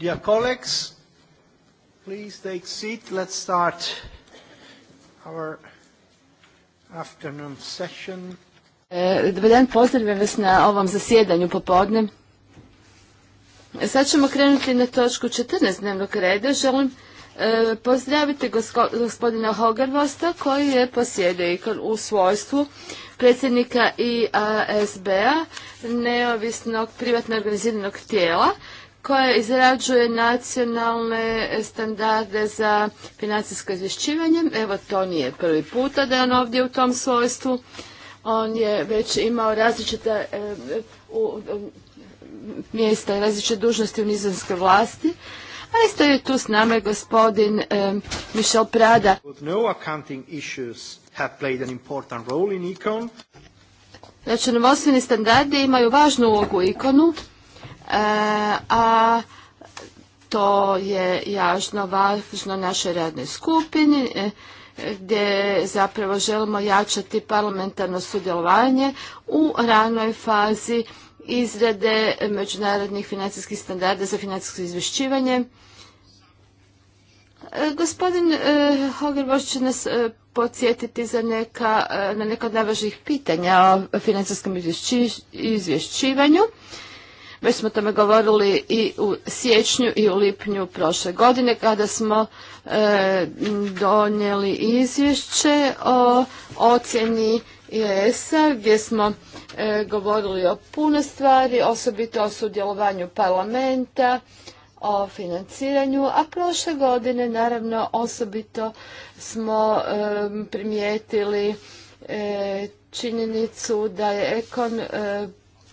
Dear colleagues, please take seat. Let's start our afternoon session. E, dobar dan, pozdravljam vas na ovom zasjedanju popodne. E, sad ćemo krenuti na točku 14 dnevnog reda. Želim e, pozdraviti gospodina Hogarvosta koji je posjede u svojstvu predsjednika IASB-a, neovisnog privatno organiziranog tijela koja izrađuje nacionalne standarde za financijsko izvješćivanje. Evo, to nije prvi puta da je on ovdje u tom svojstvu. On je već imao različita e, mjesta i različite dužnosti u nizanskoj vlasti. A isto je tu s nama gospodin Mišel Michel Prada. No accounting issues have played an important role in znači, standardi imaju važnu ulogu u ikonu E, a to je jažno važno našoj radnoj skupini e, gdje zapravo želimo jačati parlamentarno sudjelovanje u ranoj fazi izrade međunarodnih financijskih standarda za financijsko izvješćivanje. E, gospodin Hogerboš će nas podsjetiti za neka, na neka od najvažnijih pitanja o financijskom izvješćivanju. Već smo tome govorili i u siječnju i u lipnju prošle godine kada smo e, donijeli izvješće o ocjeni esa a gdje smo e, govorili o puno stvari, osobito o sudjelovanju parlamenta, o financiranju, a prošle godine naravno osobito smo e, primijetili e, činjenicu da je Ekon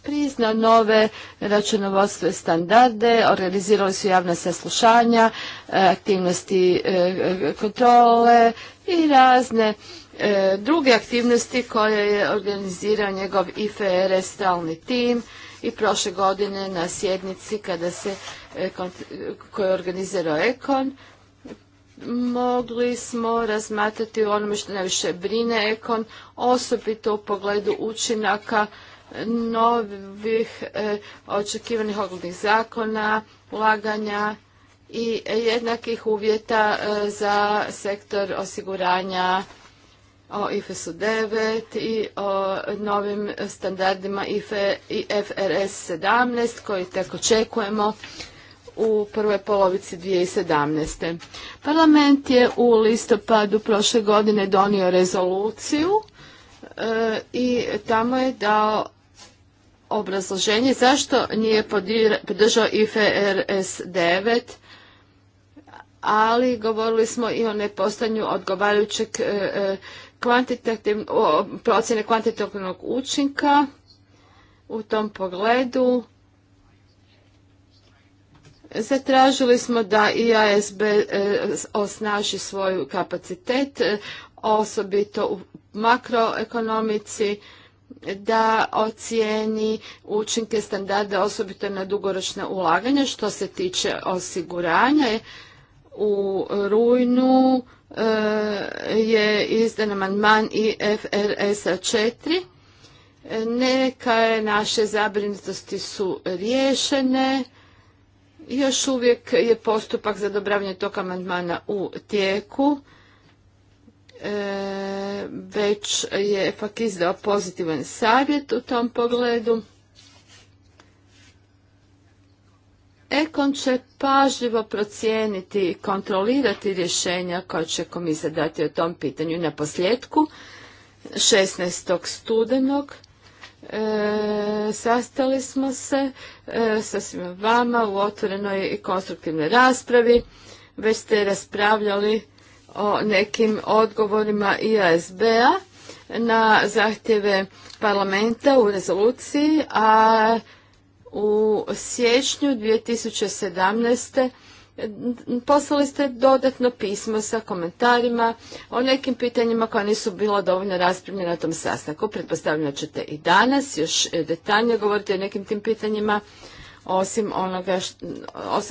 priznao nove računovodstve standarde, organizirali su javne saslušanja, e, aktivnosti e, e, kontrole i razne druge aktivnosti koje je organizirao njegov IFRS stalni tim i prošle godine na sjednici kada se, koju je organizirao Ekon, mogli smo razmatrati o onome što najviše brine Ekon, osobito u pogledu učinaka novih e, očekivanih oglednih zakona, ulaganja i jednakih uvjeta e, za sektor osiguranja o ifes u 9 i o novim standardima IFE i FRS 17 koji tek očekujemo u prvoj polovici 2017. Parlament je u listopadu prošle godine donio rezoluciju e, i tamo je dao obrazloženje zašto nije podržao IFRS 9, ali govorili smo i o nepostanju odgovarajućeg e, e, procjene kvantitativnog učinka u tom pogledu. Zatražili smo da IASB e, osnaži svoju kapacitet, osobito u makroekonomici, da ocijeni učinke standarda osobito na dugoročna ulaganja što se tiče osiguranja u rujnu eh, je izdan amandman IFRS-a 4. Neka naše zabrinutosti su riješene. Još uvijek je postupak za odobravanje tog amandmana u tijeku. E, već je pak izdao pozitivan savjet u tom pogledu. Ekon će pažljivo procijeniti i kontrolirati rješenja koja će komisija dati o tom pitanju na posljedku. 16. studenog e, sastali smo se e, sa svima vama u otvorenoj i konstruktivnoj raspravi. Već ste raspravljali o nekim odgovorima IASB-a na zahtjeve parlamenta u rezoluciji, a u siječnju 2017. poslali ste dodatno pismo sa komentarima o nekim pitanjima koja nisu bila dovoljno raspravljena na tom sastanku. Pretpostavljam ćete i danas još detaljnije govoriti o nekim tim pitanjima osim onoga, što,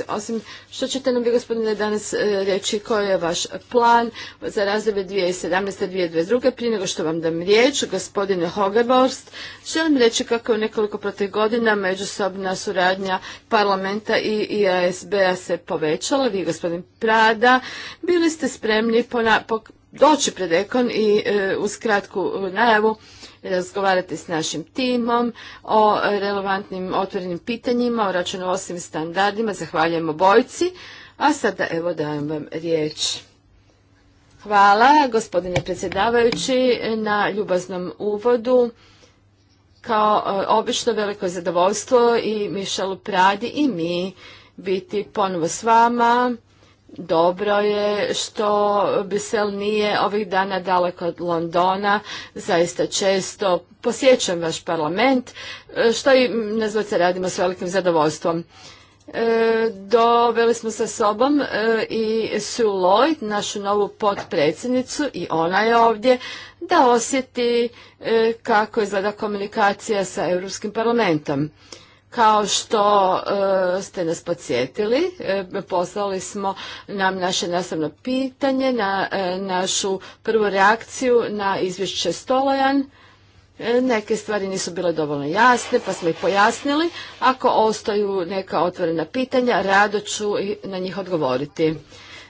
osim, što ćete nam vi gospodine danas e, reći koji je vaš plan za razdoblje 2017-2022. Prije nego što vam dam riječ, gospodine Hogeborst, želim reći kako je u nekoliko protiv godina međusobna suradnja parlamenta i IASB-a se povećala. Vi, gospodin Prada, bili ste spremni doći pred Ekon i e, uz kratku e, najavu razgovarati s našim timom o relevantnim otvorenim pitanjima, o računovodstvenim standardima. Zahvaljujemo obojci. A sada evo dajem vam riječ. Hvala gospodine predsjedavajući na ljubaznom uvodu. Kao e, obično veliko zadovoljstvo i Mišalu Pradi i mi biti ponovo s vama dobro je što Brisel nije ovih dana daleko od Londona, zaista često posjećam vaš parlament, e, što i se radimo s velikim zadovoljstvom. E, doveli smo sa sobom e, i Sue Lloyd, našu novu potpredsjednicu, i ona je ovdje da osjeti e, kako izgleda komunikacija sa Europskim parlamentom. Kao što e, ste nas podsjetili, e, poslali smo nam naše nastavno pitanje, na e, našu prvu reakciju na izvješće Stolojan. Neke stvari nisu bile dovoljno jasne, pa smo ih pojasnili. Ako ostaju neka otvorena pitanja, rado ću na njih odgovoriti.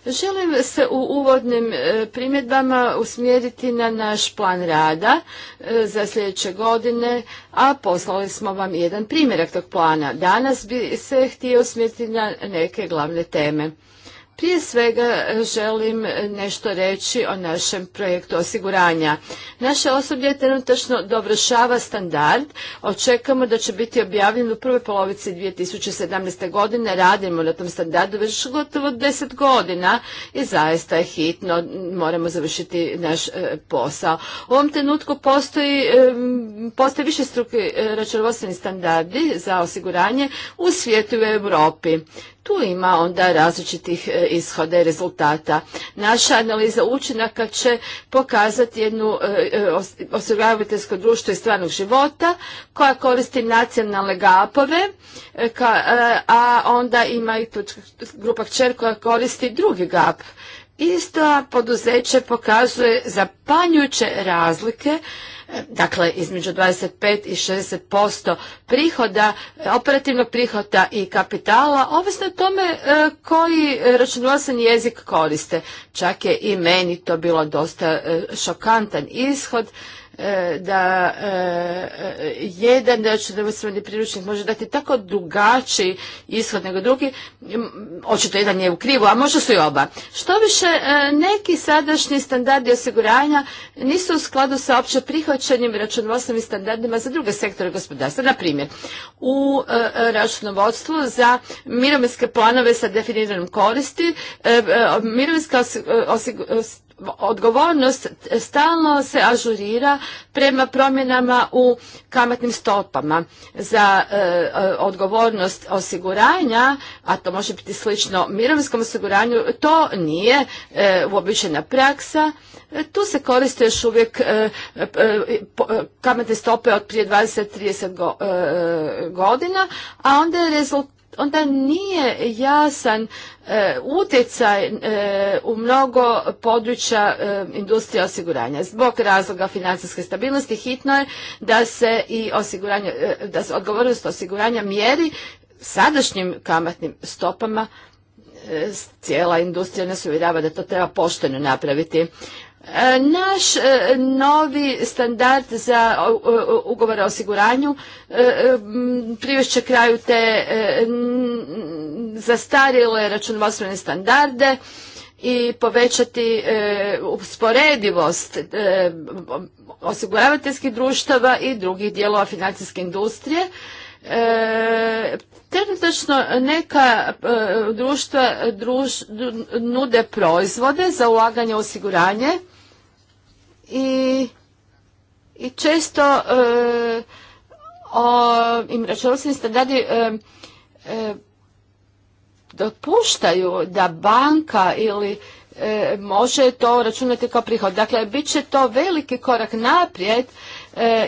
Želim se u uvodnim e, primjedbama usmjeriti na naš plan rada e, za sljedeće godine, a poslali smo vam jedan primjerak tog plana. Danas bi se htio usmjeriti na neke glavne teme. Prije svega e, želim e, nešto reći o našem projektu osiguranja. Naše osoblje trenutačno dovršava standard. Očekamo da će biti objavljen u prvoj polovici 2017. godine. Radimo na tom standardu već gotovo 10 godina i zaista je hitno. Moramo završiti naš e, posao. U ovom trenutku postoji, postoji više struke računovodstveni standardi za osiguranje u svijetu i u Europi tu ima onda različitih e, ishode rezultata. Naša analiza učinaka će pokazati jednu e, e, osiguravateljsko društvo iz stvarnog života koja koristi nacionalne gapove, a onda ima i grupa kćer koja koristi drugi gap Isto poduzeće pokazuje zapanjujuće razlike e, dakle između 25 i 60% prihoda, operativnog prihoda i kapitala, ovisno o tome e, koji računovodstveni jezik koriste. Čak je i meni to bilo dosta e, šokantan ishod E, da e, e, jedan računovodstveni priručnik može dati tako drugačiji ishod nego drugi, očito jedan je u krivu, a možda su i oba. Što više, neki sadašnji standardi osiguranja nisu u skladu sa opće prihvaćenim računovodstvenim standardima za druge sektore gospodarstva. Na primjer, u računovodstvu za mirovinske planove sa definiranom koristi, mirovinska osiguranja odgovornost stalno se ažurira prema promjenama u kamatnim stopama. Za e, e, odgovornost osiguranja, a to može biti slično mirovinskom osiguranju, to nije e, uobičajena praksa. tu se koriste još uvijek kamatne stope od prije 20-30 godina, a onda je rezultat onda nije jasan e, utjecaj e, u mnogo područja e, industrije osiguranja. Zbog razloga financijske stabilnosti hitno je da se i osiguranje, da se odgovornost osiguranja mjeri sadašnjim kamatnim stopama cijela industrija nas uvjerava da to treba pošteno napraviti. E, naš e, novi standard za ugovore o osiguranju e, privešće kraju te zastarile računovodstvene standarde i povećati usporedivost osiguravateljskih društava i drugih dijelova financijske industrije. trenutačno neka društva nude proizvode za ulaganje u osiguranje i, i često e, o, im računovodstveni standardi e, e, dopuštaju da banka ili e, može to računati kao prihod. Dakle, bit će to veliki korak naprijed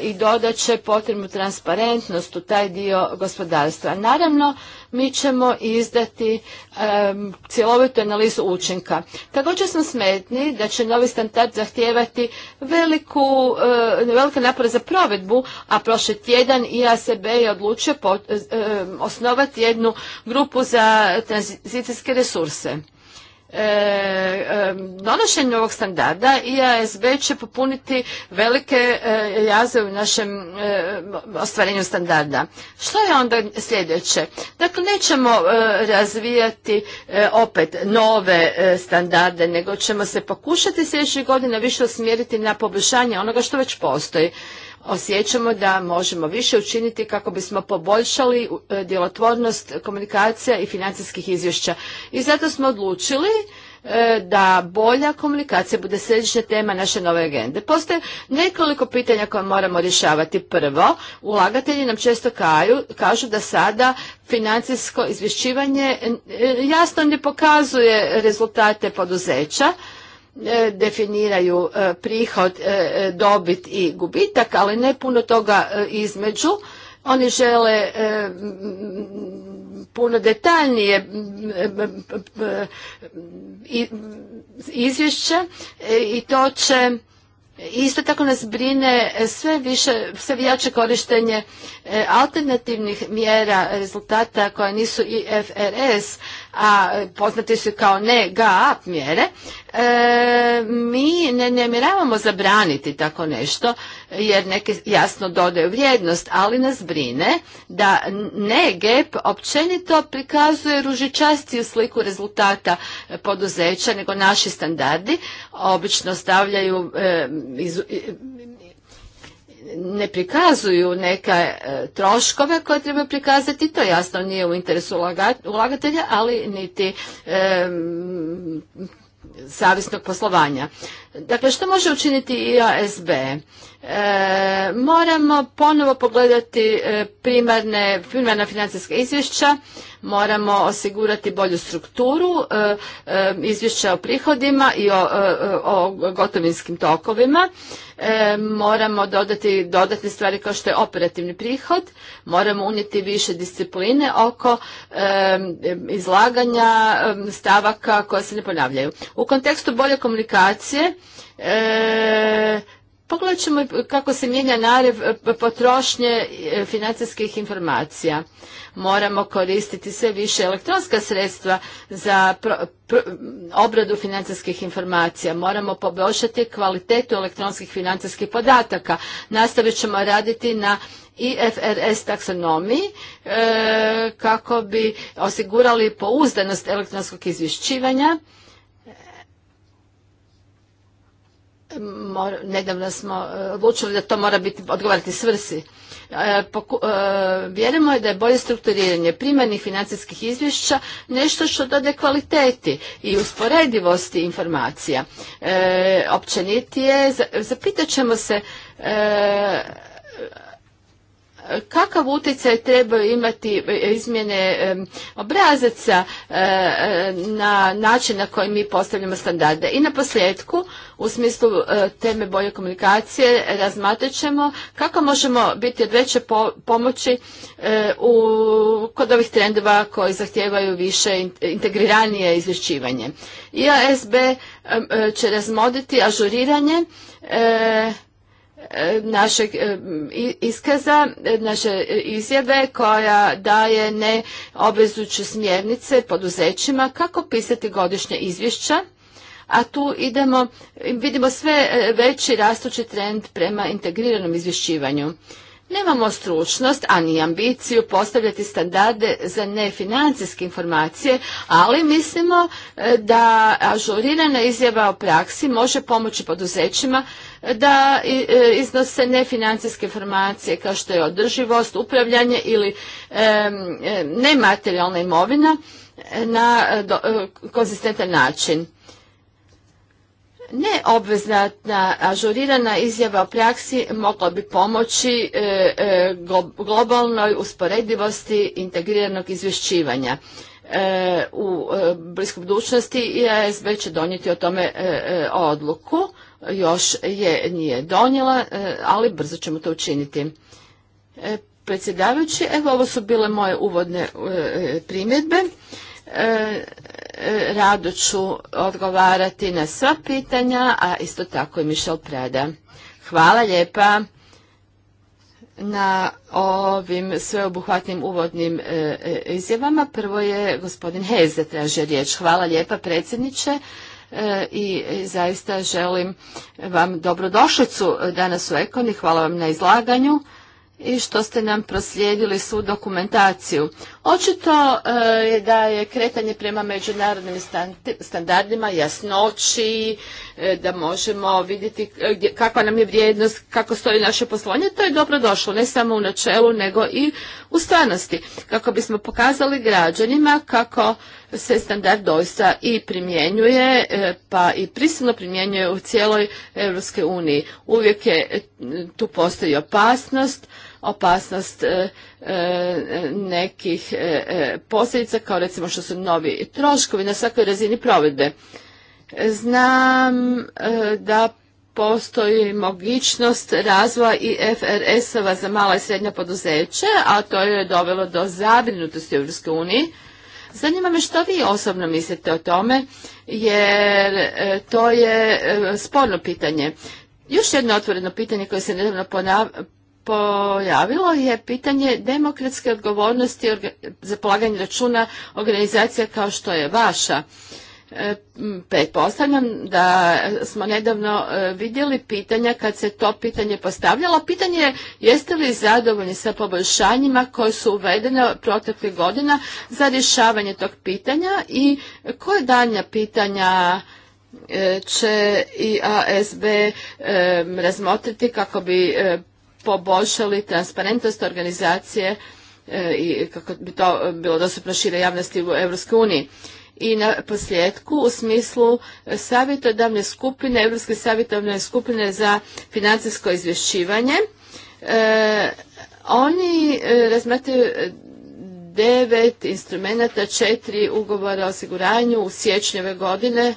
i dodat će potrebnu transparentnost u taj dio gospodarstva. Naravno, mi ćemo izdati cjelovitu analizu učinka. Također smo smetni da će novi standard zahtijevati veliku, eh, velike napore za provedbu, a prošli tjedan IASB je odlučio eh, osnovati jednu grupu za tranzicijske resurse. E, e, donošenje ovog standarda i ASB će popuniti velike e, jaze u našem ostvarenju standarda. Što je onda sljedeće? Dakle, nećemo razvijati opet nove standarde, nego ćemo se pokušati sljedećih godina više usmjeriti na poboljšanje onoga što već postoji osjećamo da možemo više učiniti kako bismo poboljšali e, djelotvornost komunikacija i financijskih izvješća. I zato smo odlučili e, da bolja komunikacija bude središnja tema naše nove agende. Postoje nekoliko pitanja koje moramo rješavati. Prvo, ulagatelji nam često kaju, kažu da sada financijsko izvješćivanje e, jasno ne pokazuje rezultate poduzeća, E, definiraju e, prihod, e, dobit i gubitak, ali ne puno toga između. Oni žele puno detaljnije izvješće i to će Isto tako nas brine sve više, sve jače korištenje alternativnih mjera rezultata koja nisu IFRS, a poznate su kao ne GAP mjere, e, mi ne namjeravamo zabraniti tako nešto jer neke jasno dodaju vrijednost, ali nas brine da ne GEP općenito prikazuje ružičastiju sliku rezultata poduzeća nego naši standardi obično stavljaju e, iz, ne prikazuju neke e, troškove koje treba prikazati, to jasno nije u interesu ulagatelja, ali niti savisnog poslovanja. Dakle, što može učiniti IASB? E, moramo ponovo pogledati e, primarne, primarna financijska izvješća, moramo osigurati bolju strukturu e, e, izvješća o prihodima i o, e, gotovinskim tokovima. Moramo dodati dodatne stvari kao što je operativni prihod, moramo unijeti više discipline oko izlaganja stavaka koja se ne ponavljaju. U kontekstu bolje komunikacije Pogledat ćemo kako se mijenja narev potrošnje financijskih informacija moramo koristiti sve više elektronska sredstva za obradu financijskih informacija. Moramo poboljšati kvalitetu elektronskih financijskih podataka. Nastavit ćemo raditi na IFRS taksonomiji e, kako bi osigurali pouzdanost elektronskog izvješćivanja. nedavno smo e, odlučili da to mora biti odgovarati svrsi. E, e, vjerujemo je da je bolje strukturiranje primarnih financijskih izvješća nešto što dode kvaliteti i usporedivosti informacija. E, općenitije, zapitat ćemo se kakav utjecaj trebaju imati e, izmjene e, obrazaca e, na način na koji mi postavljamo standarde. I na posljedku, u smislu teme bolje komunikacije, razmatrat ćemo kako možemo biti od veće pomoći u, kod ovih trendova koji zahtijevaju više integriranije izvješćivanje. IASB će razmoditi ažuriranje E, našeg e, iskaza, e, naše izjave koja daje neobvezujuće smjernice poduzećima kako pisati godišnje izvješća, a tu idemo, vidimo sve veći rastući trend prema integriranom izvješćivanju. Nemamo stručnost, a ni ambiciju postavljati standarde za nefinancijske informacije, ali mislimo da ažurirana izjava o praksi može pomoći poduzećima da e, iznose nefinancijske informacije kao što je održivost, upravljanje ili nematerijalna imovina e, na e, konzistentan način. neobveznatna ažurirana izjava o praksi mogla bi pomoći globalnoj usporedivosti integriranog izvješćivanja. U bliskoj budućnosti IASB će donijeti o tome odluku još je nije donijela, e, ali brzo ćemo to učiniti. E, predsjedavajući, evo ovo su bile moje uvodne e, primjedbe. Rado ću odgovarati na sva pitanja, a isto tako i Mišel Preda. Hvala lijepa na ovim sveobuhvatnim uvodnim izjavama. Prvo je gospodin Heze tražio riječ. Hvala lijepa predsjedniče. E, i zaista želim vam dobrodošlicu danas u Ekoni. Hvala vam na izlaganju i što ste nam proslijedili svu dokumentaciju. Očito e, je da je kretanje prema međunarodnim standardima, jasnoći, e, da možemo vidjeti e, kakva nam je vrijednost, kako stoji naše poslovanje, to je dobro došlo, ne samo u načelu, nego i u stvarnosti, kako bismo pokazali građanima kako se standard doista i primjenjuje, pa i prisilno primjenjuje u cijeloj Europske uniji. Uvijek je, tu postoji opasnost, opasnost e, e, nekih e, posljedica, kao recimo što su novi troškovi na svakoj razini provedbe. Znam da postoji mogućnost razvoja i FRS-ova za mala i srednja poduzeća, a to je dovelo do zabrinutosti u EU. uniji. Zanima me što vi osobno mislite o tome, jer to je sporno pitanje. Još jedno otvoreno pitanje koje se nedavno pojavilo je pitanje demokratske odgovornosti za polaganje računa organizacija kao što je vaša. E, pretpostavljam da smo nedavno e, vidjeli pitanja kad se to pitanje postavljalo. Pitanje je jeste li zadovoljni sa poboljšanjima koje su uvedene proteklih godina za rješavanje tog pitanja i koje danja pitanja e, će i ASB razmotriti kako bi poboljšali transparentnost organizacije e, i kako bi to bilo dostupno šire javnosti u EU. uniji. I na posljedku u smislu savjetodavne skupine, Europske savjetodavne skupine za financijsko izvješćivanje, e, oni e, razmatraju devet instrumenta, četiri ugovora o osiguranju u siječnju ove godine,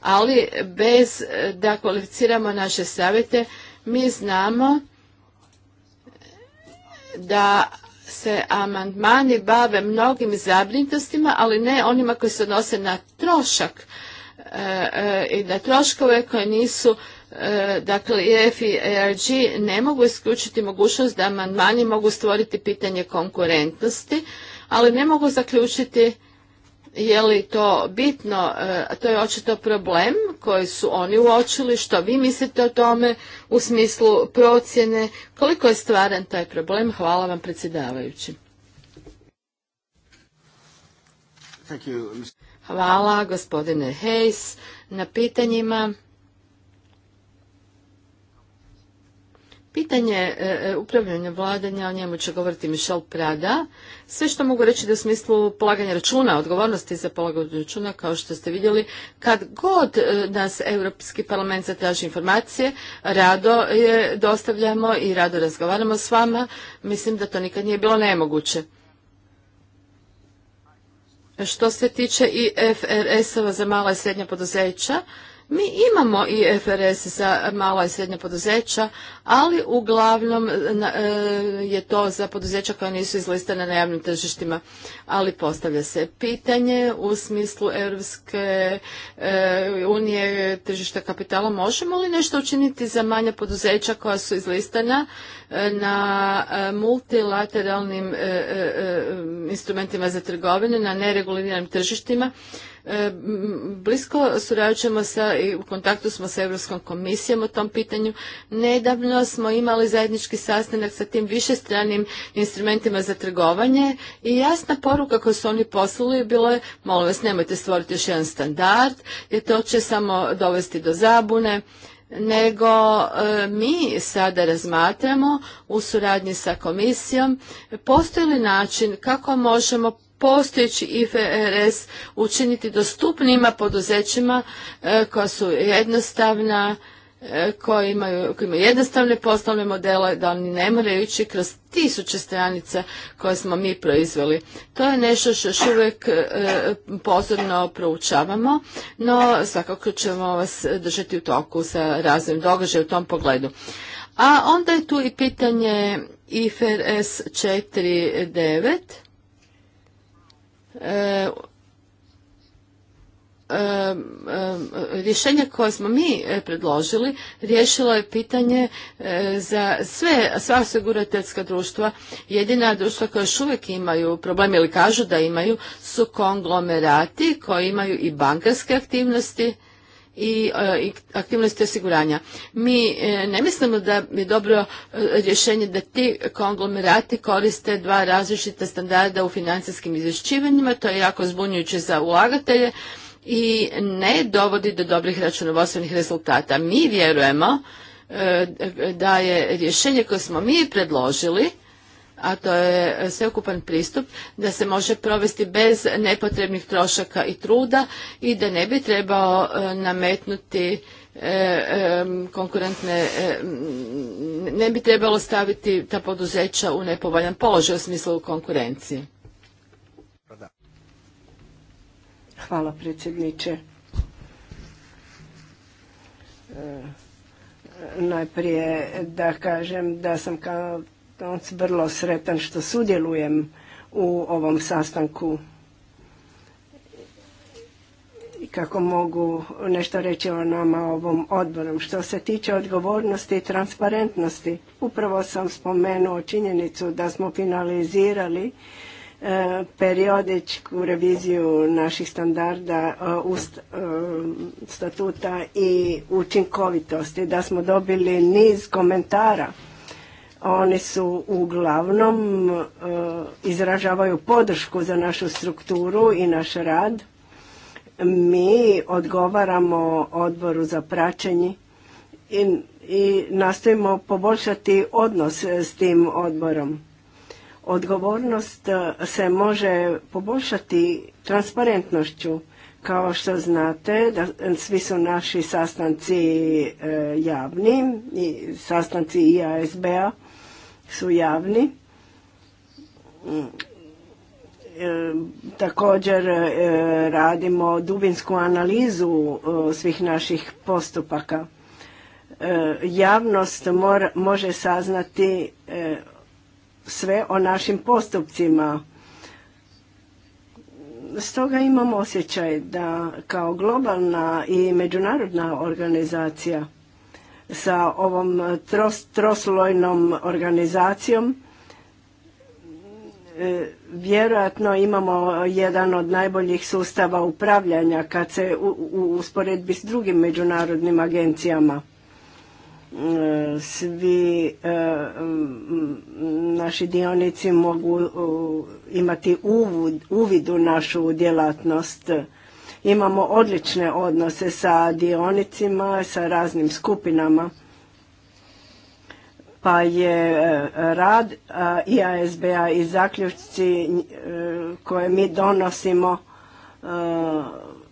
ali bez da kvalificiramo naše savjete, mi znamo da se amandmani bave mnogim zabrinutostima, ali ne onima koji se odnose na trošak e, e, i na troškove koje nisu e, dakle EF i ERG ne mogu isključiti mogućnost da amandmani mogu stvoriti pitanje konkurentnosti, ali ne mogu zaključiti je li to bitno, e, to je očito problem koji su oni uočili, što vi mislite o tome u smislu procjene, koliko je stvaran taj problem. Hvala vam predsjedavajući. Hvala gospodine Hejs na pitanjima. Pitanje e, e, upravljanja vladanja, o njemu će govoriti Mišel Prada. Sve što mogu reći da u smislu polaganja računa, odgovornosti za polaganje računa, kao što ste vidjeli, kad god e, nas Europski parlament zatraži informacije, rado je dostavljamo i rado razgovaramo s vama. Mislim da to nikad nije bilo nemoguće. Što se tiče i FRS-ova za mala i srednja poduzeća, mi imamo i FRS za mala i srednja poduzeća, ali uglavnom e, e, je to za poduzeća koja nisu izlistana na javnim tržištima. Ali postavlja se pitanje u smislu Europske e, unije tržišta kapitala možemo li nešto učiniti za manja poduzeća koja su izlistana na e, multilateralnim e, e, instrumentima za trgovinu, na nereguliranim tržištima. Blisko surađujemo sa i u kontaktu smo sa Europskom komisijom o tom pitanju. Nedavno smo imali zajednički sastanak sa tim višestranim instrumentima za trgovanje i jasna poruka koju su oni poslali bilo je molim vas nemojte stvoriti još jedan standard jer to će samo dovesti do zabune nego e, mi sada razmatramo u suradnji sa komisijom postoji li način kako možemo postojeći IFRS učiniti dostupnijima poduzećima e, koja su jednostavna koji imaju, koji imaju jednostavne poslovne modele, da oni ne moraju ići kroz tisuće stranica koje smo mi proizveli. To je nešto što još uvijek e, pozorno proučavamo, no svakako ćemo vas držati u toku sa razvojem događaja u tom pogledu. A onda je tu i pitanje IFRS 4.9. E, rješenje koje smo mi e, predložili rješilo je pitanje e, za sve, sva osigurateljska društva. Jedina društva koja još uvijek imaju problem ili kažu da imaju su konglomerati koji imaju i bankarske aktivnosti i e, aktivnosti osiguranja. Mi ne mislimo da je dobro rješenje da ti konglomerati koriste dva različita standarda u financijskim izvješćivanjima, to je jako zbunjujuće za ulagatelje i ne dovodi do dobrih računovodstvenih rezultata. Mi vjerujemo e, da je rješenje koje smo mi predložili, a to je sveukupan pristup, da se može provesti bez nepotrebnih trošaka i truda i da ne bi trebao e, nametnuti e, konkurentne, ne bi trebalo staviti ta poduzeća u nepovoljan položaj u smislu konkurencije. Hvala predsjedniče. E, najprije da kažem da sam kao vrlo sretan što sudjelujem u ovom sastanku i kako mogu nešto reći o nama ovom odborom. Što se tiče odgovornosti i transparentnosti, upravo sam spomenuo činjenicu da smo finalizirali periodičku reviziju naših standarda, e, e, statuta i učinkovitosti, da smo dobili niz komentara. Oni su uglavnom e, izražavaju podršku za našu strukturu i naš rad. Mi odgovaramo odboru za praćenje i, i nastojimo poboljšati odnos s tim odborom Odgovornost eh, se može poboljšati transparentnošću. Kao što znate, da eh, svi su naši sastanci eh, javni, i sastanci IASB-a su javni. također radimo dubinsku analizu svih naših postupaka. Javnost može saznati sve o našim postupcima. Stoga imam osjećaj da kao globalna i međunarodna organizacija sa ovom troslojnom organizacijom e, vjerojatno imamo jedan od najboljih sustava upravljanja kad se u usporedbi s drugim međunarodnim agencijama svi e, naši dionici mogu e, imati uvid u našu djelatnost. Imamo odlične odnose sa dionicima, sa raznim skupinama pa je e, rad IASB-a i zaključci koje mi donosimo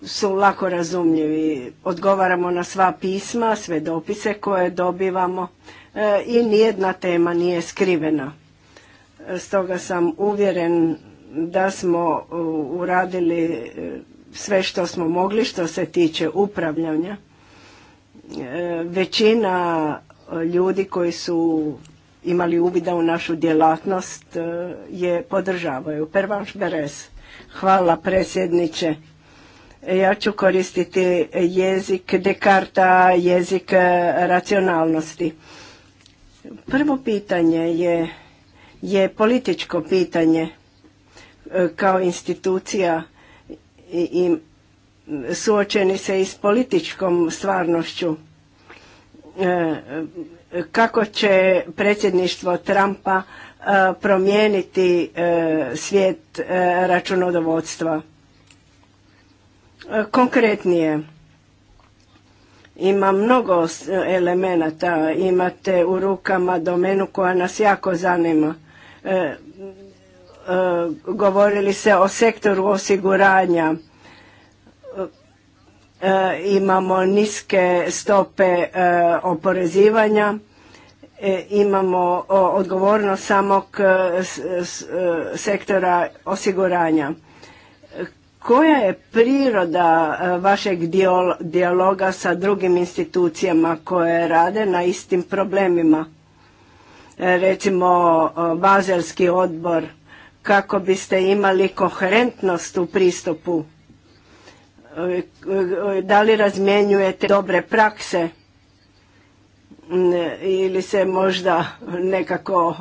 su lako razumljivi. Odgovaramo na sva pisma, sve dopise koje dobivamo e, i nijedna tema nije skrivena. E, stoga sam uvjeren da smo e, uradili sve što smo mogli što se tiče upravljanja. većina ljudi koji su imali uvida u našu djelatnost je podržavaju. Pervanš hvala predsjedniče. Ja ću koristiti jezik Dekarta, jezik e, racionalnosti. Prvo pitanje je, je političko pitanje e, kao institucija i, i suočeni se i s političkom stvarnošću. E, kako će predsjedništvo Trumpa promijeniti svijet računodovodstva? konkretnije. Ima mnogo elemenata, imate u rukama domenu koja nas jako zanima. E, e govorili se o sektoru osiguranja, e, imamo niske stope e, oporezivanja, e, imamo odgovornost samog sektora osiguranja koja je priroda e, vašeg dijaloga sa drugim institucijama koje rade na istim problemima? E, recimo, e, bazelski odbor, kako biste imali koherentnost u pristupu? Da li razmjenjujete dobre prakse? Ili se možda nekako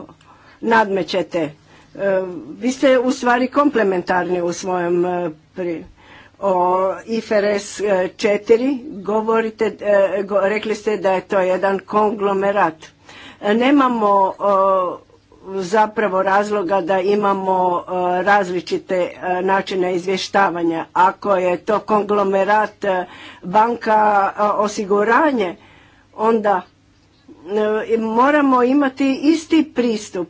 nadmećete? Eh, vi ste u stvari komplementarni u svojem eh, pri o IFRS 4 eh, govorite, rekli ste da je to jedan konglomerat. Nemamo zapravo razloga da imamo različite načine izvještavanja. Ako je to konglomerat banka osiguranje, onda moramo imati isti pristup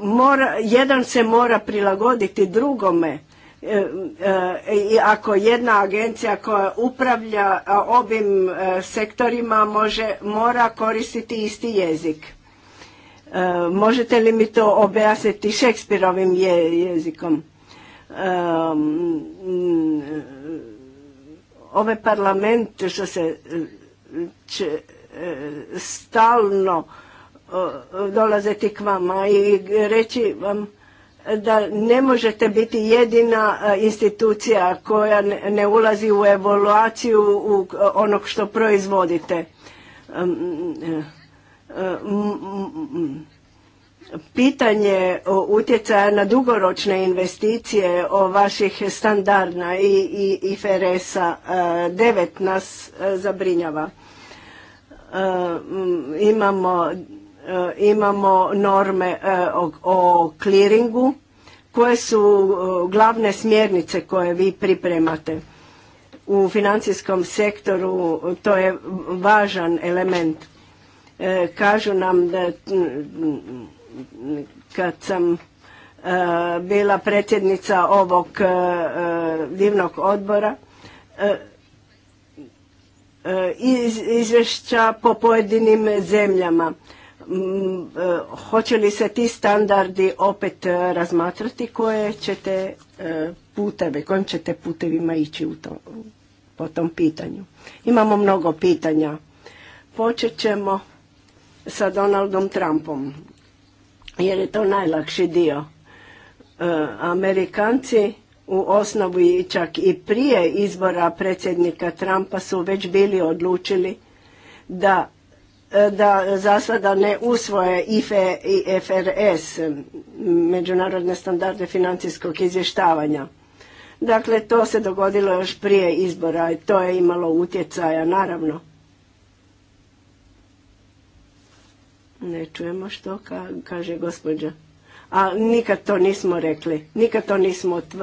mora, jedan se mora prilagoditi drugome e, e, i ako jedna agencija koja upravlja ovim e, sektorima može, mora koristiti isti jezik. Možete li mi to objasniti Šekspirovim je, jezikom? Ove ovaj parlament što se će, stalno dolaziti k vama i reći vam da ne možete biti jedina institucija koja ne ulazi u evaluaciju onog što proizvodite. Pitanje utjecaja na dugoročne investicije o vaših standarda i, i, i a 9 nas zabrinjava. Imamo E, imamo norme e, o kliringu, koje su e, glavne smjernice koje vi pripremate u financijskom sektoru, to je važan element. Kažu nam da kad sam bila predsjednica ovog divnog odbora, izvješća po pojedinim zemljama. Mm, e, hoće li se ti standardi opet e, razmatrati koje ćete e, puteve, kojim ćete putevima ići u to, po tom pitanju. Imamo mnogo pitanja. Počet ćemo sa Donaldom Trumpom, jer je to najlakši dio. Amerikanci u osnovi čak i prije izbora predsjednika Trumpa su već bili odlučili da da zasada ne usvoje IFE i FRS, međunarodne standarde financijskog izvještavanja. Dakle, to se dogodilo još prije izbora i to je imalo utjecaja, naravno. Ne čujemo što ka, kaže gospođa. A nikad to nismo rekli, nikad to nismo tv.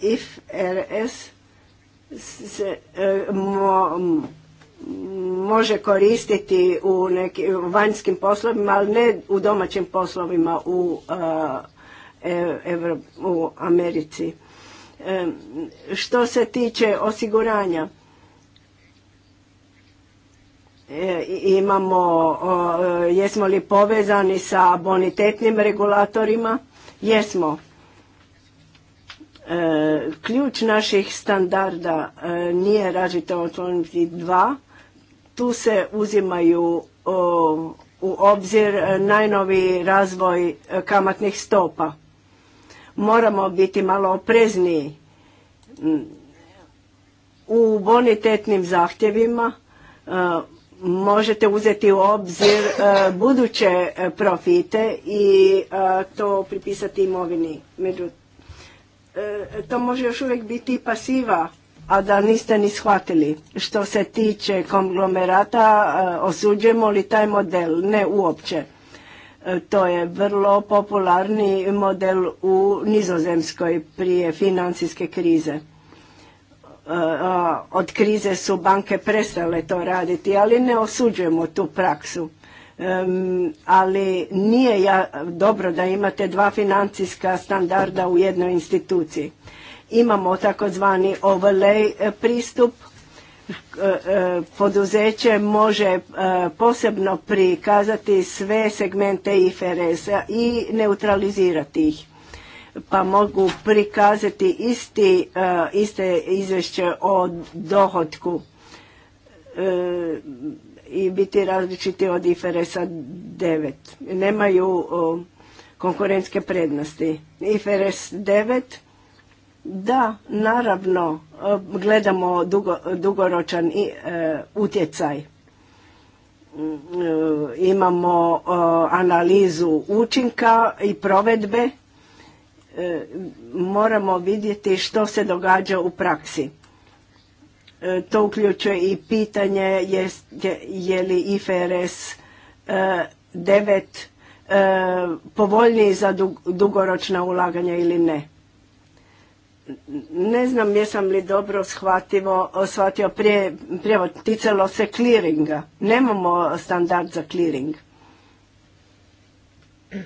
IFRS e, se e, mo, može koristiti u nekim vanjskim poslovima, ali ne u domaćim poslovima u, eh, e, u Americi. Što se tiče osiguranja, e, imamo, e, jesmo li povezani sa bonitetnim regulatorima? Jesmo. E, ključ naših standarda e, nije razvito otkloniti dva, tu se uzimaju um, u obzir e, najnoviji razvoj e, kamatnih stopa. Moramo biti malo oprezniji u bonitetnim zahtjevima e, možete uzeti u obzir buduće profite i to pripisati imovini. to može još uvijek biti pasiva a da niste ni shvatili. Što se tiče konglomerata, e, osuđujemo li taj model? Ne uopće. E, to je vrlo popularni model u Nizozemskoj prije financijske krize. E, od krize su banke prestale to raditi, ali ne osuđujemo tu praksu. Ali nije dobro da imate dva financijska standarda u jednoj instituciji. Imamo takozvani overlay e, pristup. E, e, poduzeće može posebno prikazati sve segmente IFRS-a i neutralizirati ih pa mogu prikazati isti, iste izvješće o dohodku i biti različiti od IFRS-a 9. Nemaju konkurentske prednosti. IFRS 9 da, naravno, e, gledamo dugoročan i, e, utjecaj. Mm, e, imamo analizu učinka i provedbe. Moramo vidjeti što se događa u praksi. To uključuje i pitanje je, li IFRS 9 povoljniji za dugoročna ulaganja ili ne ne znam jesam li dobro shvatio, shvatio prije, ticalo se clearinga. Nemamo standard za clearing. E,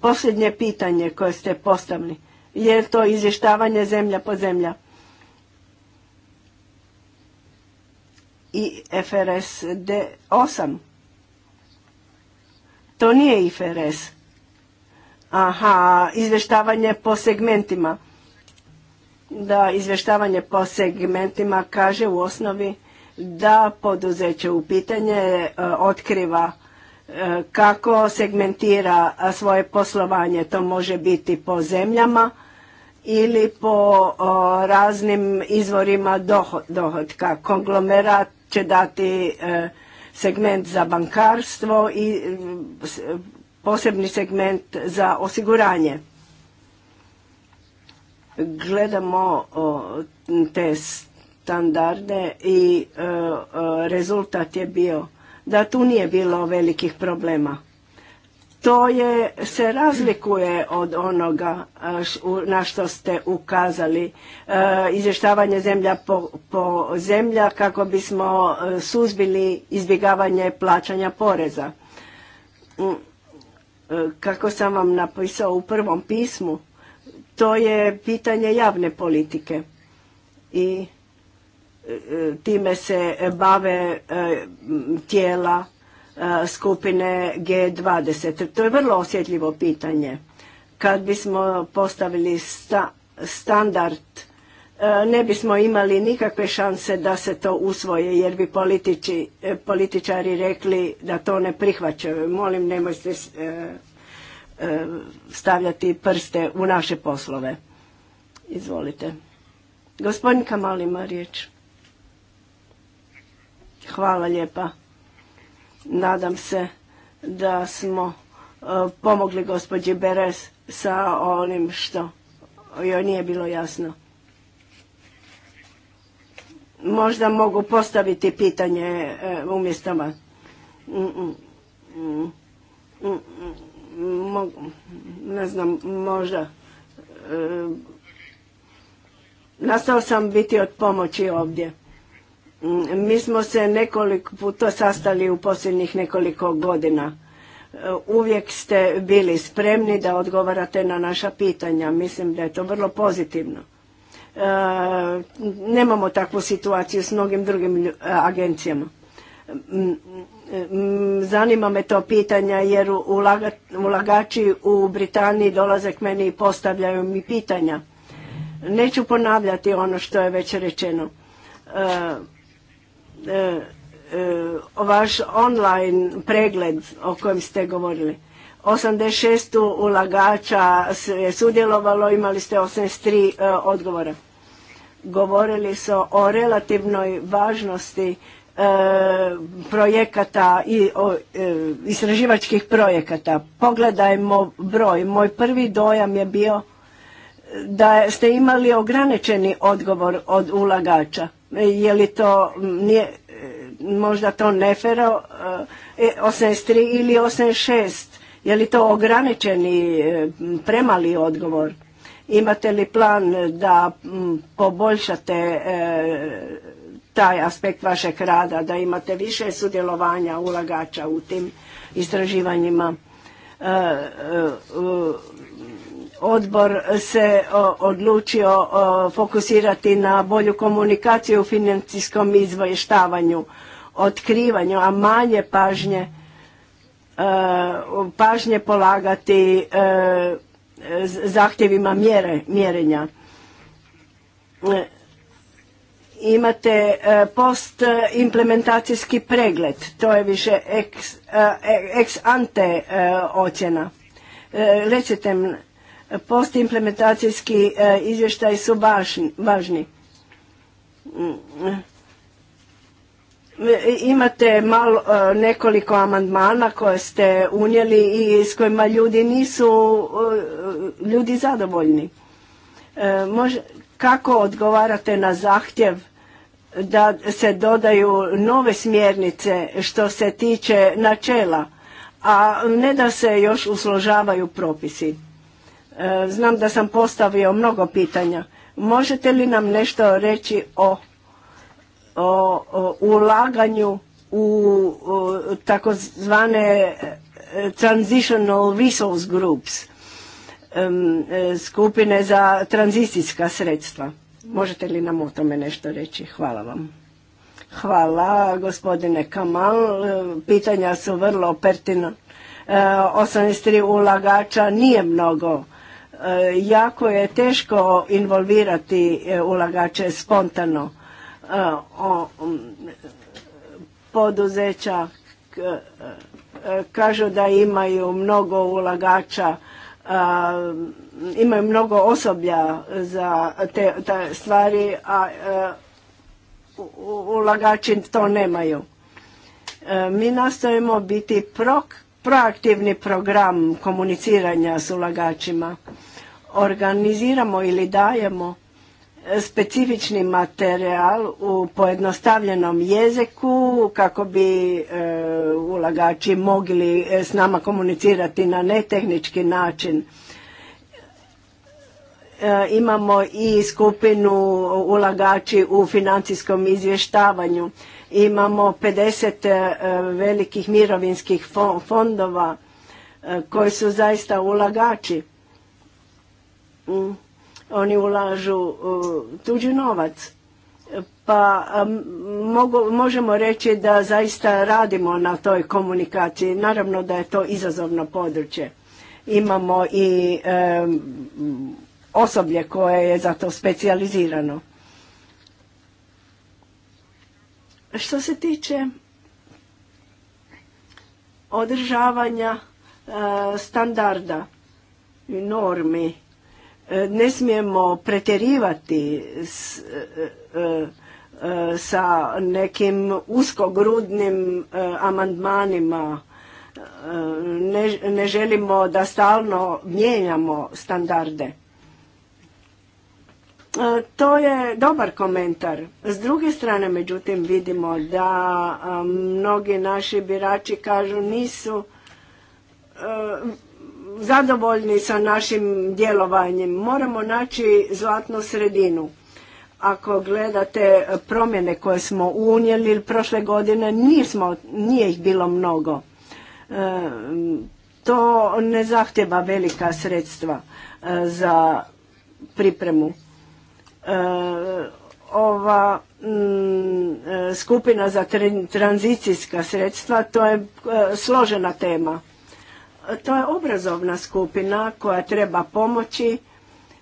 posljednje pitanje koje ste postavili. Je to izvještavanje zemlja po zemlja? I FRS 8 to nije IFRS. Aha, izvještavanje po segmentima. Da, izvještavanje po segmentima kaže u osnovi da poduzeće u pitanje e, otkriva e, kako segmentira svoje poslovanje. To može biti po zemljama ili po raznim izvorima dohodka. Konglomerat će dati e, segment za bankarstvo i posebni segment za osiguranje. Gledamo te standarde i rezultat je bio da tu nije bilo velikih problema to je, se razlikuje od onoga na što ste ukazali. E, izvještavanje zemlja po, po zemlja kako bismo e, suzbili izbjegavanje plaćanja poreza. Mm, e, kako sam vam napisao u prvom pismu, to je pitanje javne politike i time se bave tijela E, skupine G20. To je vrlo osjetljivo pitanje. Kad bismo postavili standard, e, ne bismo imali nikakve šanse da se to usvoje, jer bi političi, e, političari rekli da to ne prihvaćaju. Molim, nemojte stavljati prste u naše poslove. Izvolite. Gospodin Kamal ima riječ. Hvala lijepa. Nadam se da smo e, pomogli gospođi Beres sa onim što joj nije bilo jasno. Možda mogu postaviti pitanje e, umjesto vas. Mm, mm, mm, ne znam, možda. E, nastao sam biti od pomoći ovdje. Mm, mi smo se nekoliko puta sastali u posljednjih nekoliko godina. E, uvijek ste bili spremni da odgovarate na naša pitanja. Mislim da je to vrlo pozitivno. E, nemamo takvu situaciju s mnogim drugim e, agencijama. Mm, mm, zanima me to pitanja jer ulagači u Britaniji dolaze k meni i postavljaju mi pitanja. Neću ponavljati ono što je već rečeno. E, e, vaš online pregled o kojem ste govorili. 86 ulagača je sudjelovalo, imali ste 83 e, odgovora. Govorili su o relativnoj važnosti projekata i istraživačkih projekata. Pogledajmo broj. Moj prvi dojam je bio da ste imali ograničeni odgovor od ulagača je li to nije, možda to nefero 83 e, ili 86 je li to ograničeni e, premali odgovor imate li plan da poboljšate e, taj aspekt vašeg rada da imate više sudjelovanja ulagača u tim istraživanjima odbor se odlučio fokusirati na bolju komunikaciju u financijskom izvještavanju, otkrivanju, a manje pažnje e, pažnje polagati e, zahtjevima mjere, mjerenja. E, imate post implementacijski pregled, to je više ex, ante ocjena. Recite mi, Postimplementacijski e, izvještaj su važni. Mm. E, imate malo, e, nekoliko amandmana koje ste unijeli i s kojima ljudi nisu ljudi zadovoljni. Može, kako odgovarate na zahtjev da se dodaju nove smjernice što se tiče načela, a ne da se još usložavaju propisi? E, znam da sam postavio mnogo pitanja. Možete li nam nešto reći o, ulaganju u takozvane e, transitional resource groups, e, skupine za tranzicijska sredstva. Možete li nam o tome nešto reći? Hvala vam. Hvala gospodine Kamal. Pitanja su vrlo pertinentna. 83 ulagača nije mnogo E, jako je teško involvirati e, ulagače spontano e, poduzeća kažu da imaju mnogo ulagača imaju mnogo osoblja za te, stvari a ulagači to nemaju mi nastojimo biti proaktivni program komuniciranja s ulagačima organiziramo ili dajemo e, specifični materijal u pojednostavljenom jeziku kako bi e, ulagači mogli e, s nama komunicirati na netehnički način. imamo i skupinu ulagači u financijskom izvještavanju. Imamo 50 velikih mirovinskih fondova koji su zaista ulagači oni ulažu tuđi novac. Pa možemo reći da zaista radimo na toj komunikaciji. Naravno da je to izazovno područje. Imamo i osoblje koje je za to specijalizirano. Što se tiče održavanja eh, standarda i normi, E, ne smijemo pretjerivati s, e, e, sa nekim uskogrudnim amandmanima. Ne, ne želimo da stalno mijenjamo standarde. To je dobar komentar. S druge strane, međutim, vidimo da mnogi naši birači kažu nisu zadovoljni sa našim djelovanjem. Moramo naći zlatnu sredinu. Ako gledate promjene koje smo unijeli prošle godine, nismo, nije ih bilo mnogo. E, to ne zahtjeva velika sredstva e, za pripremu. E, ova mm, skupina za tranzicijska sredstva, to je složena tema to je obrazovna skupina koja treba pomoći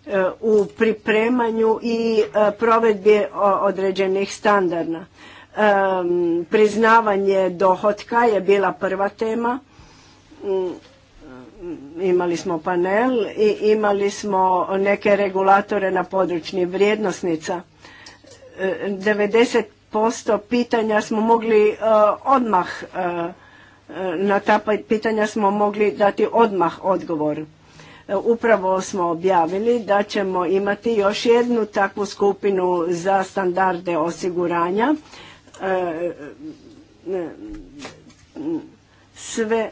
e, u pripremanju i e, provedbi određenih standarda. E, priznavanje dohotka je bila prva tema. Mm, imali smo panel i imali smo neke regulatore na područni vrijednosnica. 90% pitanja smo mogli odmah na ta pa- pitanja smo mogli dati odmah odgovor. E, upravo smo objavili da ćemo imati još jednu takvu skupinu za standarde osiguranja. E, sve,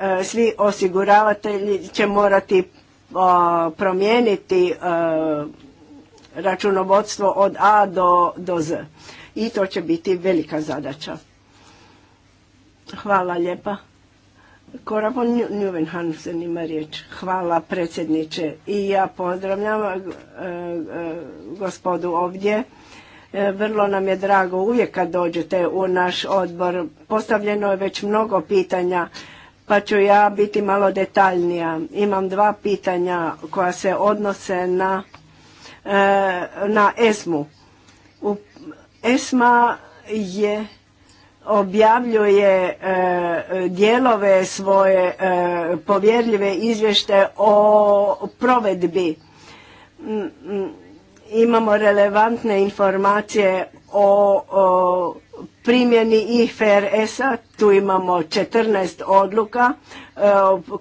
e, svi osiguravatelji će morati promijeniti računovodstvo od A do, do Z. I to će biti velika zadaća. Hvala lijepa. von Njuvenhansen ima riječ. Hvala predsjedniče. I ja pozdravljam e, e, gospodu ovdje. E, vrlo nam je drago uvijek kad dođete u naš odbor. Postavljeno je već mnogo pitanja pa ću ja biti malo detaljnija. Imam dva pitanja koja se odnose na, na ESMU. U, ESMA je objavljuje e, dijelove svoje e, povjerljive izvješte o provedbi. Mm, mm, imamo relevantne informacije o, primjeni IFRS-a, tu imamo 14 odluka e,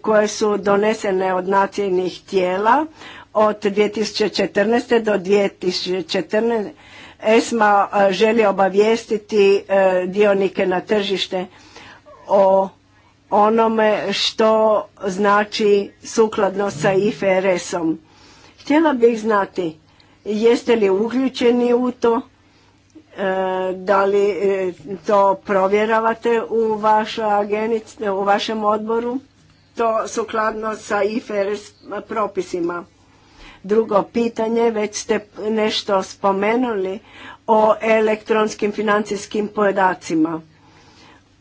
koje su donesene od nacionalnih tijela od 2014. do 2014 ESMA e, želi obavijestiti e, dionike na tržište o onome što znači sukladno sa IFRS-om. Htjela bih znati jeste li uključeni u to, e, da li to provjeravate u, vašoj agenici, u vašem odboru, to sukladno sa IFRS propisima. Drugo pitanje, već ste nešto spomenuli o elektronskim financijskim podacima.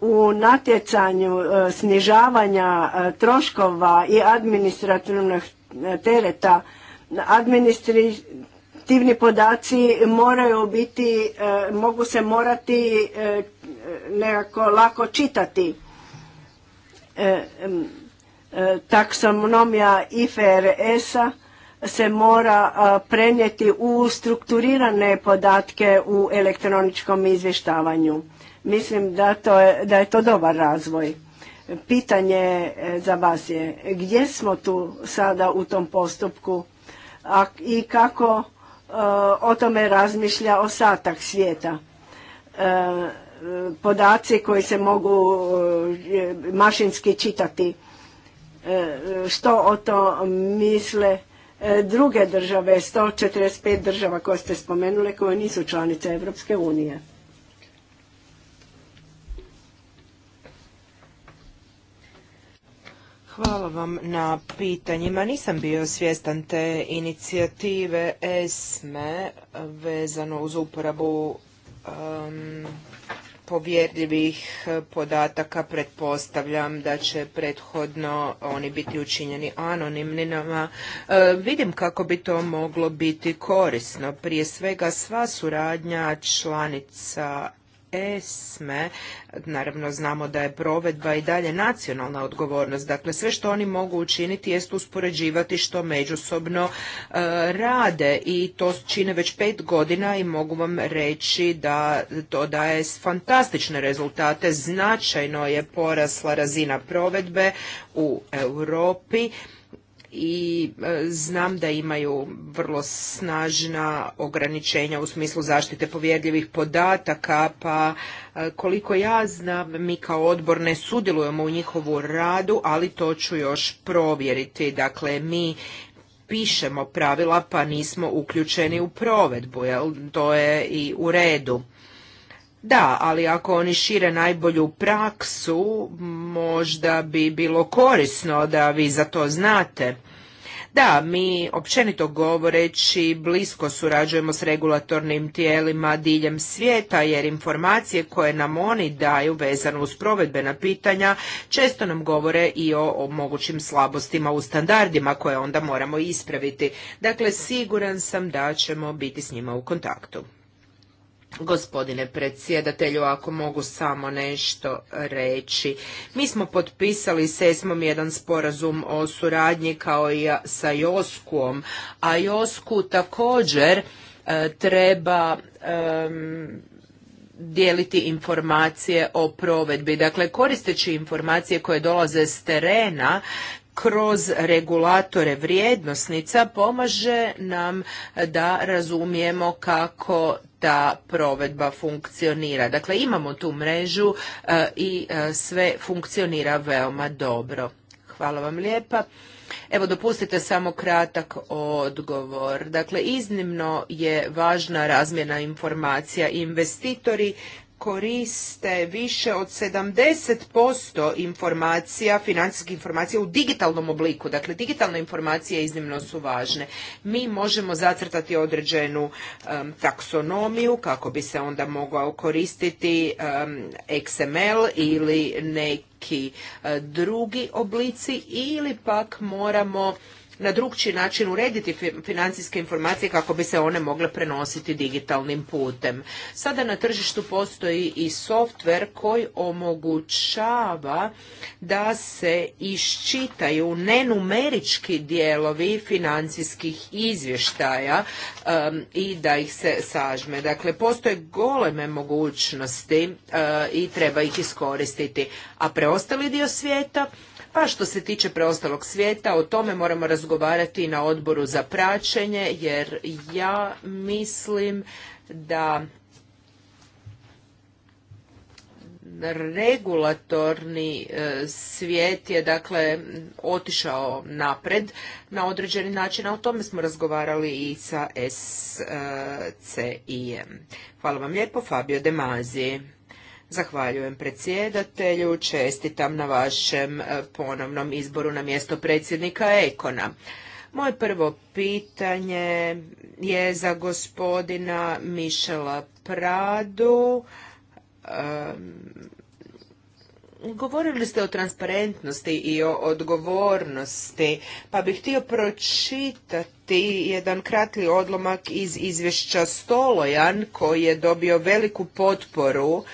U natjecanju e, snižavanja e, troškova i administrativnog tereta administrativni podaci moraju biti, e, mogu se morati nekako lako čitati. Taksonomija IFRS-a se mora prenijeti u strukturirane podatke u elektroničkom izvještavanju. Mislim da, to je, da je to dobar razvoj. Pitanje e, za vas je gdje smo tu sada u tom postupku i kako e, o tome razmišlja ostatak svijeta. E, podaci koji se mogu mašinski čitati. Što o to misle E, druge države, 145 država koje ste spomenule, koje nisu članice Europske unije. Hvala vam na pitanjima. Nisam bio svjestan te inicijative ESME e vezano uz uporabu povjerljivih eh, podataka pretpostavljam da će prethodno oni biti učinjeni anonimnima eh, vidim kako bi to moglo biti korisno. Prije svega sva suradnja članica ESME, naravno znamo da je provedba i dalje nacionalna odgovornost. Dakle, sve što oni mogu učiniti jest uspoređivati što međusobno e, rade i to čine već pet godina i mogu vam reći da to daje fantastične rezultate. Značajno je porasla razina provedbe u Europi i e, znam da imaju vrlo snažna ograničenja u smislu zaštite povjerljivih podataka, pa e, koliko ja znam mi kao odbor ne sudjelujemo u njihovu radu, ali to ću još provjeriti. Dakle, mi pišemo pravila pa nismo uključeni u provedbu, jel? To je i u redu. Da, ali ako oni šire najbolju praksu, možda bi bilo korisno da vi za to znate. Da, mi općenito govoreći blisko surađujemo s regulatornim tijelima diljem svijeta jer informacije koje nam oni daju vezano uz provedbena pitanja često nam govore i o, o mogućim slabostima u standardima koje onda moramo ispraviti. Dakle, siguran sam da ćemo biti s njima u kontaktu. Gospodine predsjedatelju, ako mogu samo nešto reći. Mi smo potpisali s ESMOM jedan sporazum o suradnji kao i sa Joskuom, a Josku također e, treba dijeliti informacije o provedbi. Dakle, koristeći informacije koje dolaze s terena, kroz regulatore vrijednosnica pomaže nam da razumijemo kako ta provedba funkcionira. Dakle, imamo tu mrežu e, i e, sve funkcionira veoma dobro. Hvala vam lijepa. Evo, dopustite samo kratak odgovor. Dakle, iznimno je važna razmjena informacija. Investitori koriste više od 70% informacija, financijskih informacija u digitalnom obliku. Dakle, digitalne informacije iznimno su važne. Mi možemo zacrtati određenu taksonomiju kako bi se onda mogao koristiti um, XML ili neki e, drugi oblici ili pak moramo na drugčiji način urediti financijske informacije kako bi se one mogle prenositi digitalnim putem. Sada na tržištu postoji i softver koji omogućava da se iščitaju nenumerički dijelovi financijskih izvještaja i da ih se sažme. Dakle, postoje goleme mogućnosti e, i treba ih iskoristiti. A preostali dio svijeta pa što se tiče preostalog svijeta, o tome moramo razgovarati na odboru za praćenje, jer ja mislim da regulatorni e, svijet je dakle otišao napred na određeni način, a o tome smo razgovarali i sa SCIM. E, Hvala vam lijepo, Fabio Demazi. Zahvaljujem predsjedatelju, čestitam na vašem e, ponovnom izboru na mjesto predsjednika Ekona. Moje prvo pitanje je za gospodina Mišela Pradu. Govorili ste o transparentnosti i o odgovornosti, pa bih htio pročitati jedan kratki odlomak iz izvješća Stolojan koji je dobio veliku potporu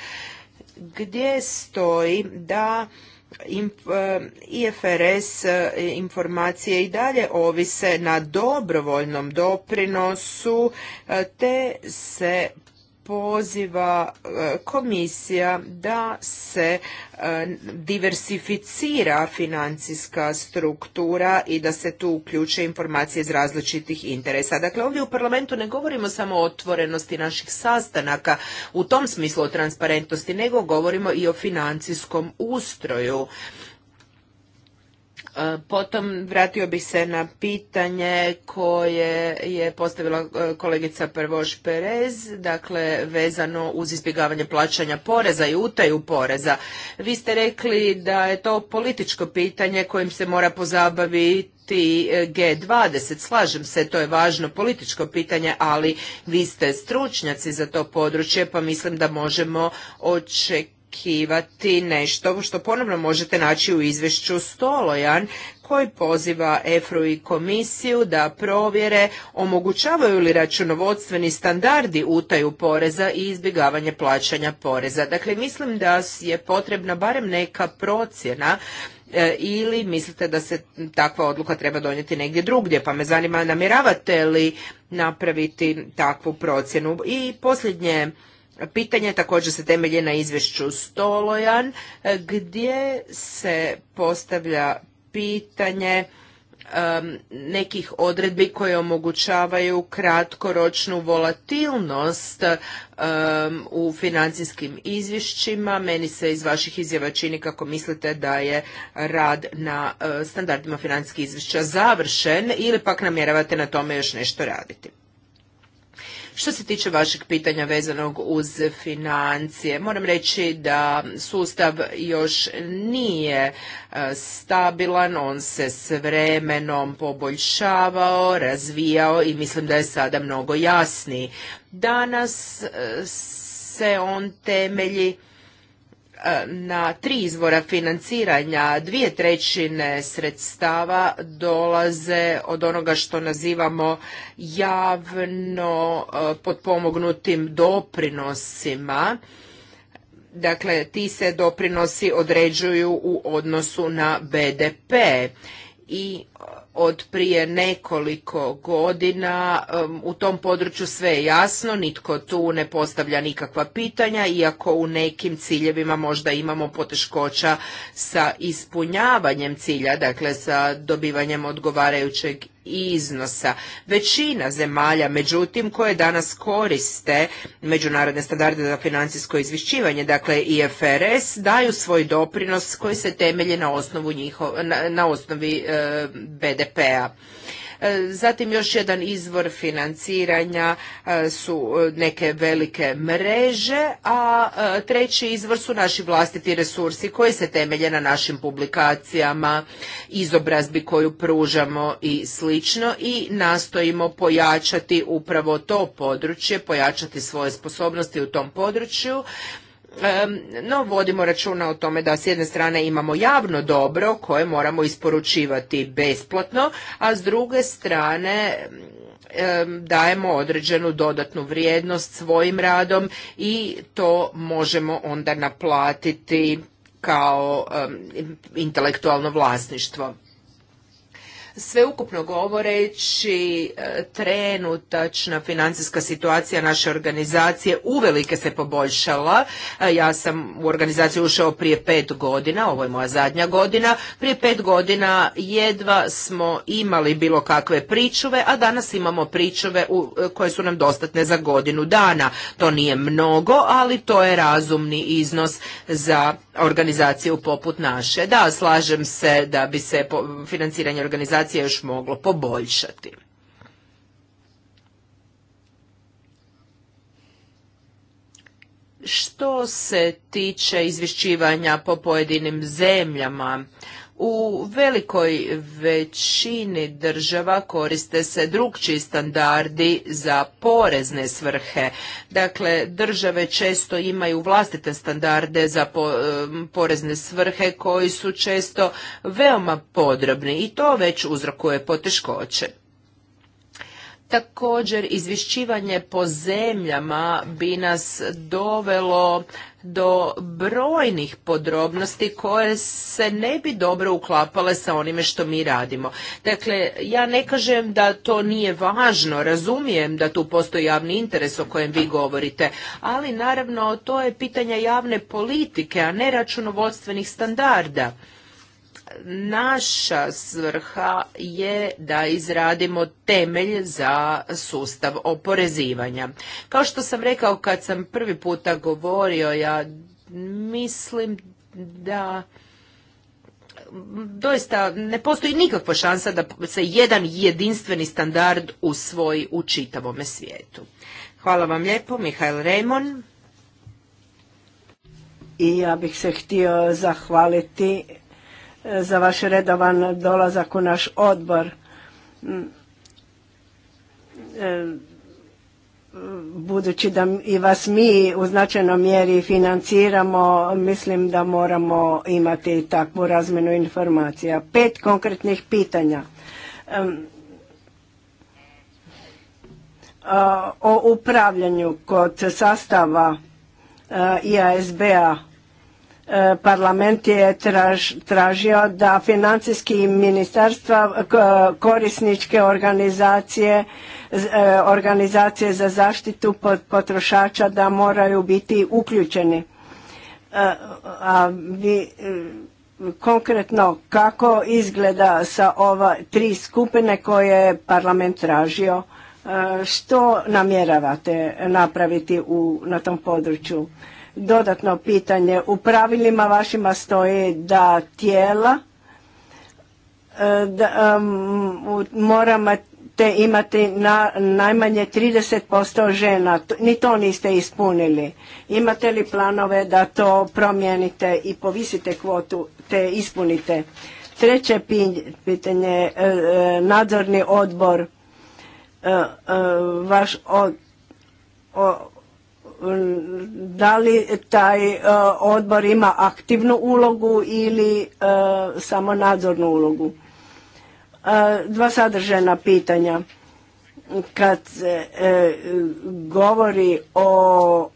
gdje stoji da IFRS e, e, informacije i dalje ovise na dobrovoljnom doprinosu e, te se poziva e, komisija da se e, diversificira financijska struktura i da se tu uključe informacije iz različitih interesa. Dakle, ovdje u parlamentu ne govorimo samo o otvorenosti naših sastanaka u tom smislu o transparentnosti, nego govorimo i o financijskom ustroju. E, potom vratio bih se na pitanje koje je postavila e, kolegica Prvoš Perez, dakle vezano uz izbjegavanje plaćanja poreza i utaju poreza. Vi ste rekli da je to političko pitanje kojim se mora pozabaviti e, G20. Slažem se, to je važno političko pitanje, ali vi ste stručnjaci za to područje, pa mislim da možemo očekivati očekivati nešto što ponovno možete naći u izvješću Stolojan koji poziva EFRU i komisiju da provjere omogućavaju li računovodstveni standardi utaju poreza i izbjegavanje plaćanja poreza. Dakle, mislim da je potrebna barem neka procjena e, ili mislite da se takva odluka treba donijeti negdje drugdje, pa me zanima namjeravate li napraviti takvu procjenu. I posljednje pitanje također se temelje na izvješću Stolojan e, gdje se postavlja pitanje nekih odredbi koje omogućavaju kratkoročnu volatilnost u financijskim izvješćima. Meni se iz vaših izjava čini kako mislite da je rad na e, standardima financijskih izvješća završen ili pak namjeravate na tome još nešto raditi. Što se tiče vašeg pitanja vezanog uz financije, moram reći da sustav još nije e, stabilan, on se s vremenom poboljšavao, razvijao i mislim da je sada mnogo jasniji. Danas e, se on temelji E, na tri izvora financiranja dvije trećine sredstava dolaze od onoga što nazivamo javno e, potpomognutim doprinosima. Dakle, ti se doprinosi određuju u odnosu na BDP i e, od prije nekoliko godina. U tom području sve je jasno, nitko tu ne postavlja nikakva pitanja, iako u nekim ciljevima možda imamo poteškoća sa ispunjavanjem cilja, dakle sa dobivanjem odgovarajućeg iznosa. Većina zemalja, međutim, koje danas koriste međunarodne standarde za financijsko izvješćivanje, dakle IFRS, daju svoj doprinos koji se temelji na, osnovu na, osnovi e, BDP-a. E, zatim još jedan izvor financiranja e, su e, neke velike mreže, a treći izvor su naši vlastiti resursi koji se temelje na našim publikacijama, izobrazbi koju pružamo i slično i nastojimo pojačati upravo to područje, pojačati svoje sposobnosti u tom području no vodimo računa o tome da s jedne strane imamo javno dobro koje moramo isporučivati besplatno, a s druge strane dajemo određenu dodatnu vrijednost svojim radom i to možemo onda naplatiti kao intelektualno vlasništvo. Sveukupno govoreći, e, trenutačna financijska situacija naše organizacije uvelike se poboljšala. E, ja sam u organizaciju ušao prije pet godina, ovo je moja zadnja godina. Prije pet godina jedva smo imali bilo kakve pričuve, a danas imamo pričuve e, koje su nam dostatne za godinu dana. To nije mnogo, ali to je razumni iznos za organizaciju poput naše. Da, slažem se da bi se financiranje organizacije još moglo poboljšati. Što se tiče izvješćivanja po pojedinim zemljama, u velikoj većini država koriste se drugčiji standardi za porezne svrhe. Dakle, države često imaju vlastite standarde za porezne svrhe koji su često veoma podrobni i to već uzrokuje poteškoće. Također izvješćivanje po zemljama bi nas dovelo do brojnih podrobnosti koje se ne bi dobro uklapale sa onime što mi radimo. Dakle, ja ne kažem da to nije važno, razumijem da tu postoji javni interes o kojem vi govorite, ali naravno to je pitanje javne politike, a ne računovodstvenih standarda naša svrha je da izradimo temelj za sustav oporezivanja. Kao što sam rekao kad sam prvi puta govorio, ja mislim da doista ne postoji nikakva šansa da se jedan jedinstveni standard usvoji u čitavome svijetu. Hvala vam lijepo, Mihajl Rejmon. I ja bih se htio zahvaliti za vaš redovan dolazak u naš odbor. Mm. E, budući da i vas mi u značajnoj mjeri financiramo, mislim da moramo imati takvu razmjenu informacija. Pet konkretnih pitanja e, o upravljanju kod sastava e, IASB-a parlament je tražio da financijski ministarstva, korisničke organizacije, e, organizacije za zaštitu potrošača da moraju biti uključeni. E, a vi e, konkretno kako izgleda sa ova tri skupine koje je parlament tražio, što namjeravate napraviti u, na tom području? Dodatno pitanje, u pravilima vašima stoji da tijela e, da, um, morate imati na, najmanje 30% žena. Ni to niste ispunili. Imate li planove da to promijenite i povisite kvotu te ispunite? Treće pitanje, e, e, nadzorni odbor, vaš od, da li taj e, odbor ima aktivnu ulogu ili e, samo nadzornu ulogu. E, dva sadržajna pitanja. Kad se govori o,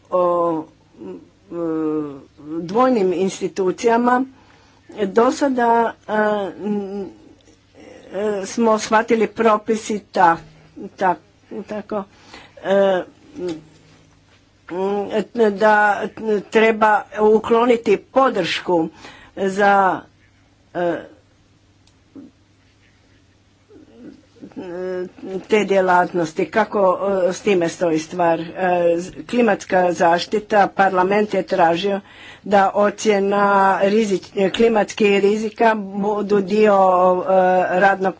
dvojnim institucijama, do sada smo shvatili propisi tako Mm, da mm, treba ukloniti podršku za eh, te djelatnosti, kako eh, s time stoji stvar. Eh, klimatska zaštita, parlament je tražio da ocjena klimatskih rizika budu dio radnog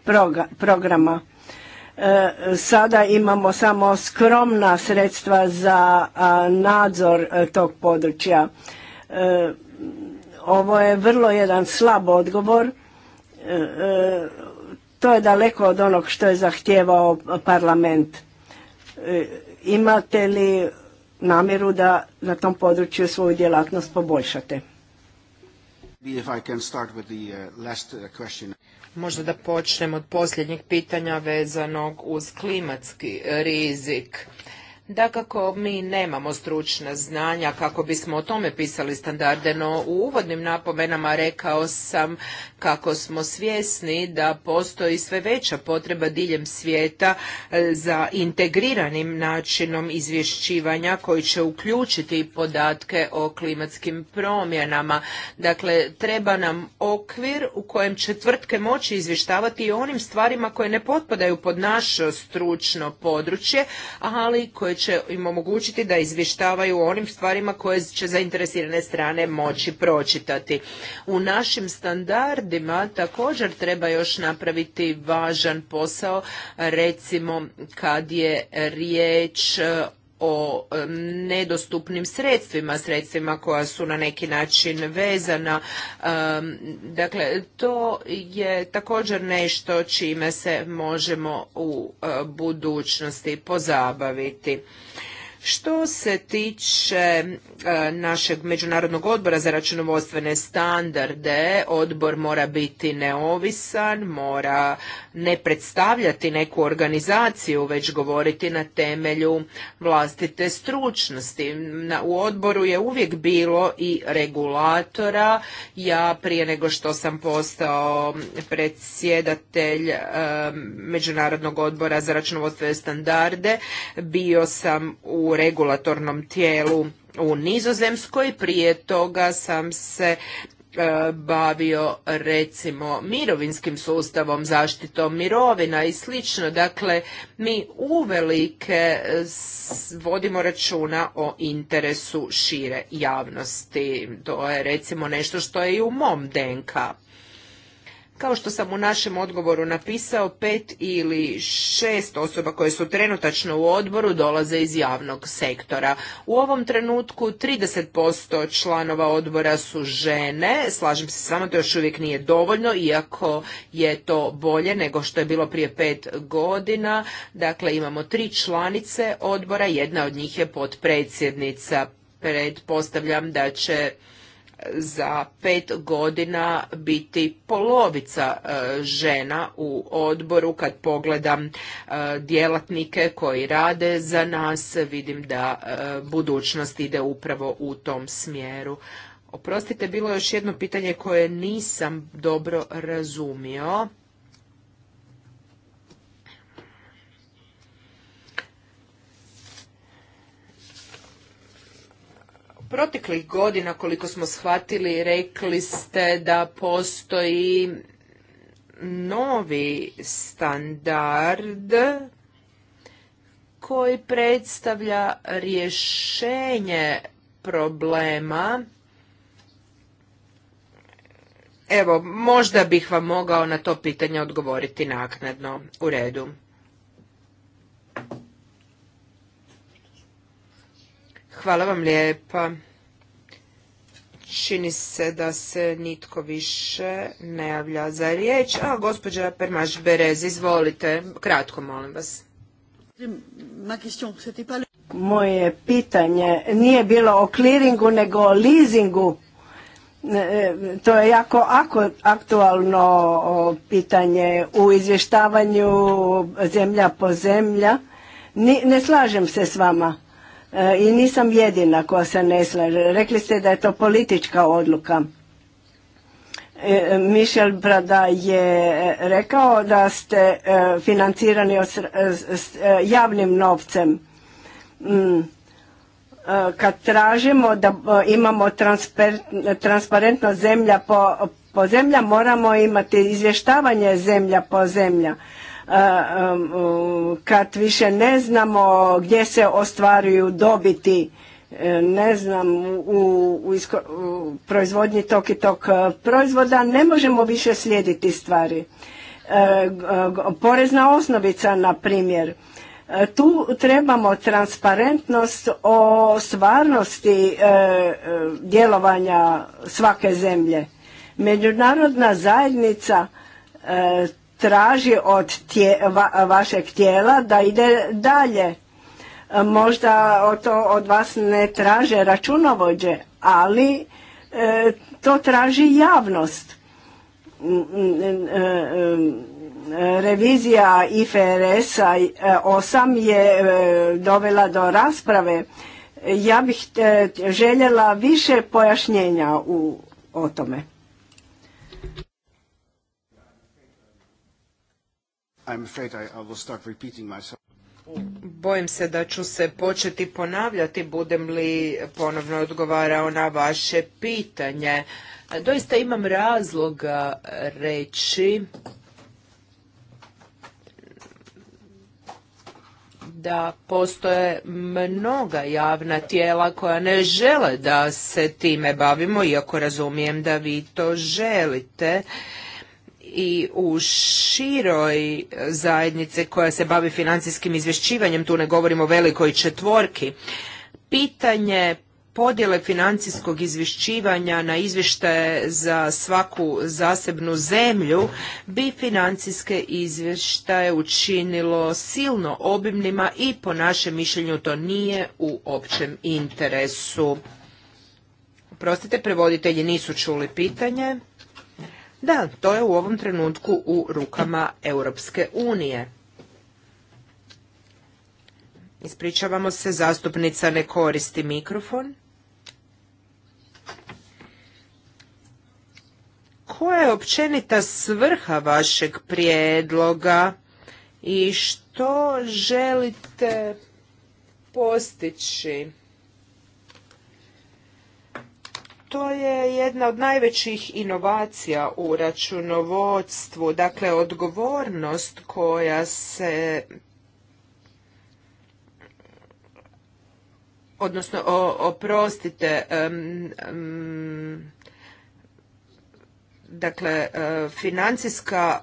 programa. E, sada imamo samo skromna sredstva za nadzor e, tog područja. E, ovo je vrlo jedan slab odgovor. To je daleko od onog što je zahtijevao parlament. Imate li namjeru da na tom području svoju djelatnost poboljšate? Možda da počnem od posljednjeg pitanja vezanog uz klimatski rizik. Dakako, mi nemamo stručna znanja kako bismo o tome pisali standarde, no u uvodnim napomenama rekao sam kako smo svjesni da postoji sve veća potreba diljem svijeta e, za integriranim načinom izvješćivanja koji će uključiti podatke o klimatskim promjenama. Dakle, treba nam okvir u kojem će tvrtke moći izvještavati i onim stvarima koje ne potpadaju pod naše stručno područje, ali koje koje će im omogućiti da izvještavaju o onim stvarima koje će zainteresirane strane moći pročitati. U našim standardima također treba još napraviti važan posao, recimo kad je riječ o nedostupnim sredstvima, sredstvima koja su na neki način vezana. Dakle, to je također nešto čime se možemo u e, budućnosti pozabaviti. Što se tiče e, našeg Međunarodnog odbora za računovodstvene standarde, odbor mora biti neovisan, mora ne predstavljati neku organizaciju, već govoriti na temelju vlastite stručnosti. U odboru je uvijek bilo i regulatora. Ja prije nego što sam postao predsjedatelj e, Međunarodnog odbora za računovodstvene standarde, bio sam u regulatornom tijelu u Nizozemskoj. Prije toga sam se e, bavio recimo mirovinskim sustavom, zaštitom mirovina i slično. Dakle, mi uvelike vodimo računa o interesu šire javnosti. To je recimo nešto što je i u mom DNK. Kao što sam u našem odgovoru napisao, pet ili šest osoba koje su trenutačno u odboru dolaze iz javnog sektora. U ovom trenutku 30% članova odbora su žene, slažem se s vama, to još uvijek nije dovoljno, iako je to bolje nego što je bilo prije pet godina. Dakle, imamo tri članice odbora, jedna od njih je potpredsjednica. Predpostavljam da će za pet godina biti polovica e, žena u odboru. Kad pogledam e, djelatnike koji rade za nas, vidim da e, budućnost ide upravo u tom smjeru. Oprostite, bilo je još jedno pitanje koje nisam dobro razumio. proteklih godina, koliko smo shvatili, rekli ste da postoji novi standard koji predstavlja rješenje problema Evo, možda bih vam mogao na to pitanje odgovoriti naknadno. U redu. Hvala vam lijepa. Čini se da se nitko više ne javlja za riječ. A gospođa Permaš Berez, izvolite, kratko molim vas. Moje pitanje nije bilo o kliringu nego o leasingu. E, e, to je jako aktualno pitanje u izvještavanju zemlja po zemlja. Ne slažem se s vama E, I nisam jedina koja se ne slaže. Rekli ste da je to politička odluka. E, Michel Brada je e, rekao da ste financirani javnim novcem. Mm. Kad tražimo da imamo transparentno zemlja po, po zemlja, moramo imati izvještavanje zemlja po zemlja. Um, kad više ne znamo gdje se ostvaruju dobiti e, ne znam, u, u, proizvodnji tog i tog e, proizvoda ne možemo više slijediti stvari. E, porezna osnovica, na primjer. tu trebamo transparentnost o stvarnosti djelovanja svake zemlje. Međunarodna zajednica traži od tje, vašeg tijela da ide dalje. Možda to od vas ne traže računovođe, ali e, to traži javnost. Mm, mm, mm, e, e, revizija IFRS-a 8 je dovela do rasprave. Ja bih željela više pojašnjenja u, o tome. Bojim se da ću se početi ponavljati budem li ponovno odgovarao na vaše pitanje. Doista imam razloga reći da postoje mnoga javna tijela koja ne žele da se time bavimo, iako razumijem da vi to želite i u široj zajednice koja se bavi financijskim izvješćivanjem, tu ne govorimo o velikoj četvorki, pitanje podjele financijskog izvješćivanja na izvještaje za svaku zasebnu zemlju bi financijske izvještaje učinilo silno obimnima i po našem mišljenju to nije u općem interesu. Prostite, prevoditelji nisu čuli pitanje. Da, to je u ovom trenutku u rukama Europske unije. Ispričavamo se, zastupnica ne koristi mikrofon. Koja je općenita svrha vašeg prijedloga i što želite postići? To je jedna od najvećih inovacija u računovodstvu, dakle odgovornost koja se odnosno oprostite dakle eh, financijska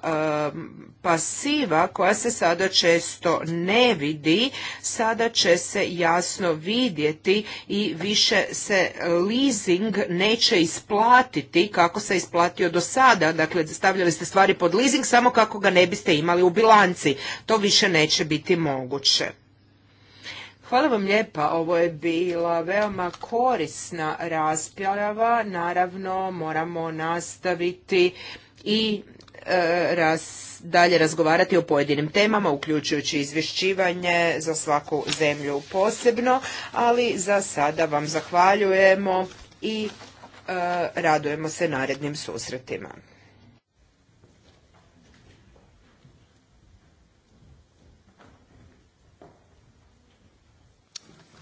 pasiva koja se sada često ne vidi, sada će se jasno vidjeti i više se leasing neće isplatiti kako se isplatio do sada. Dakle, stavljali ste stvari pod leasing samo kako ga ne biste imali u bilanci. To više neće biti moguće. Hvala vam lijepa, ovo je bila veoma korisna rasprava. Naravno, moramo nastaviti i E, raz, dalje razgovarati o pojedinim temama, uključujući izvješćivanje za svaku zemlju posebno, ali za sada vam zahvaljujemo i e, radujemo se narednim susretima.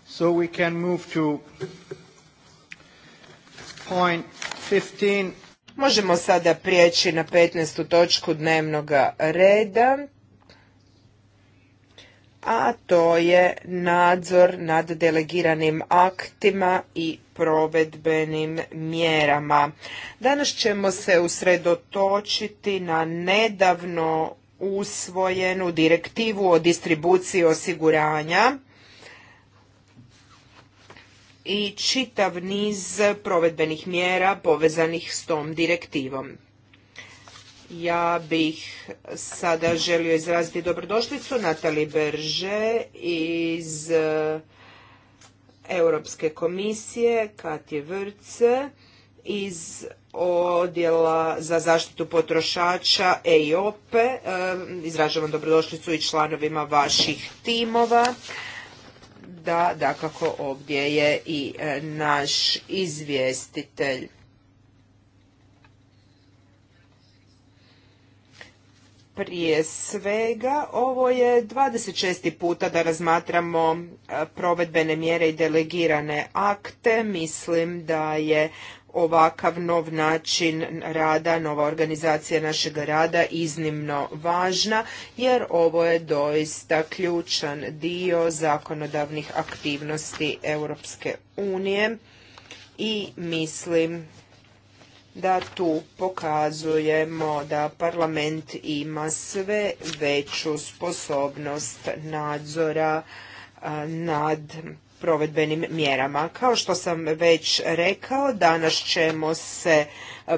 So we can move to point 15 Možemo sada prijeći na 15. točku dnevnog reda, a to je nadzor nad delegiranim aktima i provedbenim mjerama. Danas ćemo se usredotočiti na nedavno usvojenu direktivu o distribuciji osiguranja i čitav niz provedbenih mjera povezanih s tom direktivom. Ja bih sada želio izraziti dobrodošlicu Natali Berže iz eh, Europske komisije, Katje Vrce iz odjela za zaštitu potrošača EIOPE. E, eh, izražavam dobrodošlicu i članovima vaših timova da dakako ovdje je i e, naš izvjestitelj. Prije svega, ovo je 26. puta da razmatramo e, provedbene mjere i delegirane akte. Mislim da je ovakav nov način rada, nova organizacija našeg rada iznimno važna jer ovo je doista ključan dio zakonodavnih aktivnosti Europske unije i mislim da tu pokazujemo da parlament ima sve veću sposobnost nadzora nad provedbenim mjerama. Kao što sam već rekao, danas ćemo se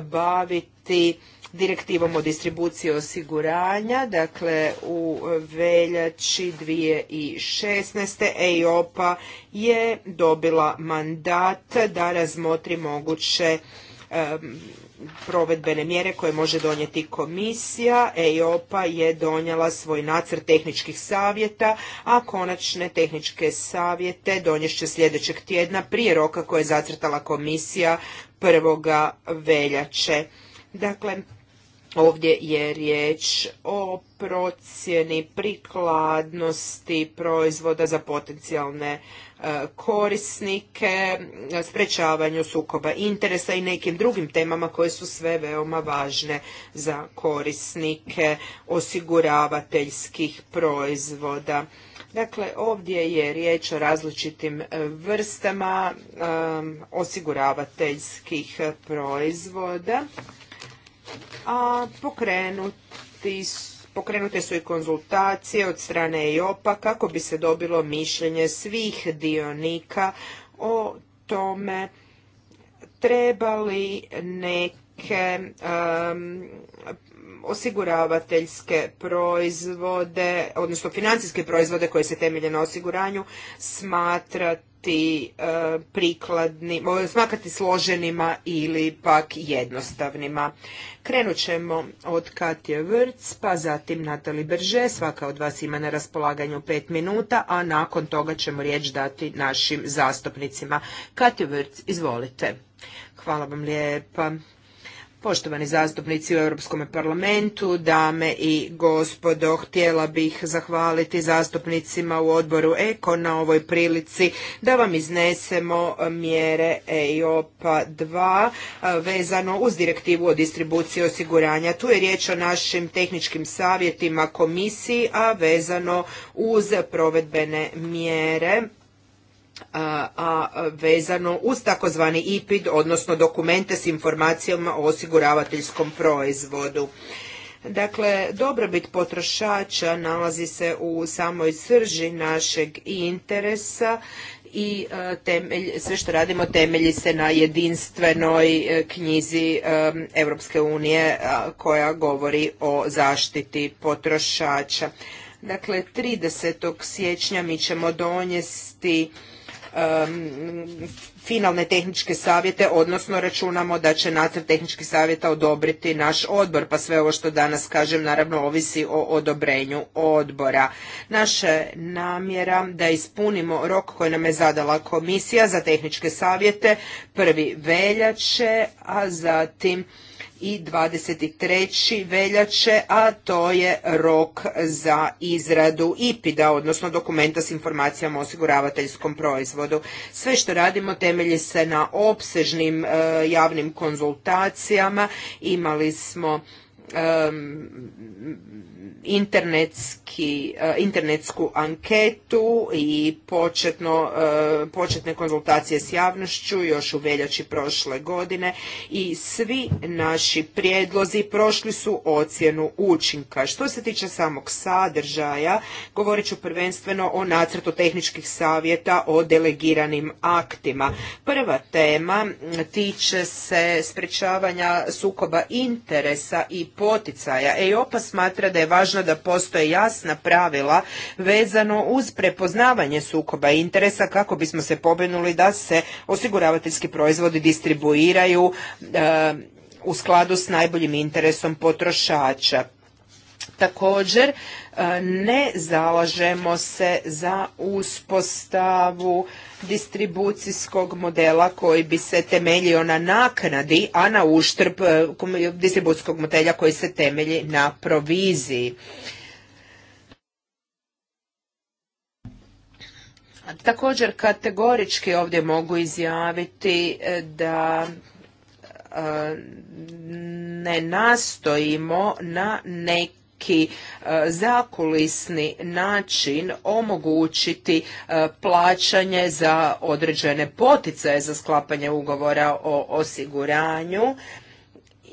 baviti direktivom o distribuciji osiguranja, dakle u veljači 2016. EIOPA je dobila mandat da razmotri moguće provedbene mjere koje može donijeti komisija. EIOPA je donijela svoj nacrt tehničkih savjeta, a konačne tehničke savjete donješće sljedećeg tjedna prije roka koje je zacrtala komisija 1. veljače. Dakle, Ovdje je riječ o procjeni prikladnosti proizvoda za potencijalne e, korisnike, e, sprečavanju sukoba interesa i nekim drugim temama koje su sve veoma važne za korisnike osiguravateljskih proizvoda. Dakle, ovdje je riječ o različitim e, vrstama osiguravateljskih proizvoda a Pokrenute su i konzultacije od strane EOPA kako bi se dobilo mišljenje svih dionika o tome trebali neke um, osiguravateljske proizvode, odnosno financijske proizvode koje se temelje na osiguranju smatrati smatrati e, prikladnim, e, smatrati složenima ili pak jednostavnima. Krenut ćemo od Katje Vrc, pa zatim Natali Brže, svaka od vas ima na raspolaganju pet minuta, a nakon toga ćemo riječ dati našim zastupnicima. Katje Vrc, izvolite. Hvala vam lijepa. Poštovani zastupnici u Europskom parlamentu, dame i gospodo, htjela bih zahvaliti zastupnicima u odboru EKO na ovoj prilici da vam iznesemo mjere EIOPA 2 vezano uz direktivu o distribuciji osiguranja. Tu je riječ o našim tehničkim savjetima komisiji, a vezano uz provedbene mjere a vezano uz takozvani IPID, odnosno dokumente s informacijama o osiguravateljskom proizvodu. Dakle, dobrobit potrošača nalazi se u samoj srži našeg interesa i e, temelj, sve što radimo temelji se na jedinstvenoj e, knjizi Europske unije koja govori o zaštiti potrošača. Dakle, 30. siječnja mi ćemo donijesti finalne tehničke savjete, odnosno računamo da će nacrt tehničkih savjeta odobriti naš odbor, pa sve ovo što danas kažem naravno ovisi o odobrenju odbora. Naša namjera da ispunimo rok koji nam je zadala komisija za tehničke savjete, prvi veljače, a zatim i 23. veljače, a to je rok za izradu IPID-a, odnosno dokumenta s informacijama o osiguravateljskom proizvodu. Sve što radimo temelji se na opsežnim e, javnim konzultacijama. Imali smo internetski, e, internetsku anketu i početno, e, početne konzultacije s javnošću još u veljači prošle godine i svi naši prijedlozi prošli su ocjenu učinka. Što se tiče samog sadržaja, govorit ću prvenstveno o nacrtu tehničkih savjeta o delegiranim aktima. Prva tema tiče se sprečavanja sukoba interesa i poticaja. EIOPA smatra da je važno da postoje jasna pravila vezano uz prepoznavanje sukoba interesa kako bismo se pobrinuli da se osiguravateljski proizvodi distribuiraju e, u skladu s najboljim interesom potrošača Također e, ne zalažemo se za uspostavu distribucijskog modela koji bi se temeljio na naknadi, a na uštrb e, distribucijskog modela koji se temelji na proviziji. Također kategorički ovdje mogu izjaviti e, da ne nastojimo na neki neki e, zakulisni način omogućiti e, plaćanje za određene poticaje za sklapanje ugovora o osiguranju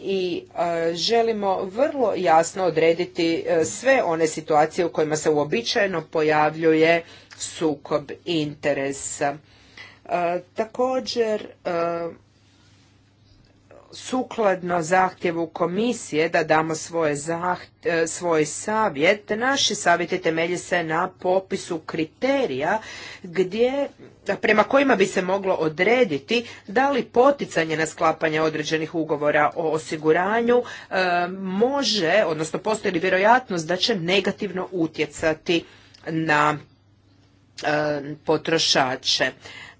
i e, želimo vrlo jasno odrediti sve one situacije u kojima se uobičajeno pojavljuje sukob interesa. također sukladno zahtjevu komisije da damo svoje e, svoj savjet, naši savjeti temelje se na popisu kriterija gdje prema kojima bi se moglo odrediti da li poticanje na sklapanje određenih ugovora o osiguranju e, može, odnosno postoji li vjerojatnost da će negativno utjecati na e, potrošače.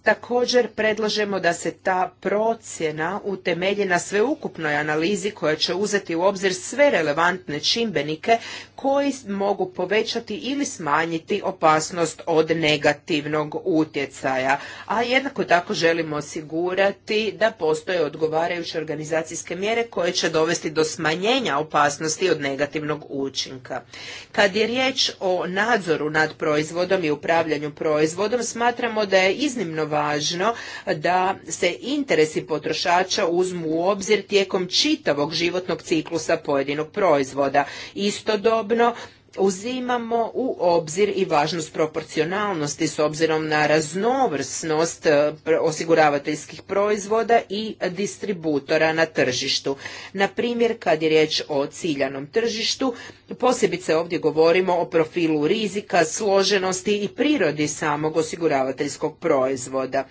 Također predlažemo da se ta procjena utemelji na sveukupnoj analizi koja će uzeti u obzir sve relevantne čimbenike koji mogu povećati ili smanjiti opasnost od negativnog utjecaja. A jednako tako želimo osigurati da postoje odgovarajuće organizacijske mjere koje će dovesti do smanjenja opasnosti od negativnog učinka. Kad je riječ o nadzoru nad proizvodom i upravljanju proizvodom, smatramo da je iznimno važno da se interesi potrošača uzmu u obzir tijekom čitavog životnog ciklusa pojedinog proizvoda. Istodobno uzimamo u obzir i važnost proporcionalnosti s obzirom na raznovrsnost e, osiguravateljskih proizvoda i distributora na tržištu. Na primjer, kad je riječ o ciljanom tržištu, posebice ovdje govorimo o profilu rizika, složenosti i prirodi samog osiguravateljskog proizvoda.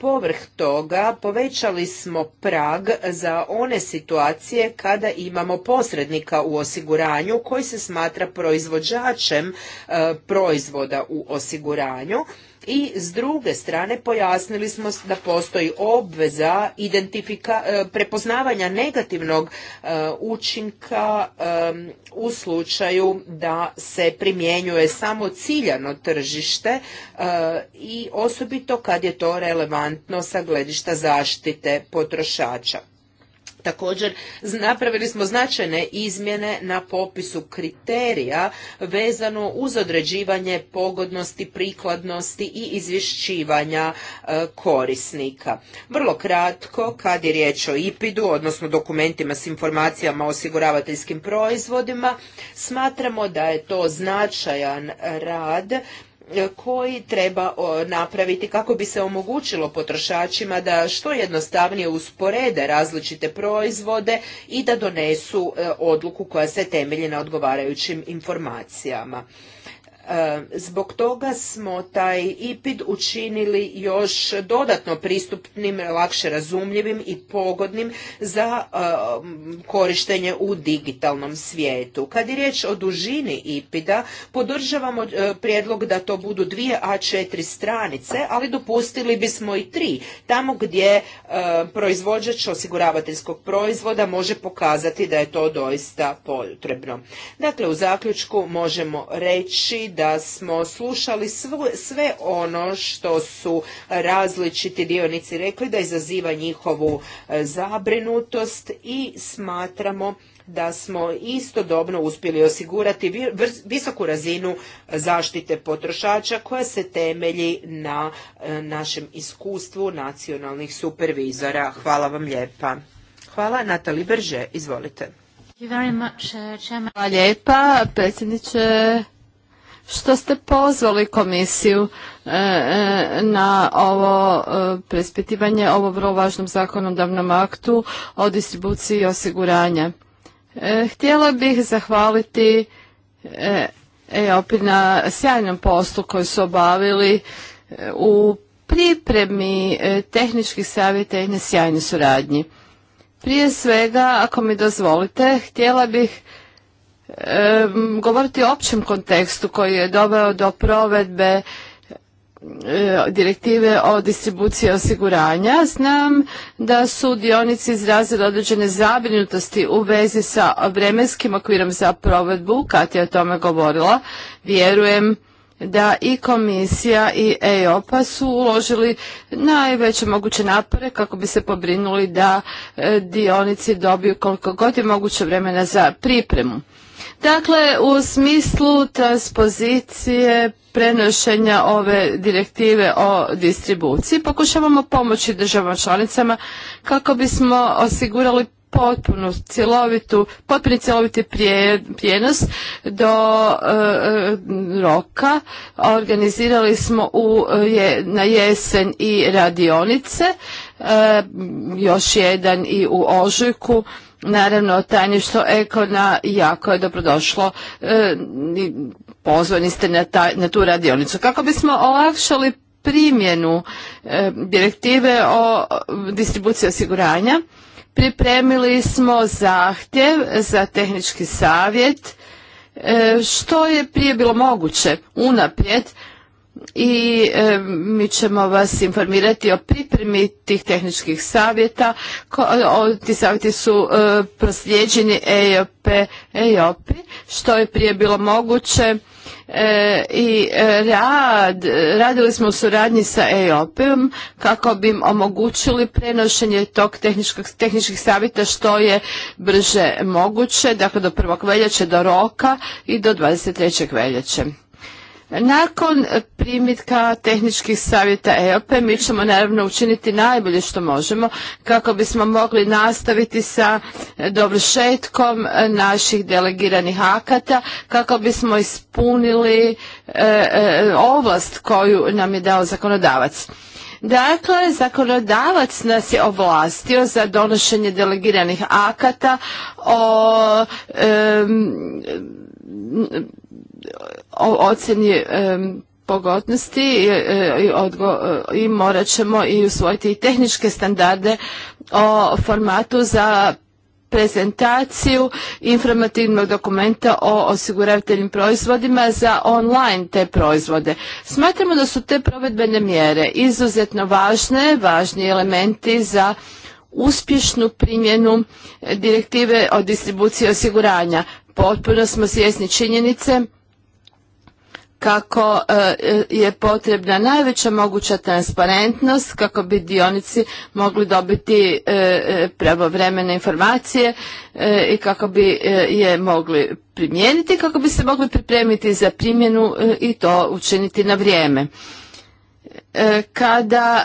Povrh toga povećali smo prag za one situacije kada imamo posrednika u osiguranju koji se smatra proizvođačem e, proizvoda u osiguranju i s druge strane pojasnili smo da postoji obveza identifika, e, prepoznavanja negativnog e, učinka e, u slučaju da se primjenjuje samo ciljano tržište i osobito kad je to relevantno sa gledišta zaštite potrošača. Također napravili smo značajne izmjene na popisu kriterija vezano uz određivanje pogodnosti, prikladnosti i izvješćivanja e, korisnika. Vrlo kratko, kad je riječ o IPID-u, odnosno dokumentima s informacijama o osiguravateljskim proizvodima, smatramo da je to značajan rad koji treba napraviti kako bi se omogućilo potrošačima da što jednostavnije usporede različite proizvode i da donesu e, odluku koja se temelji na odgovarajućim informacijama. E, zbog toga smo taj IPID učinili još dodatno pristupnim, lakše razumljivim i pogodnim za e, korištenje u digitalnom svijetu. Kad je riječ o dužini IPID-a, podržavamo e, prijedlog da to budu dvije A4 stranice, ali dopustili bismo i tri, tamo gdje proizvođač osiguravateljskog proizvoda može pokazati da je to doista potrebno. Dakle, u zaključku možemo reći da da smo slušali sve ono što su različiti dionici rekli da izaziva njihovu e, zabrinutost i smatramo da smo istodobno uspjeli osigurati visoku razinu zaštite potrošača koja se temelji na e, našem iskustvu nacionalnih supervizora. Hvala vam lijepa. Hvala, Natali Brže, izvolite. Uh, Hvala lijepa, predsjedniče što ste pozvali komisiju e, e, na ovo e, prespitivanje ovo vrlo važnom zakonodavnom aktu o distribuciji osiguranja. Htjela bih zahvaliti EOP na sjajnom poslu koji su obavili u pripremi tehničkih savjeta i na sjajnoj suradnji. Prije svega, ako mi dozvolite, htjela bih govoriti o općem kontekstu koji je doveo do provedbe e, direktive o distribuciji osiguranja. Znam da su dionici izrazili određene zabrinutosti u vezi sa vremenskim okvirom za provedbu, kad je o tome govorila. Vjerujem da i komisija i EOPA su uložili najveće moguće napore kako bi se pobrinuli da e, dionici dobiju koliko god je moguće vremena za pripremu. Dakle, u smislu transpozicije prenošenja ove direktive o distribuciji pokušavamo pomoći državama članicama kako bismo osigurali potpunu cjelovitu, potpuni cjeloviti prijenos do e, e, roka. Organizirali smo u, je, na jesen i radionice, e, još jedan i u ožujku Naravno, tajništvo Ekona jako je dobrodošlo. E, pozvani ste na, tu radionicu. Kako bismo olakšali primjenu e, direktive o distribuciji osiguranja, pripremili smo zahtjev za tehnički savjet, e, što je prije bilo moguće unaprijed, i e, mi ćemo vas informirati o pripremi tih tehničkih savjeta. o, ti savjeti su e, prosljeđeni EOP, EOP, što je prije bilo moguće e, i e, rad, radili smo u suradnji sa EOP-om kako bi im omogućili prenošenje tog tehničkih savjeta što je brže moguće, dakle do 1. veljače, do roka i do 23. veljače. Nakon primitka tehničkih savjeta EOP mi ćemo naravno učiniti najbolje što možemo kako bismo mogli nastaviti sa dovršetkom naših delegiranih akata kako bismo ispunili e, e, ovlast koju nam je dao zakonodavac. Dakle, zakonodavac nas je ovlastio za donošenje delegiranih akata o ocjeni pogodnosti e, e, e, i morat ćemo i usvojiti i tehničke standarde o formatu za prezentaciju informativnog dokumenta o osiguravateljim proizvodima za online te proizvode. Smatramo da su te provedbene mjere izuzetno važne, važni elementi za uspješnu primjenu direktive o distribuciji osiguranja. Potpuno smo svjesni činjenice kako e, je potrebna najveća moguća transparentnost kako bi dionici mogli dobiti e, e, pravovremene informacije i kako bi je mogli primijeniti, kako bi se mogli pripremiti za primjenu i to učiniti na vrijeme. E, kada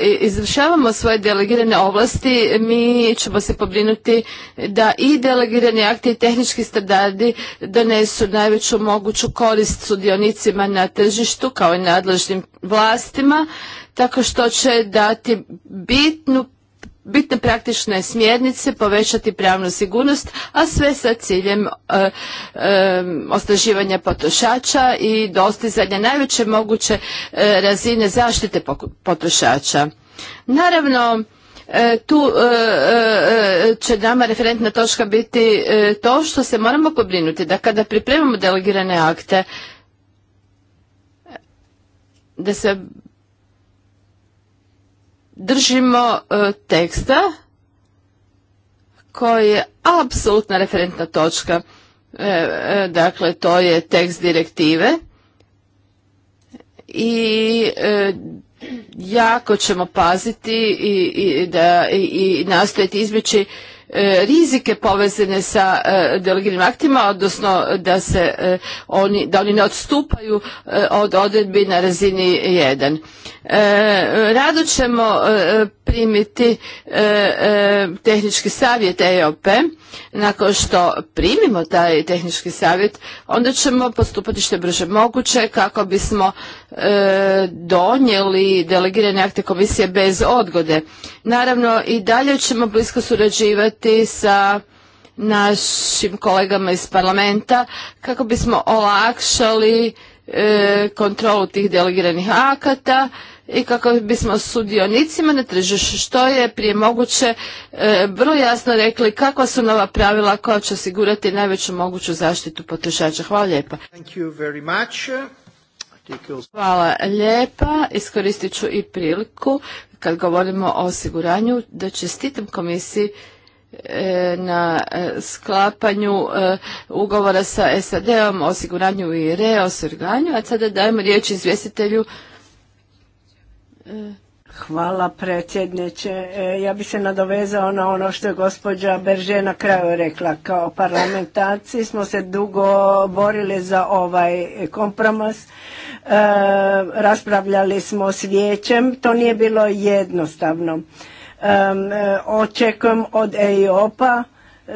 e, e, izvršavamo svoje delegirane ovlasti mi ćemo se pobrinuti da i delegirani akti i tehnički standardi donesu najveću moguću korist sudionicima na tržištu kao i nadležnim vlastima tako što će dati bitnu bitne praktične smjernice, povećati pravnu sigurnost, a sve sa ciljem e, e, ostaživanja potrošača i dostizanja najveće moguće e, razine zaštite potrošača. Naravno, tu će nama referentna točka biti to što se moramo pobrinuti da kada pripremamo delegirane akte da se držimo e, teksta koji je apsolutna referentna točka. E, e, dakle, to je tekst direktive i jako ćemo paziti i, i, izbjeći E, rizike povezane sa e, delegiranim aktima, odnosno da se e, oni, da oni ne odstupaju od odredbi na razini 1. Rado ćemo primiti tehnički savjet EOP. Nakon što primimo taj tehnički savjet, onda ćemo postupati što je brže moguće kako bismo E, donijeli delegirane akte komisije bez odgode. Naravno i dalje ćemo blisko surađivati sa našim kolegama iz parlamenta kako bismo olakšali e, kontrolu tih delegiranih akata i kako bismo sudionicima na tržištu što je prije moguće e, vrlo jasno rekli kakva su nova pravila koja će osigurati najveću moguću zaštitu potrošača. Hvala lijepa. Hvala lijepa. Iskoristit ću i priliku kad govorimo o osiguranju da čestitam komisiji e, na e, sklapanju e, ugovora sa SAD-om o osiguranju i reosiguranju, a sada dajemo riječ izvjestitelju. Hvala predsjedniče. Ja bi se nadovezao na ono što je gospođa Berže na kraju rekla. Kao parlamentarci smo se dugo borili za ovaj kompromis Eh, raspravljali smo s vijećem, to nije bilo jednostavno. Eh, očekujem od EIOPA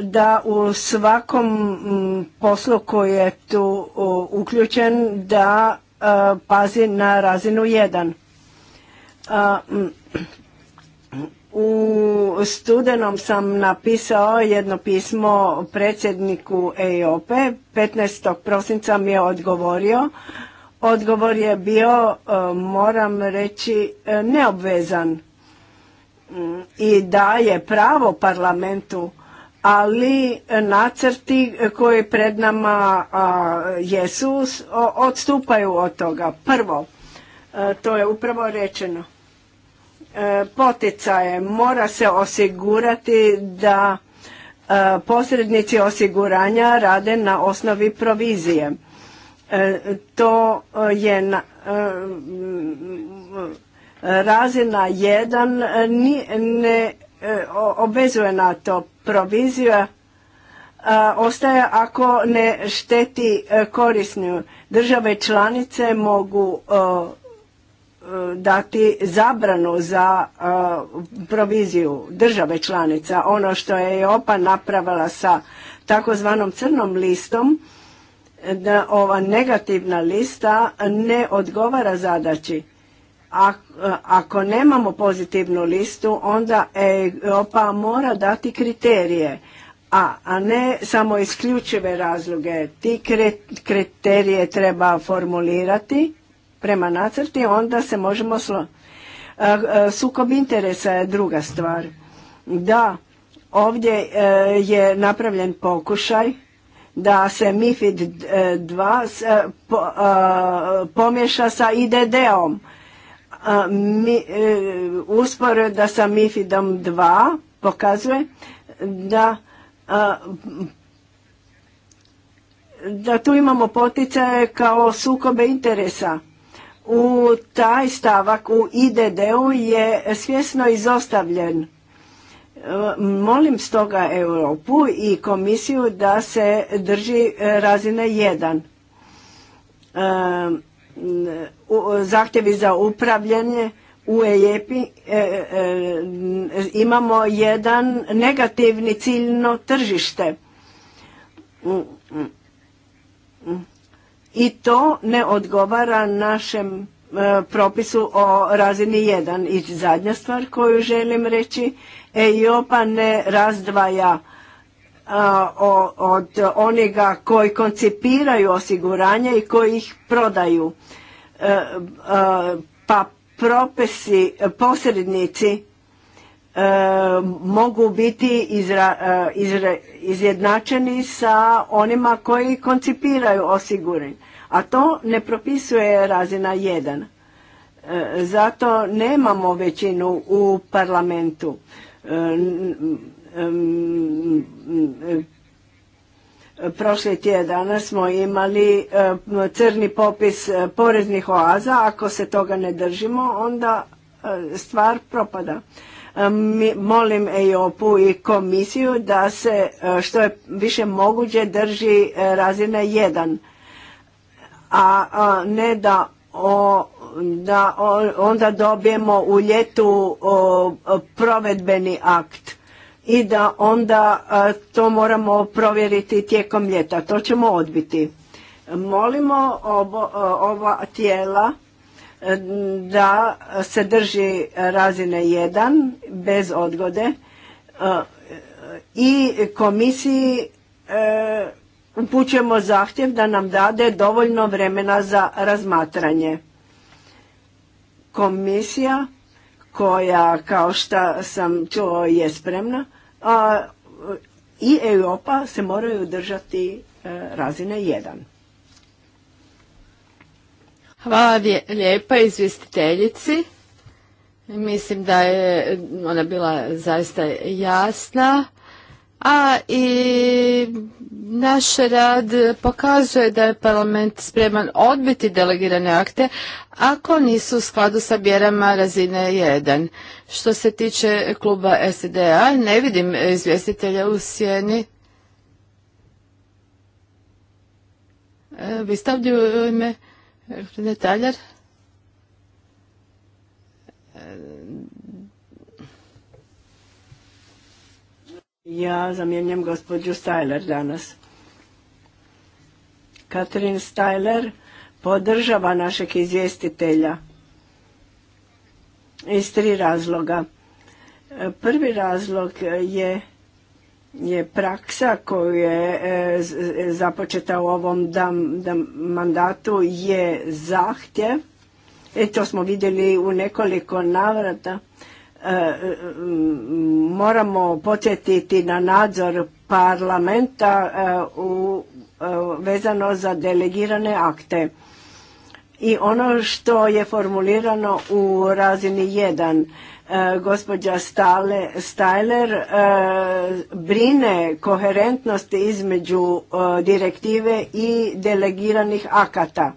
da u svakom mm, poslu koji je tu uključen da eh, pazi na razinu 1. Mm, u studenom sam napisao jedno pismo predsjedniku EIOPE, 15. prosinca mi je odgovorio Odgovor je bio, e, moram reći, e, neobvezan mm, i daje pravo parlamentu, ali nacrti koji pred nama jesu odstupaju od toga. Prvo, e, to je upravo rečeno, poticaje mora se osigurati da posrednici osiguranja rade na osnovi provizije to eh, je na, eh, razina jedan, ni, ne eh, obvezuje na to provizija ostaje ako ne šteti korisnju. Države članice mogu dati zabranu za proviziju države članica. Ono što je opa napravila sa takozvanom crnom listom da ova negativna lista ne odgovara zadaći. Ako nemamo pozitivnu listu, onda Europa mora dati kriterije, a ne samo isključive razloge. Ti kriterije treba formulirati prema nacrti, onda se možemo... Sukob interesa je druga stvar. Da, ovdje e, je napravljen pokušaj da se MIFID 2 eh, eh, eh, pomješa sa IDD-om. Usporeda sa MIFIDom 2 pokazuje da da tu imamo poticaje kao sukobe interesa. U taj stavak u IDD-u je svjesno izostavljen Molim stoga Europu i komisiju da se drži e, razine 1. E, zahtjevi za upravljanje u EJEPI e, imamo jedan negativni ciljno tržište i to ne odgovara našem propisu o razini 1. I zadnja stvar koju želim reći EIOPA ne razdvaja od onega koji koncipiraju osiguranje i koji ih prodaju. E, e, pa propisi, posrednici e, mogu biti izjednačeni sa onima koji koncipiraju osiguranje. A to ne propisuje razina 1. Zato nemamo većinu u parlamentu. Prošli tjedan smo imali e, crni popis e, poreznih oaza, ako se toga ne držimo onda e, stvar propada. Molim EIOP-u i komisiju da se što je više moguće drži razine 1, a ne da o da onda dobijemo u ljetu provedbeni akt i da onda to moramo provjeriti tijekom ljeta. To ćemo odbiti. Molimo ova tijela e, da se drži razine 1 bez odgode e, i komisiji e, upućujemo zahtjev da nam dade dovoljno vremena za razmatranje. Komisija koja, kao što sam čuo, je spremna a, i Europa se moraju držati e, razine 1. Hvala lijepa izvjestiteljici. Mislim da je ona bila zaista jasna a i naš rad pokazuje da je parlament spreman odbiti delegirane akte ako nisu u skladu sa bjerama razine 1. Što se tiče kluba SDA, ne vidim izvjestitelja u sjeni. E, vi ste u Taljar? E, Ja zamjenjam gospođu Stajler danas. Katrin Stajler podržava našeg izvjestitelja iz tri razloga. Prvi razlog je je praksa koju je e, e, započeta u ovom mandatu je zahtjev e to smo vidjeli u nekoliko navrata E, moramo podsjetiti na nadzor parlamenta e, u, e, vezano za delegirane akte. I ono što je formulirano u razini 1, gospođa Stajler brine koherentnost između direktive i delegiranih akata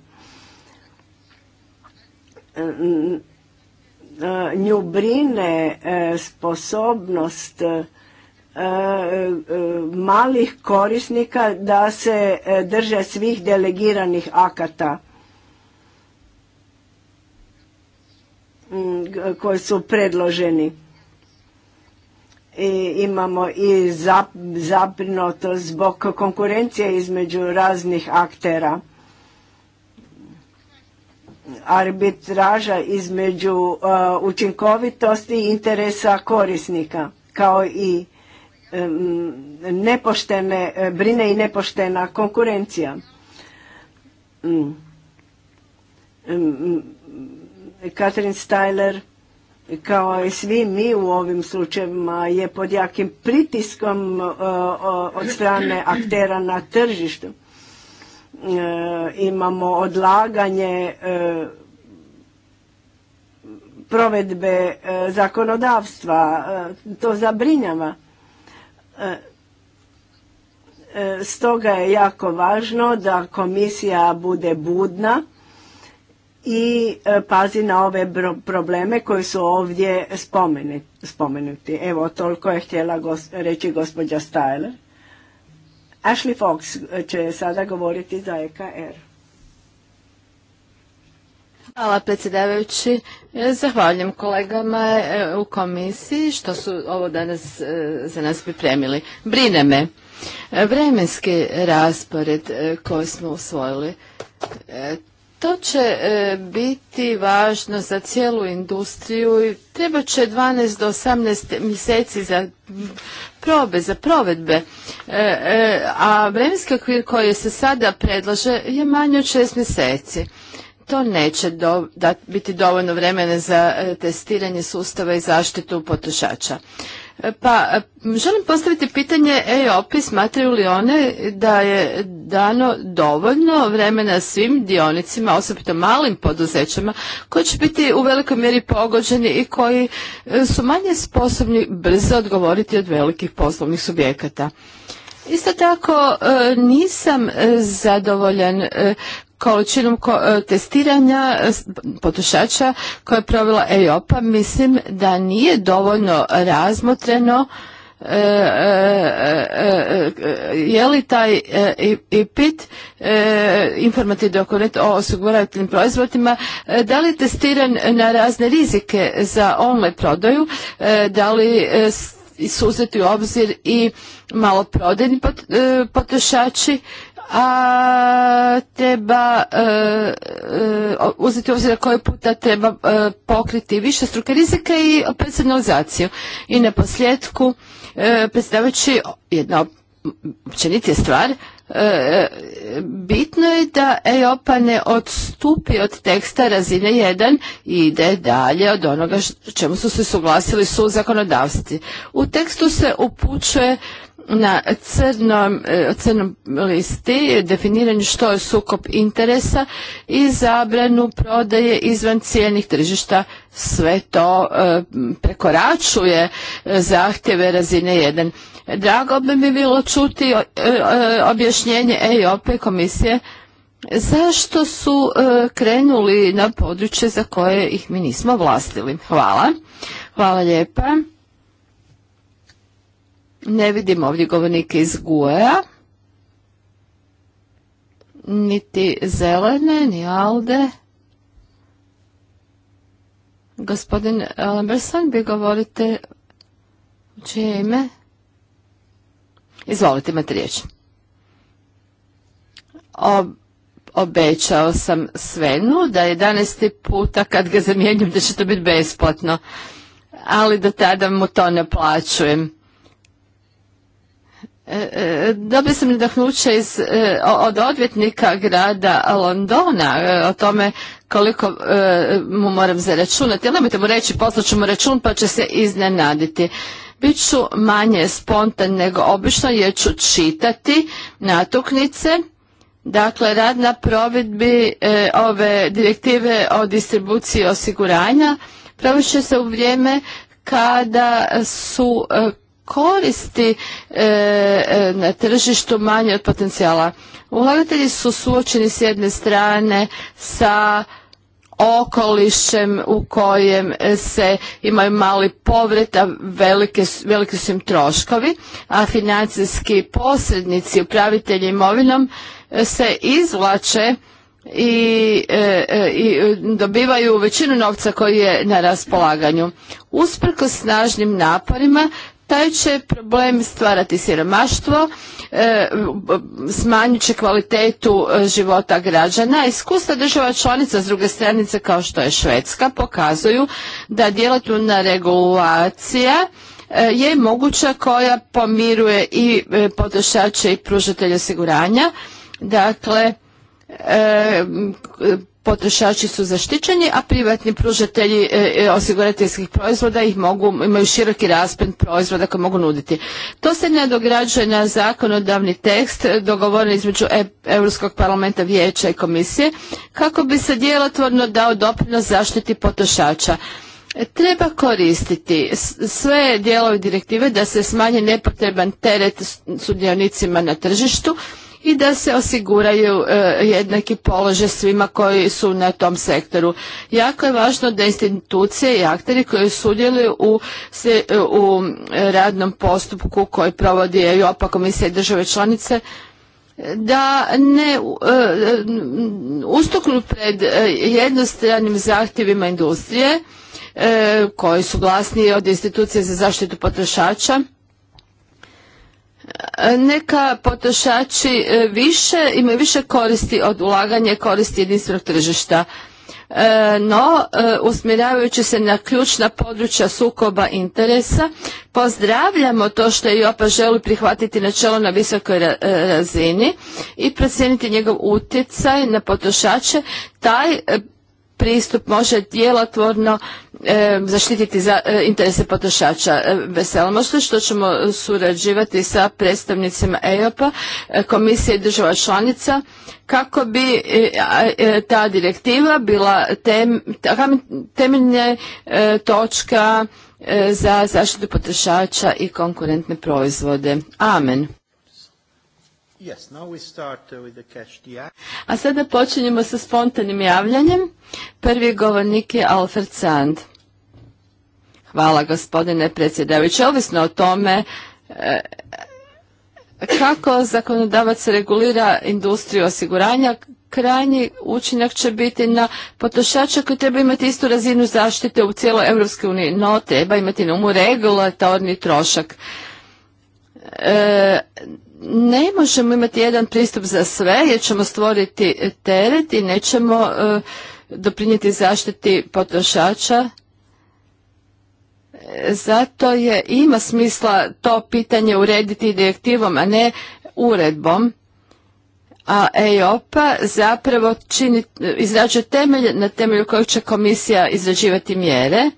E, nju brine e, sposobnost e, malih korisnika da se drže svih delegiranih akata koji su predloženi. I imamo i zabrinutost zbog konkurencije između raznih aktera arbitraža između uh, učinkovitosti i interesa korisnika kao i nepoštene brine i nepoštena konkurencija. Katrin mm. mm, Styler kao i svi mi u ovim slučajevima je pod jakim pritiskom uh, od strane aktera na tržištu E, imamo odlaganje e, provedbe e, zakonodavstva. To zabrinjava. Stoga je jako važno da komisija bude budna i pazi na ove probleme koji su ovdje spomenuti. Evo, toliko je htjela reći gospođa Stajler. Ashley Fox eh, će sada govoriti za EKR. Hvala predsjedavajući. Zahvaljujem kolegama eh, u komisiji što su ovo danas eh, za nas pripremili. Brine me. Vremenski raspored koji smo usvojili to će e, biti važno za cijelu industriju i treba će 12 do 18 mjeseci za probe, za provedbe. E, e, a vremenski okvir koji se sada predlaže je manje od 6 mjeseci to neće da, biti dovoljno vremena za e, testiranje sustava i zaštitu potrošača. E, pa, e, želim postaviti pitanje EOP, smatraju li one da je dano dovoljno vremena svim dionicima, osobito malim poduzećima, koji će biti u velikoj mjeri pogođeni i koji su manje sposobni brzo odgovoriti od velikih poslovnih subjekata. Isto tako nisam zadovoljan količinom e, testiranja e, potrošača koje je provela EIOPA mislim da nije dovoljno razmotreno e, je li taj IPIT informativni dokument o osiguravateljnim proizvodima da li je testiran na razne rizike za online prodaju da li su uzeti u obzir i maloprodajni potrošači a treba e, e, uzeti u obzir koji puta treba e, pokriti više struke rizike i personalizaciju. I na posljedku predstavajući jedna općenitija stvar, bitno je da EOPA ne odstupi od teksta razine 1 i ide dalje od onoga čemu su se suglasili su zakonodavstvi. U tekstu se upućuje na crnom, e, crnom listi definiranju što je sukob interesa i zabranu prodaje izvan cijenih tržišta. Sve to e, prekoračuje e, zahtjeve razine 1. Drago bi mi bilo čuti objašnjenje eOP komisije zašto su krenuli na područje za koje ih mi nismo vlastili. Hvala. Hvala lijepa. Ne vidim ovdje govornike iz guea niti zelene, ni alde. Gospodin Lemberson, vi govorite u čije ime? Izvolite, imate riječ. obećao sam Svenu da 11. puta kad ga zamijenim da će to biti besplatno, ali do tada mu to ne plaćujem. E, e, dobio sam nadahnuće e, od odvjetnika grada Londona o tome koliko mu moram zaračunati. Ali nemojte mu reći, poslaću mu račun pa će se iznenaditi. Biću manje spontan nego obično jer ću čitati natuknice. Dakle, rad na provedbi ove direktive o distribuciji osiguranja provest se u vrijeme kada su koristi e, e, na tržištu manje od potencijala. Ulagatelji su suočeni s jedne strane sa okolišem u kojem se imaju mali povret, a velike, veliki su im troškovi, a financijski posrednici, upravitelji imovinom e, se izvlače i, i dobivaju većinu novca koji je na raspolaganju. Usprko snažnim naporima taj će problem stvarati siromaštvo, e, smanjit će kvalitetu e, života građana. Iskustva država članica s druge stranice kao što je Švedska pokazuju da djelatna regulacija e, je moguća koja pomiruje i potrošače i pružatelje osiguranja. Dakle, potrošači su zaštićeni, a privatni pružatelji e, e, osigurateljskih proizvoda ih mogu, imaju široki raspon proizvoda koje mogu nuditi. To se ne dograđuje na zakonodavni tekst dogovoren između e, Europskog parlamenta vijeća i komisije kako bi se djelotvorno dao doprinos zaštiti potrošača. Treba koristiti sve dijelove direktive da se smanji nepotreban teret sudionicima na tržištu, i da se osiguraju e, jednaki položaj svima koji su na tom sektoru. Jako je važno da institucije i akteri koji sudjeluju u, e, u radnom postupku koji provodi i komisija i države članice da ne e, ustuknu pred jednostranim zahtjevima industrije koji su glasniji od institucije za zaštitu potrošača E, neka potrošači e, više, imaju više koristi od ulaganja koristi jedinstvenog tržišta. E, no, usmjeravajući se na ključna područja sukoba interesa, pozdravljamo to što je Jopa želi prihvatiti načelo na visokoj razini i procijeniti njegov utjecaj na potrošače. Taj pristup može djelotvorno e, zaštititi za, e, interese potrošača. E, Veselimo što ćemo surađivati sa predstavnicima EOP-a, komisije i država članica kako bi ta direktiva bila tem, temeljne točka za zaštitu potrošača i konkurentne proizvode. Amen. Yes, uh, A sada počinjemo sa spontanim javljanjem. Prvi govornik je Alfred Sand. Hvala gospodine predsjedavajući. Ovisno o tome e, kako zakonodavac regulira industriju osiguranja, krajnji učinak će biti na potrošača koji treba imati istu razinu zaštite u cijeloj Europskoj uniji, no treba imati na umu regulatorni trošak. E, ne možemo imati jedan pristup za sve jer ćemo stvoriti teret i nećemo e, doprinijeti zaštiti potrošača. E, zato je ima smisla to pitanje urediti direktivom, a ne uredbom. A EIOPA zapravo izrađuje temelj na temelju kojeg će komisija izrađivati mjere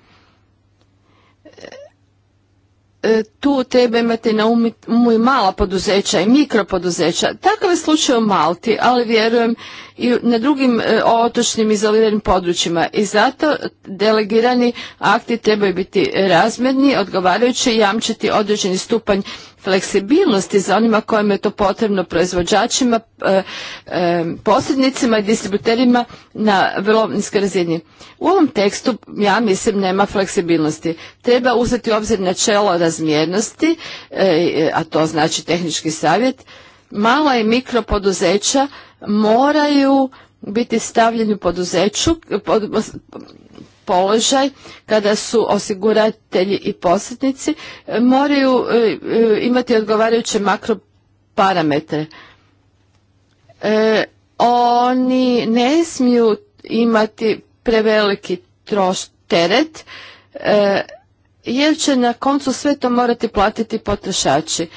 E, tu treba imati na umu i mala poduzeća i mikropoduzeća. Takav je slučaj u Malti, ali vjerujem i na drugim e, otočnim izoliranim područjima i zato delegirani akti trebaju biti razmjerni, odgovarajući jamčiti određeni stupanj fleksibilnosti za onima kojima je to potrebno proizvođačima, e, e, posrednicima i distributerima na vrlo niskoj razini. U ovom tekstu, ja mislim, nema fleksibilnosti. Treba uzeti u obzir načelo razmjernosti, a to znači tehnički savjet, mala i mikro poduzeća moraju biti stavljeni u poduzeću, pod, položaj kada su osiguratelji i posjetnici, moraju e, e, imati odgovarajuće makroparametre. E, oni ne smiju imati preveliki troš teret jer će na koncu sve to morati platiti potrošači.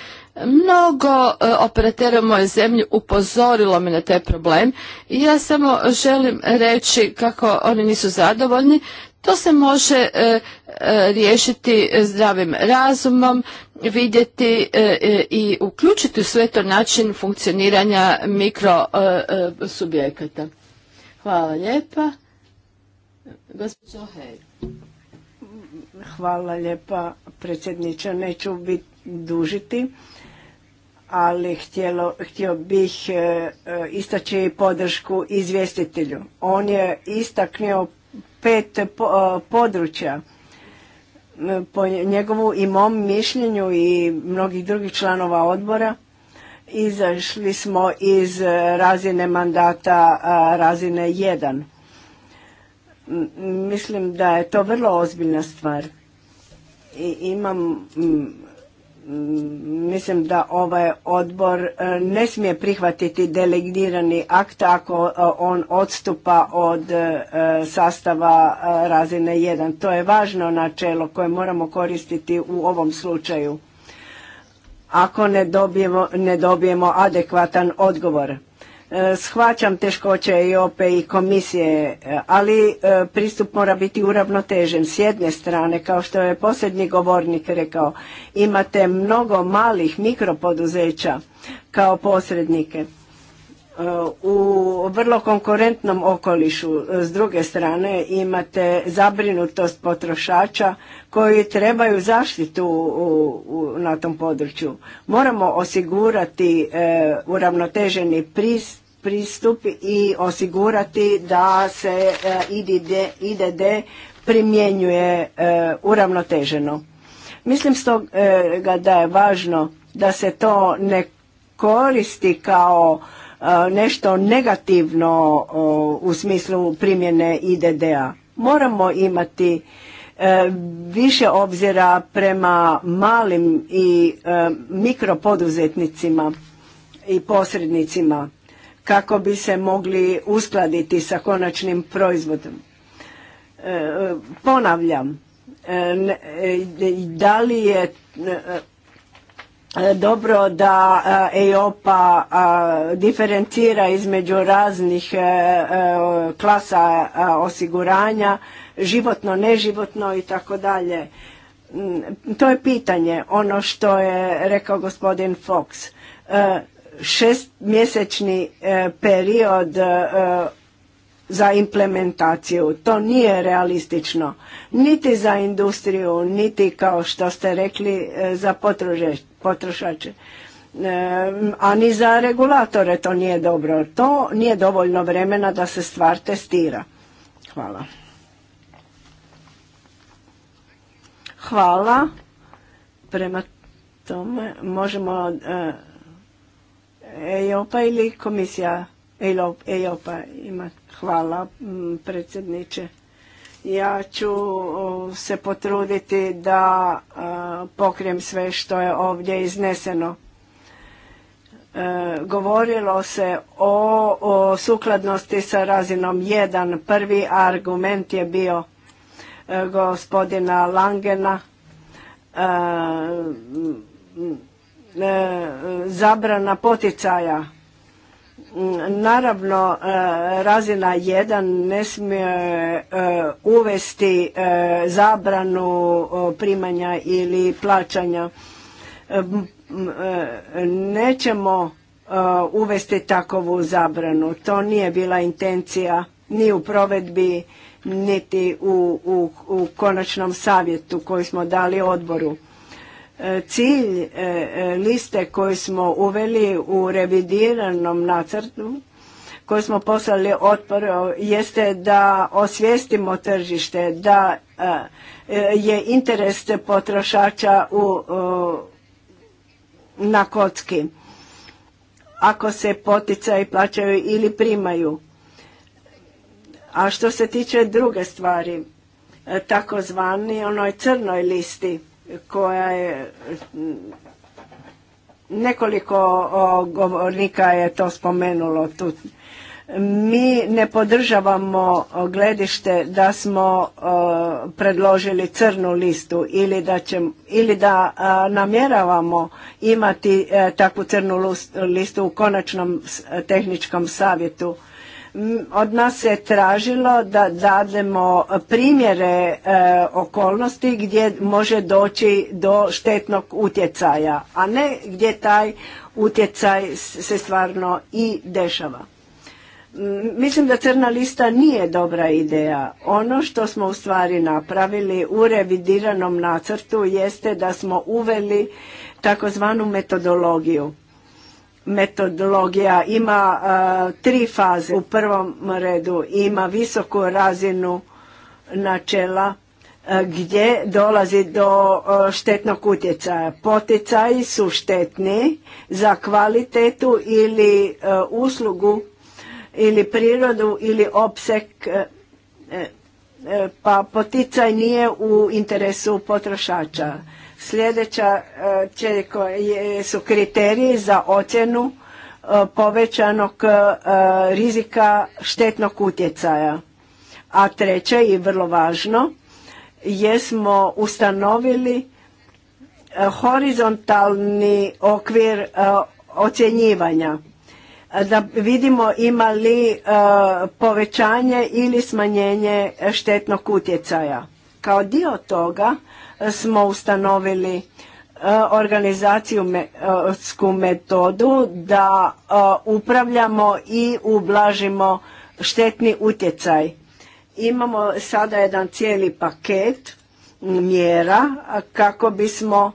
Mnogo e, operatera u mojoj zemlji upozorilo me na taj problem i ja samo želim reći kako oni nisu zadovoljni. To se može e, e, riješiti zdravim razumom, vidjeti i uključiti u sve to način funkcioniranja mikro subjekata. Hvala lijepa. Hvala lijepa predsjedniče, neću biti dužiti ali htjelo, htio bih e, e, istaći podršku izvjestitelju. On je istaknio pet e, područja po njegovu i mom mišljenju i mnogih drugih članova odbora izašli smo iz razine mandata razine 1. Mislim da je to vrlo ozbiljna stvar. I imam Mislim da ovaj odbor e, ne smije prihvatiti delegirani akt ako e, on odstupa od e, sastava razine 1. To je važno načelo koje moramo koristiti u ovom slučaju ako ne dobijemo, ne dobijemo adekvatan odgovor. E, shvaćam teškoće i ope i komisije, e, ali e, pristup mora biti uravnotežen. S jedne strane, kao što je posljednji govornik rekao, imate mnogo malih mikropoduzeća kao posrednike u vrlo konkurentnom okolišu. S druge strane imate zabrinutost potrošača koji trebaju zaštitu u, u, na tom području. Moramo osigurati e, uravnoteženi pristup i osigurati da se e, IDD, primjenjuje e, uravnoteženo. Mislim stoga e, da je važno da se to ne koristi kao E, nešto negativno e, u smislu primjene IDD-a. Moramo imati e, više obzira prema malim i mikropoduzetnicima i posrednicima kako bi se mogli uskladiti sa konačnim proizvodom. Ponavljam, da li je E, dobro da EOPA e, diferencira između raznih e, klasa osiguranja, životno, neživotno i tako dalje. Mm, to je pitanje, ono što je rekao gospodin Fox. Šestmjesečni period za implementaciju. To nije realistično. Niti za industriju, niti kao što ste rekli e, za potrošače. E, a ni za regulatore to nije dobro. To nije dovoljno vremena da se stvar testira. Hvala. Hvala. Prema tome možemo... EOPA ili komisija pa ima. Hvala mm, predsjedniče. Ja ću se potruditi da pokrijem sve što je ovdje izneseno. E, govorilo se o, o sukladnosti sa razinom 1. Prvi argument je bio e, gospodina Langena e, zabrana poticaja Naravno, e, razina 1 ne smije e, uvesti e, zabranu primanja ili plaćanja. Nećemo uvesti takovu zabranu. To nije bila intencija ni u provedbi, niti u konačnom savjetu koji smo dali odboru. Cilj e, e, liste koju smo uveli u revidiranom nacrtu koji smo poslali otpor jeste da osvijestimo tržište, da e, je interes potrošača u, na kocki ako se i plaćaju ili primaju. A što se tiče druge stvari, takozvani onoj crnoj listi, koja je nekoliko govornika je to spomenulo tu. Mi ne podržavamo gledište da smo predložili crnu listu ili da, će, ili da namjeravamo imati e, takvu crnu listu u konačnom tehničkom savjetu od nas se tražilo da dademo primjere e, okolnosti gdje može doći do štetnog utjecaja, a ne gdje taj utjecaj se stvarno i dešava. Mislim da crna lista nije dobra ideja. Ono što smo u stvari napravili u revidiranom nacrtu jeste da smo uveli takozvanu metodologiju metodologija ima e, tri faze. U prvom redu ima visoku razinu načela e, gdje dolazi do e, štetnog utjecaja. Poticaji su štetni za kvalitetu ili uslugu ili prirodu ili opsek pa poticaj nije u interesu potrošača Sljedeća e, će, su kriteriji za ocjenu e, povećanog e, rizika štetnog utjecaja. A treće i vrlo važno, jesmo ustanovili horizontalni okvir ocjenjivanja da vidimo ima li povećanje ili smanjenje štetnog utjecaja. Kao dio toga smo ustanovili e, organizacijsku e, metodu da e, upravljamo i ublažimo štetni utjecaj. Imamo sada jedan cijeli paket mjera kako bismo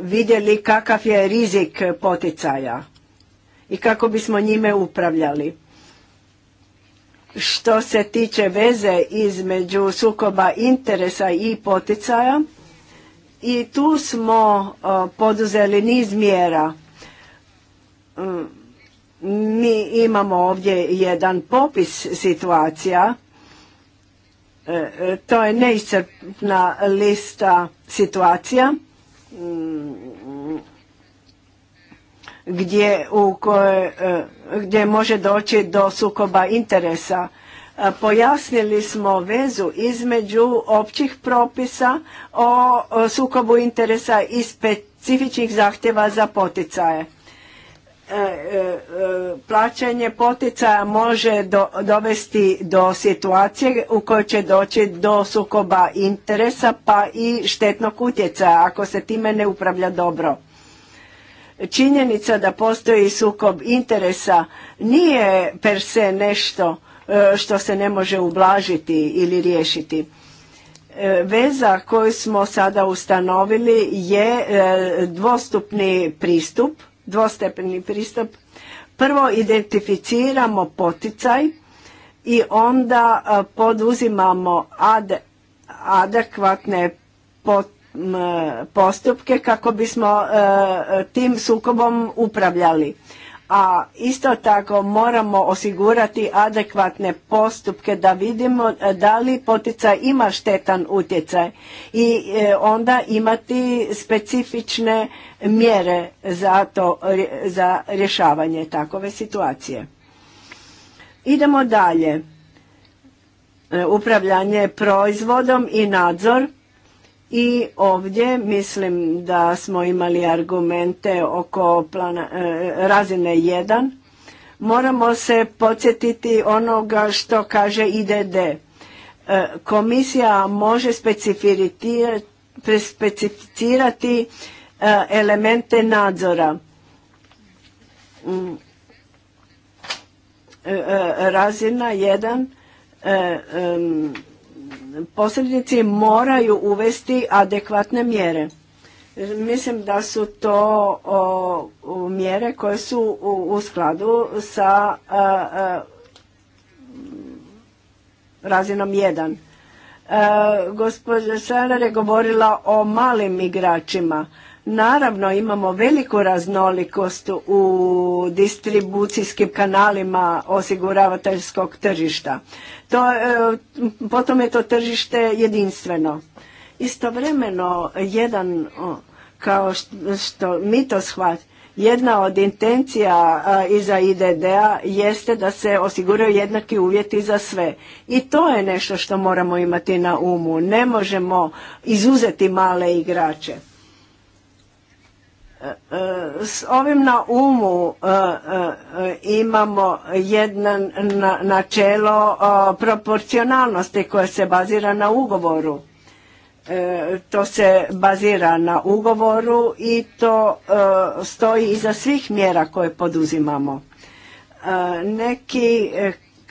vidjeli kakav je rizik poticaja i kako bismo njime upravljali. Što se tiče veze između sukoba interesa i poticaja, i tu smo poduzeli niz mjera. Mm, mi imamo ovdje jedan popis situacija, e, e, to je neiscrpna lista situacija mm, gdje, u koje, e, gdje može doći do sukoba interesa. E, pojasnili smo vezu između općih propisa o sukobu interesa i specifičnih zahtjeva za poticaje. E, plaćanje poticaja može dovesti do situacije u kojoj će doći do sukoba interesa pa i štetnog utjecaja ako se time ne upravlja dobro Činjenica da postoji sukob interesa nije per se nešto e, što se ne može ublažiti ili riješiti. E, veza koju smo sada ustanovili je e, dvostupni pristup, dvostepeni pristup. Prvo identificiramo poticaj i onda poduzimamo ad, adekvatne pot, postupke kako bismo e, tim sukobom upravljali a isto tako moramo osigurati adekvatne postupke da vidimo e, da li poticaj ima štetan utjecaj i e, onda imati specifične mjere za to za rješavanje takove situacije. Idemo dalje. Upravljanje proizvodom i nadzor i ovdje mislim da smo imali argumente oko plana, e, razine 1. Moramo se podsjetiti onoga što kaže IDD. E, komisija može specificirati e, elemente nadzora. Mm. Razina 1 posrednici moraju uvesti adekvatne mjere. Mislim da su to mjere koje su u, skladu sa razinom 1. E, gospođa je govorila o malim igračima. Naravno imamo veliku raznolikost u distribucijskim kanalima osiguravateljskog tržišta. To, e, potom je to tržište jedinstveno. Istovremeno jedan, kao što mi to shvatimo, jedna od intencija iza IDD-a jeste da se osiguraju jednaki uvjeti za sve. I to je nešto što moramo imati na umu. Ne možemo izuzeti male igrače. S ovim na umu e, e, imamo jedno načelo proporcionalnosti koje se bazira na ugovoru. E, to se bazira na ugovoru i to stoji iza svih mjera koje poduzimamo. Neki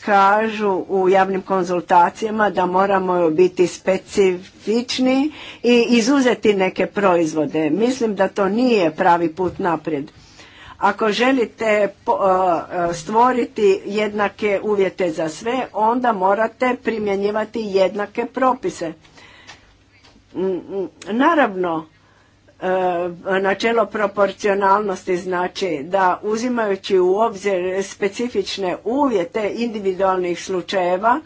kažu u javnim konzultacijama da moramo biti specifični i izuzeti neke proizvode. Mislim da to nije pravi put naprijed. Ako želite e, stvoriti jednake uvjete za sve, onda morate primjenjivati jednake propise. Mm, mm, naravno, E, načelo proporcionalnosti znači da uzimajući u obzir specifične uvjete individualnih slučajeva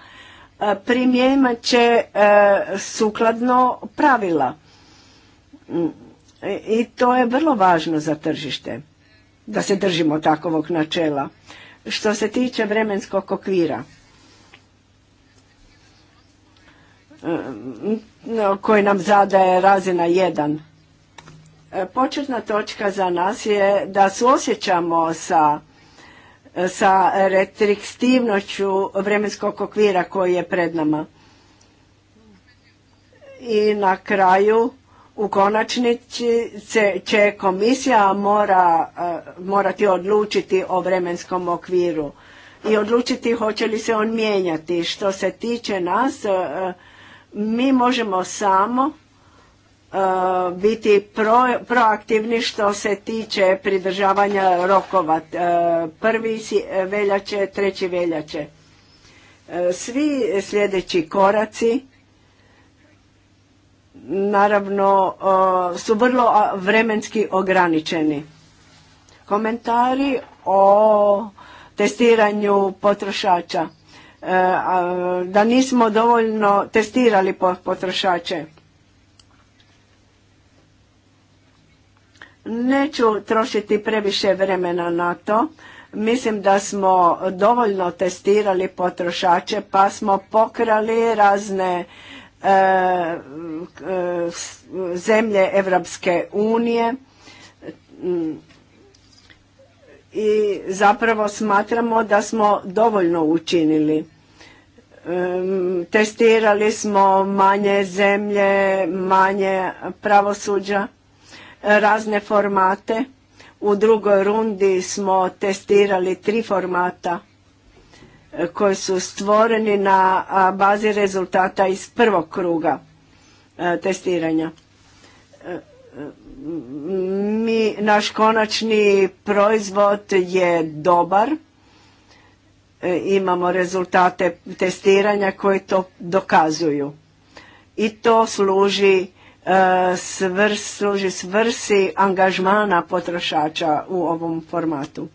e, primjenjivat će e, sukladno pravila. Mm, I to je vrlo važno za tržište, da se držimo takovog načela. Što se tiče vremenskog okvira, koji nam zadaje razina jedan. E, početna točka za nas je da suosjećamo sa, e, sa retriktivnošću vremenskog okvira koji je pred nama. I na kraju u konačnici će komisija mora, e, morati odlučiti o vremenskom okviru i odlučiti hoće li se on mijenjati. Što se tiče nas, mi možemo samo E, biti pro, proaktivni što se tiče pridržavanja rokova. E, prvi e, veljače, treći veljače. Svi sljedeći koraci naravno su vrlo vremenski ograničeni. Komentari o testiranju potrošača. Da nismo dovoljno testirali potrošače Neću trošiti previše vremena na to. Mislim da smo dovoljno testirali potrošače pa smo pokrali razne e, e, zemlje Evropske unije i zapravo smatramo da smo dovoljno učinili. E, testirali smo manje zemlje, manje pravosuđa razne formate. U drugoj rundi smo testirali tri formata e, koji su stvoreni na bazi rezultata iz prvog kruga e, testiranja. E, mi, naš konačni proizvod je dobar. Imamo rezultate testiranja koji to dokazuju. I to služi svr, služi svrsi angažmana potrošača u ovom formatu.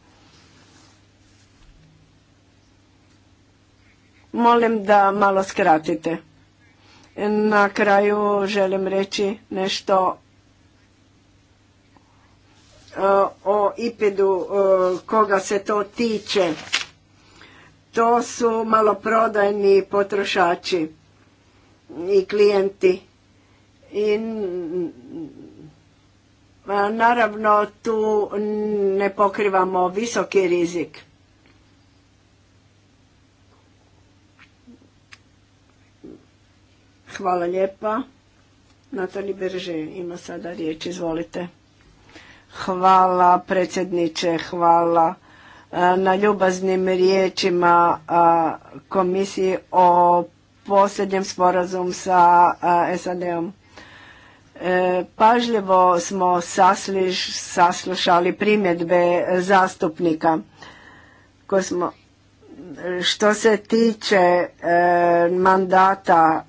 Molim da malo skratite. Na kraju želim reći nešto e, o IPED-u e, koga se to tiče. To su maloprodajni potrošači i klijenti i naravno tu ne pokrivamo visoki rizik. Hvala lijepa. Natali Berže ima sada riječ, izvolite. Hvala predsjedniče, hvala e, na ljubaznim riječima e, komisiji o posljednjem sporazum sa e, SAD-om. Pažljivo smo sasliš, saslušali primjedbe zastupnika ko smo što se tiče e, mandata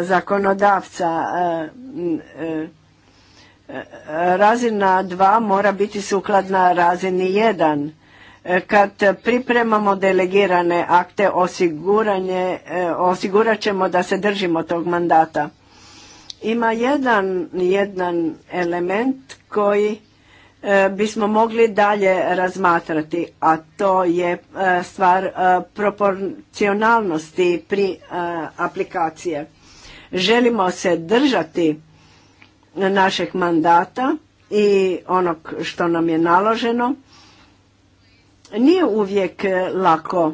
e, zakonodavca e, razina 2 mora biti sukladna razini 1 kad pripremamo delegirane akte osiguranje osigurat ćemo da se držimo tog mandata ima jedan, jedan element koji e, bismo mogli dalje razmatrati, a to je e, stvar e, proporcionalnosti pri aplikacije. Želimo se držati našeg mandata i onog što nam je naloženo. Nije uvijek lako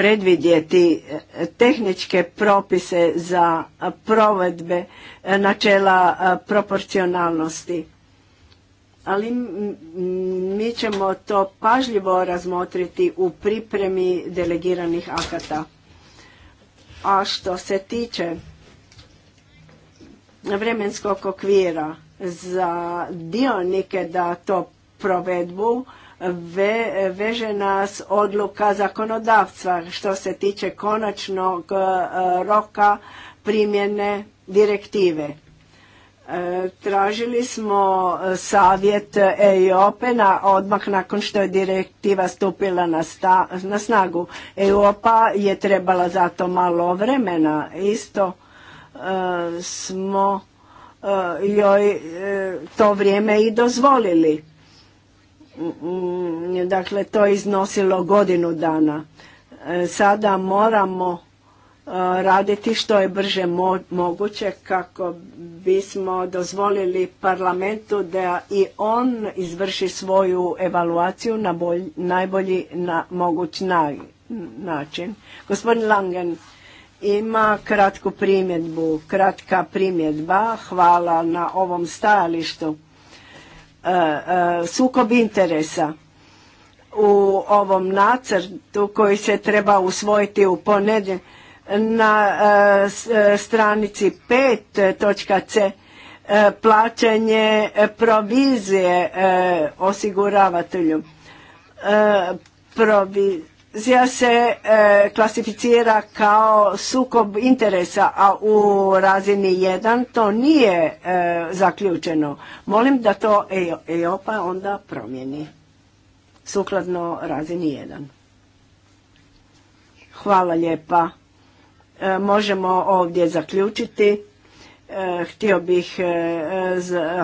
predvidjeti e, tehničke propise za provedbe e, načela e, proporcionalnosti. Ali mi ćemo to pažljivo razmotriti u pripremi delegiranih akata. A što se tiče vremenskog okvira za dionike da to provedbu, ve, veže nas odluka zakonodavca što se tiče konačnog e, roka primjene direktive. E, tražili smo e, savjet EIOPE na odmah nakon što je direktiva stupila na, sta, na snagu. EIOPA je trebala zato malo vremena. Isto smo joj to vrijeme i dozvolili. Mm, dakle to je iznosilo godinu dana. E, sada moramo e, raditi što je brže moguće kako bismo dozvolili parlamentu da i on izvrši svoju evaluaciju na najbolji na moguć način. Gospodin Langen ima kratku primjedbu, kratka primjedba, hvala na ovom stajalištu sukob interesa u ovom nacrtu koji se treba usvojiti u ponedje na eh, stranici 5.c eh, eh, plaćanje provizije osiguravatelju provizije. Zija se e, klasificira kao sukob interesa, a u razini 1 to nije e, zaključeno. Molim da to EOPA onda promijeni sukladno razini 1. Hvala lijepa. E, možemo ovdje zaključiti. Htio bih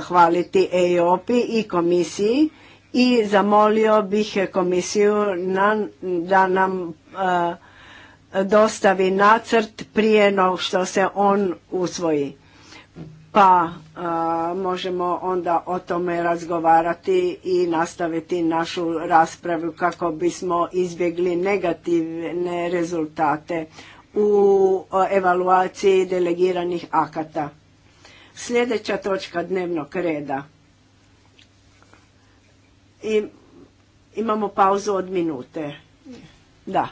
hvaliti EOPI i komisiji i zamolio bih komisiju da nam e, dostavi nacrt prije no što se on usvoji. Pa e, možemo onda o tome razgovarati i nastaviti našu raspravu kako bismo izbjegli negativne rezultate u evaluaciji delegiranih akata. Sljedeća točka dnevnog reda i imamo pauzu od minute. Da.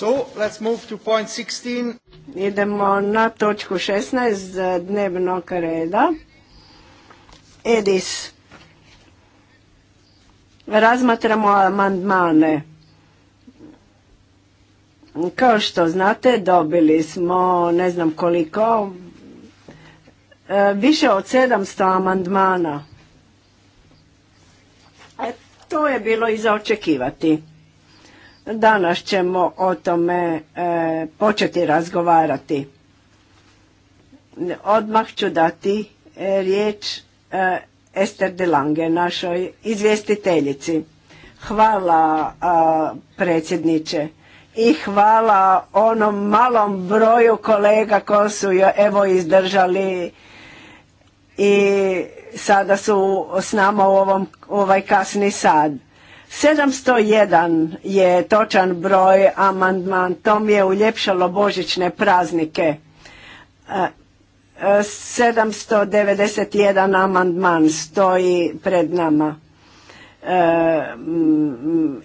So, let's move to point 16. Idemo na točku 16 dnevnog reda. Edis. Razmatramo amandmane. Kao što znate, dobili smo ne znam koliko, e, više od 700 amandmana. E, to je bilo i za očekivati. Danas ćemo o tome e, početi razgovarati. Odmah ću dati e, riječ e, Ester de Lange, našoj izvjestiteljici. Hvala predsjedniče i hvala onom malom broju kolega koji su evo izdržali i sada su s nama u ovom, ovaj kasni sad. 701 je točan broj amandman, to mi je uljepšalo božićne praznike. 791 e, e, amandman stoji pred nama. E,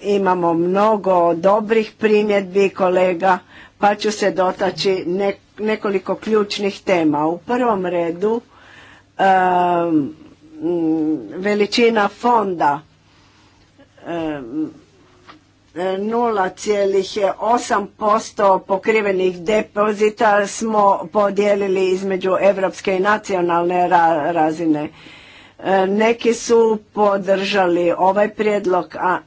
imamo mnogo dobrih primjedbi kolega, pa ću se dotaći nekoliko ključnih tema. U prvom redu veličina fonda 0,8% pokrivenih depozita smo podijelili između evropske i nacionalne razine. E, neki su podržali ovaj prijedlog, a,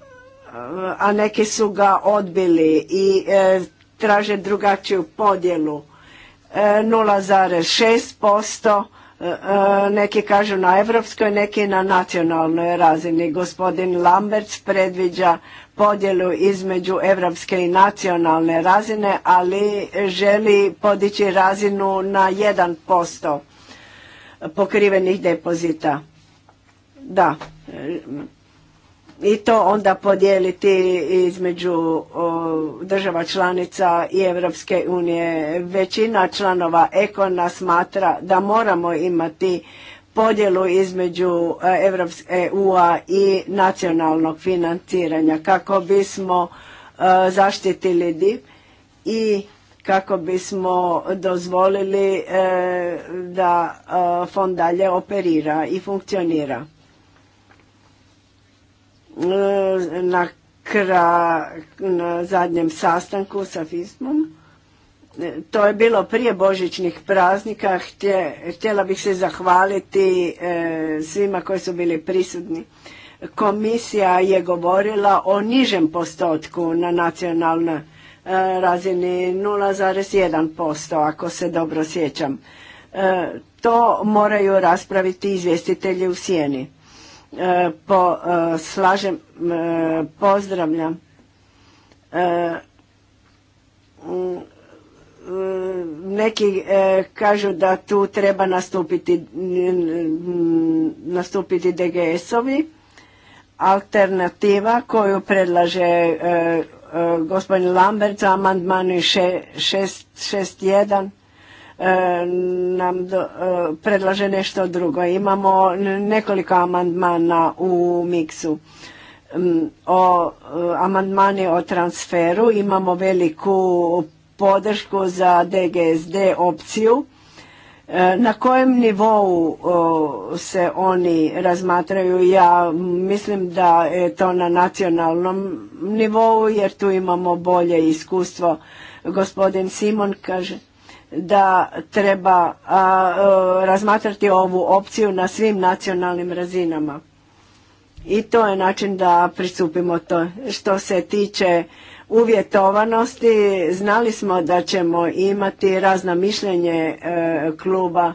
neki su ga odbili i e, traže drugačiju podjelu. E, 0,6% E, e, neki kažu na europskoj, neki na nacionalnoj razini. Gospodin Lamberts predviđa podjelu između europske i nacionalne razine, ali želi podići razinu na 1% pokrivenih depozita. Da, i to onda podijeliti između država članica i Europske unije. Većina članova Ekona smatra da moramo imati podjelu između EU-a e i nacionalnog financiranja kako bismo e, zaštitili DIP i kako bismo dozvolili e, da fond dalje operira i funkcionira na, kra, na zadnjem sastanku sa FISMom. E, to je bilo prije božićnih praznika. htjela bih se zahvaliti e, svima koji su bili prisutni. Komisija je govorila o nižem postotku na nacionalnoj e, razini 0,1%, ako se dobro sjećam. to moraju raspraviti izvjestitelji u sjeni. E, po, e, slažem, e, pozdravljam mm, neki kažu da tu treba nastupiti nastupiti DGS-ovi alternativa koju predlaže gospodin Lambert za amandman 6.1 E, nam do, e, predlaže nešto drugo. Imamo nekoliko amandmana u miksu. O e, amandmani o transferu imamo veliku podršku za DGSD opciju. Na kojem nivou se oni razmatraju? Ja mislim da je to na nacionalnom nivou jer tu imamo bolje iskustvo. Gospodin Simon kaže da treba e, razmatrati ovu opciju na svim nacionalnim razinama. I to je način da pristupimo to. Što se tiče uvjetovanosti, znali smo da ćemo imati razna mišljenje e, kluba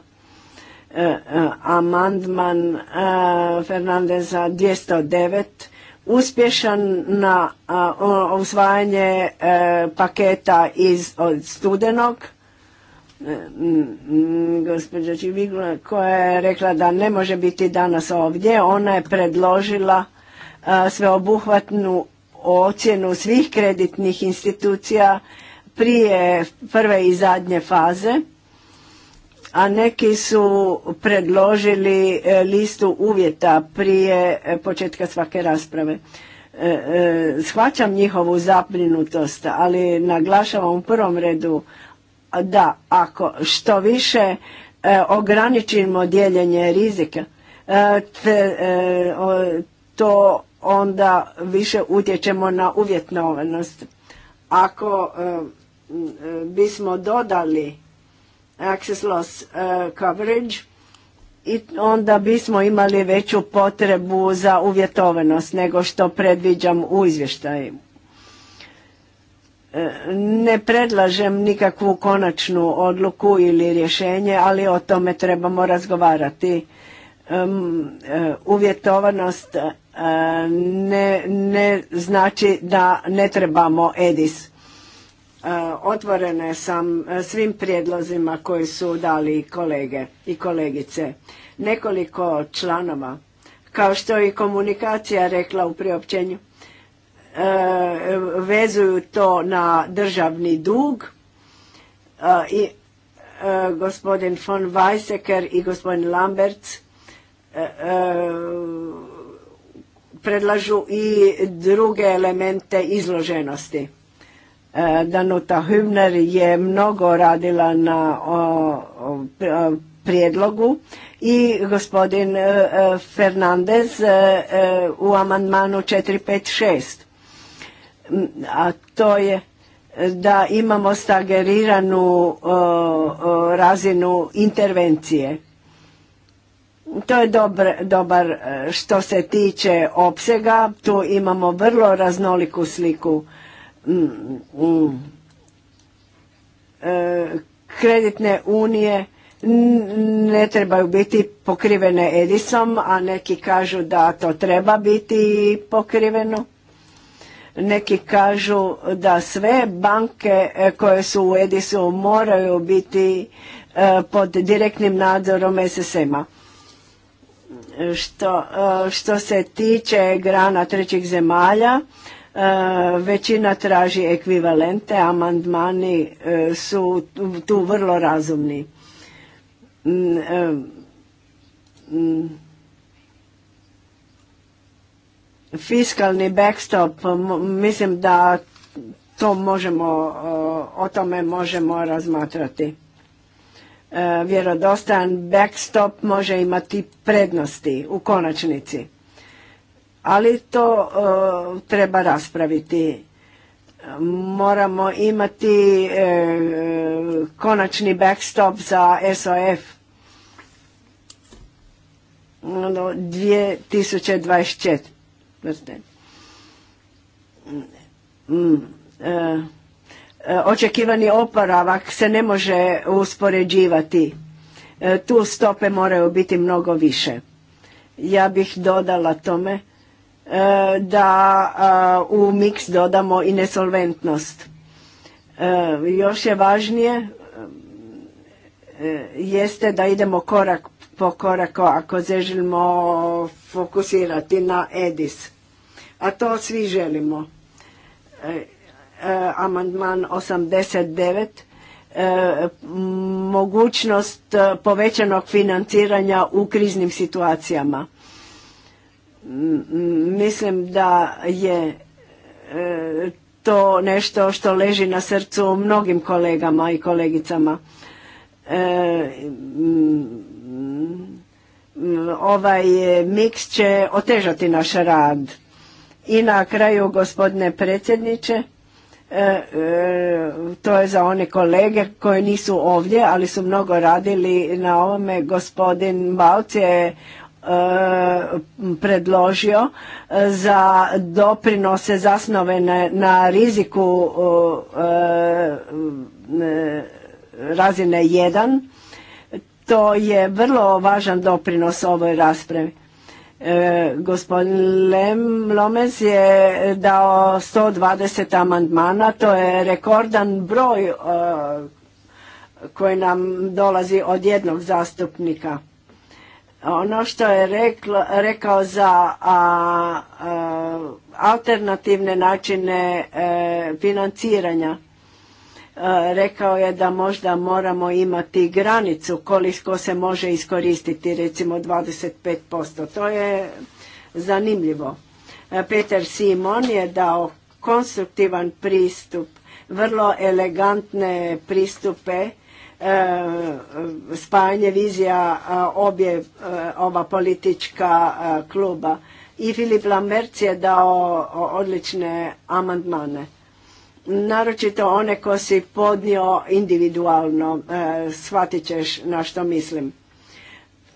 e, amandman Fernandeza 209 uspješan na usvajanje paketa iz od studenog Mm, gospođa Čivigla koja je rekla da ne može biti danas ovdje, ona je predložila sveobuhvatnu ocjenu svih kreditnih institucija prije prve i zadnje faze, a neki su predložili e, listu uvjeta prije e, početka svake rasprave. E, shvaćam njihovu zabrinutost, ali naglašavam u prvom redu da ako što više e, ograničimo dijeljenje rizika, e, te, e, to onda više utječemo na uvjetnovanost. Ako bismo dodali access loss coverage, i onda bismo imali veću potrebu za uvjetovanost nego što predviđam u izvještaju ne predlažem nikakvu konačnu odluku ili rješenje, ali o tome trebamo razgovarati. E, uvjetovanost e, ne, ne znači da ne trebamo EDIS. E, otvorene sam svim prijedlozima koji su dali kolege i kolegice. Nekoliko članova, kao što je i komunikacija rekla u priopćenju, E, vezuju to na državni dug e, i e, gospodin von Weisseker i gospodin Lambert predlažu i druge elemente izloženosti. Danuta Hübner je mnogo radila na prijedlogu i gospodin Fernandez u amandmanu 456 a to je da imamo stageriranu razinu intervencije. To je dobar, dobar što se tiče opsega, tu imamo vrlo raznoliku sliku mm, mm. E, kreditne unije ne trebaju biti pokrivene Edisom, a neki kažu da to treba biti pokriveno. Neki kažu da sve banke e, koje su u Edisu moraju biti e, pod direktnim nadzorom SSM-a. Što, e, što se tiče grana trećih zemalja, većina traži ekvivalente, amandmani su tu vrlo razumni. Mm, mm, fiskalni backstop, mislim da to možemo, o tome možemo razmatrati. E, Vjerodostojan backstop može imati prednosti u konačnici, ali to treba raspraviti. Moramo imati e, konačni backstop za SOF 2024 ono, Mm. E, e, Očekivani oporavak se ne može uspoređivati. E, tu stope moraju biti mnogo više. Ja bih dodala tome e, da u miks dodamo i nesolventnost. Još je važnije jeste da idemo korak po ako se želimo fokusirati na EDIS. A to svi želimo. E, e, amandman 89 e, mogućnost povećanog financiranja u kriznim situacijama. mislim da je to nešto što leži na srcu mnogim kolegama i kolegicama. Mm, ovaj e, miks će otežati naš rad. I na kraju, gospodine predsjedniče, e, e, to je za one kolege koji nisu ovdje, ali su mnogo radili na ovome. Gospodin Bauc je predložio za doprinose zasnovene na riziku razine 1 to je vrlo važan doprinos ovoj raspravi. E, gospodin Lem Lomez je dao 120 amandmana, to je rekordan broj e, koji nam dolazi od jednog zastupnika. Ono što je rekao za a, alternativne načine e, financiranja, rekao je da možda moramo imati granicu koliko se može iskoristiti, recimo 25%. To je zanimljivo. Peter Simon je dao konstruktivan pristup, vrlo elegantne pristupe, e, spajanje vizija obje e, ova politička e, kluba. I Filip Lamerc je dao odlične amandmane naročito one ko si podnio individualno, e, shvatit ćeš na što mislim.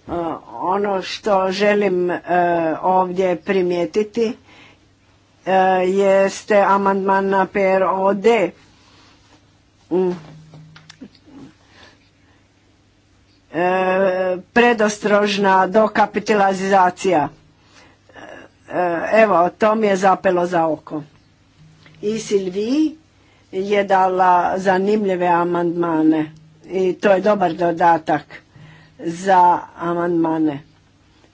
E, ono što želim e, ovdje primijetiti jeste amandman na PROD. Mm. Predostrožna dokapitalizacija. Evo, to mi je zapelo za oko i Silvi je dala zanimljive amandmane i to je dobar dodatak za amandmane.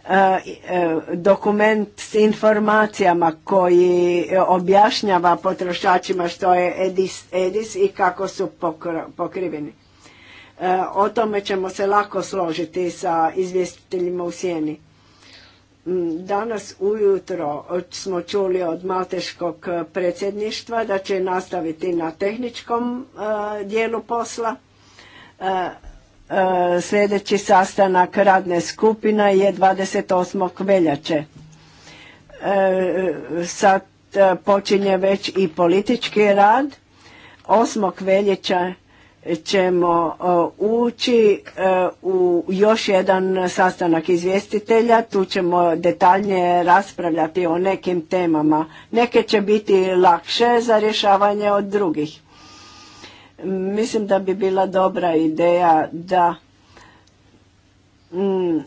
E, e, dokument s informacijama koji objašnjava potrošačima što je EDIS, EDIS i kako su pokriveni. E, o tome ćemo se lako složiti sa izvjestiteljima u sjeni. Mm, danas ujutro smo čuli od malteškog eh, predsjedništva da će nastaviti na tehničkom eh, dijelu posla. Eh, sljedeći sastanak radne skupine je 28. veljače. Sad počinje već i politički rad. 8. veljače ćemo ući e, u još jedan sastanak izvjestitelja. Tu ćemo detaljnije raspravljati o nekim temama. Neke će biti lakše za rješavanje od drugih. Mislim da bi bila dobra ideja da mm, e,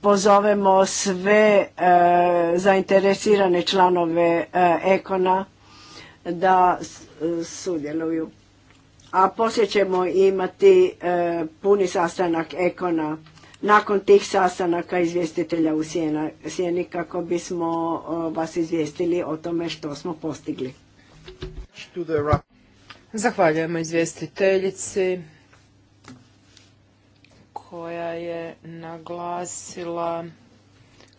pozovemo sve e, zainteresirane članove Ekona da sudjeluju a poslije ćemo imati e, puni sastanak ekona nakon tih sastanaka izvjestitelja u Sjena, Sjeni kako bismo e, vas izvijestili o tome što smo postigli. Zahvaljujemo izvjestiteljici koja je naglasila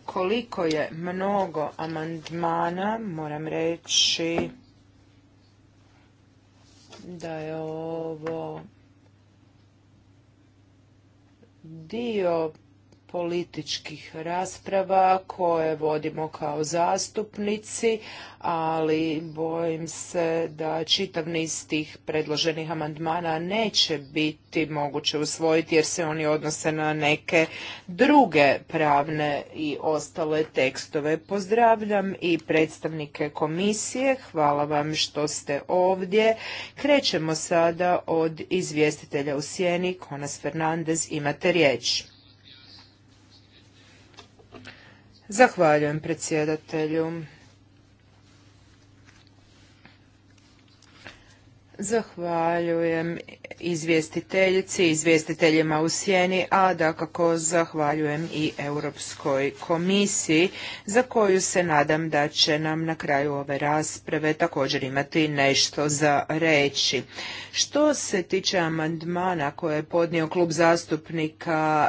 koliko je mnogo amandmana, moram reći da je ovo dio političkih rasprava koje vodimo kao zastupnici, ali bojim se da čitav niz tih predloženih amandmana neće biti moguće usvojiti jer se oni odnose na neke druge pravne i ostale tekstove. Pozdravljam i predstavnike komisije, hvala vam što ste ovdje. Krećemo sada od izvjestitelja u sjeni, Konas Fernandez, imate riječ. Zahvaljujem predsjedatelju. Zahvaljujem izvjestiteljici, izvjestiteljima u sjeni, a dakako zahvaljujem i Europskoj komisiji za koju se nadam da će nam na kraju ove rasprave također imati nešto za reći. Što se tiče amandmana koje je podnio klub zastupnika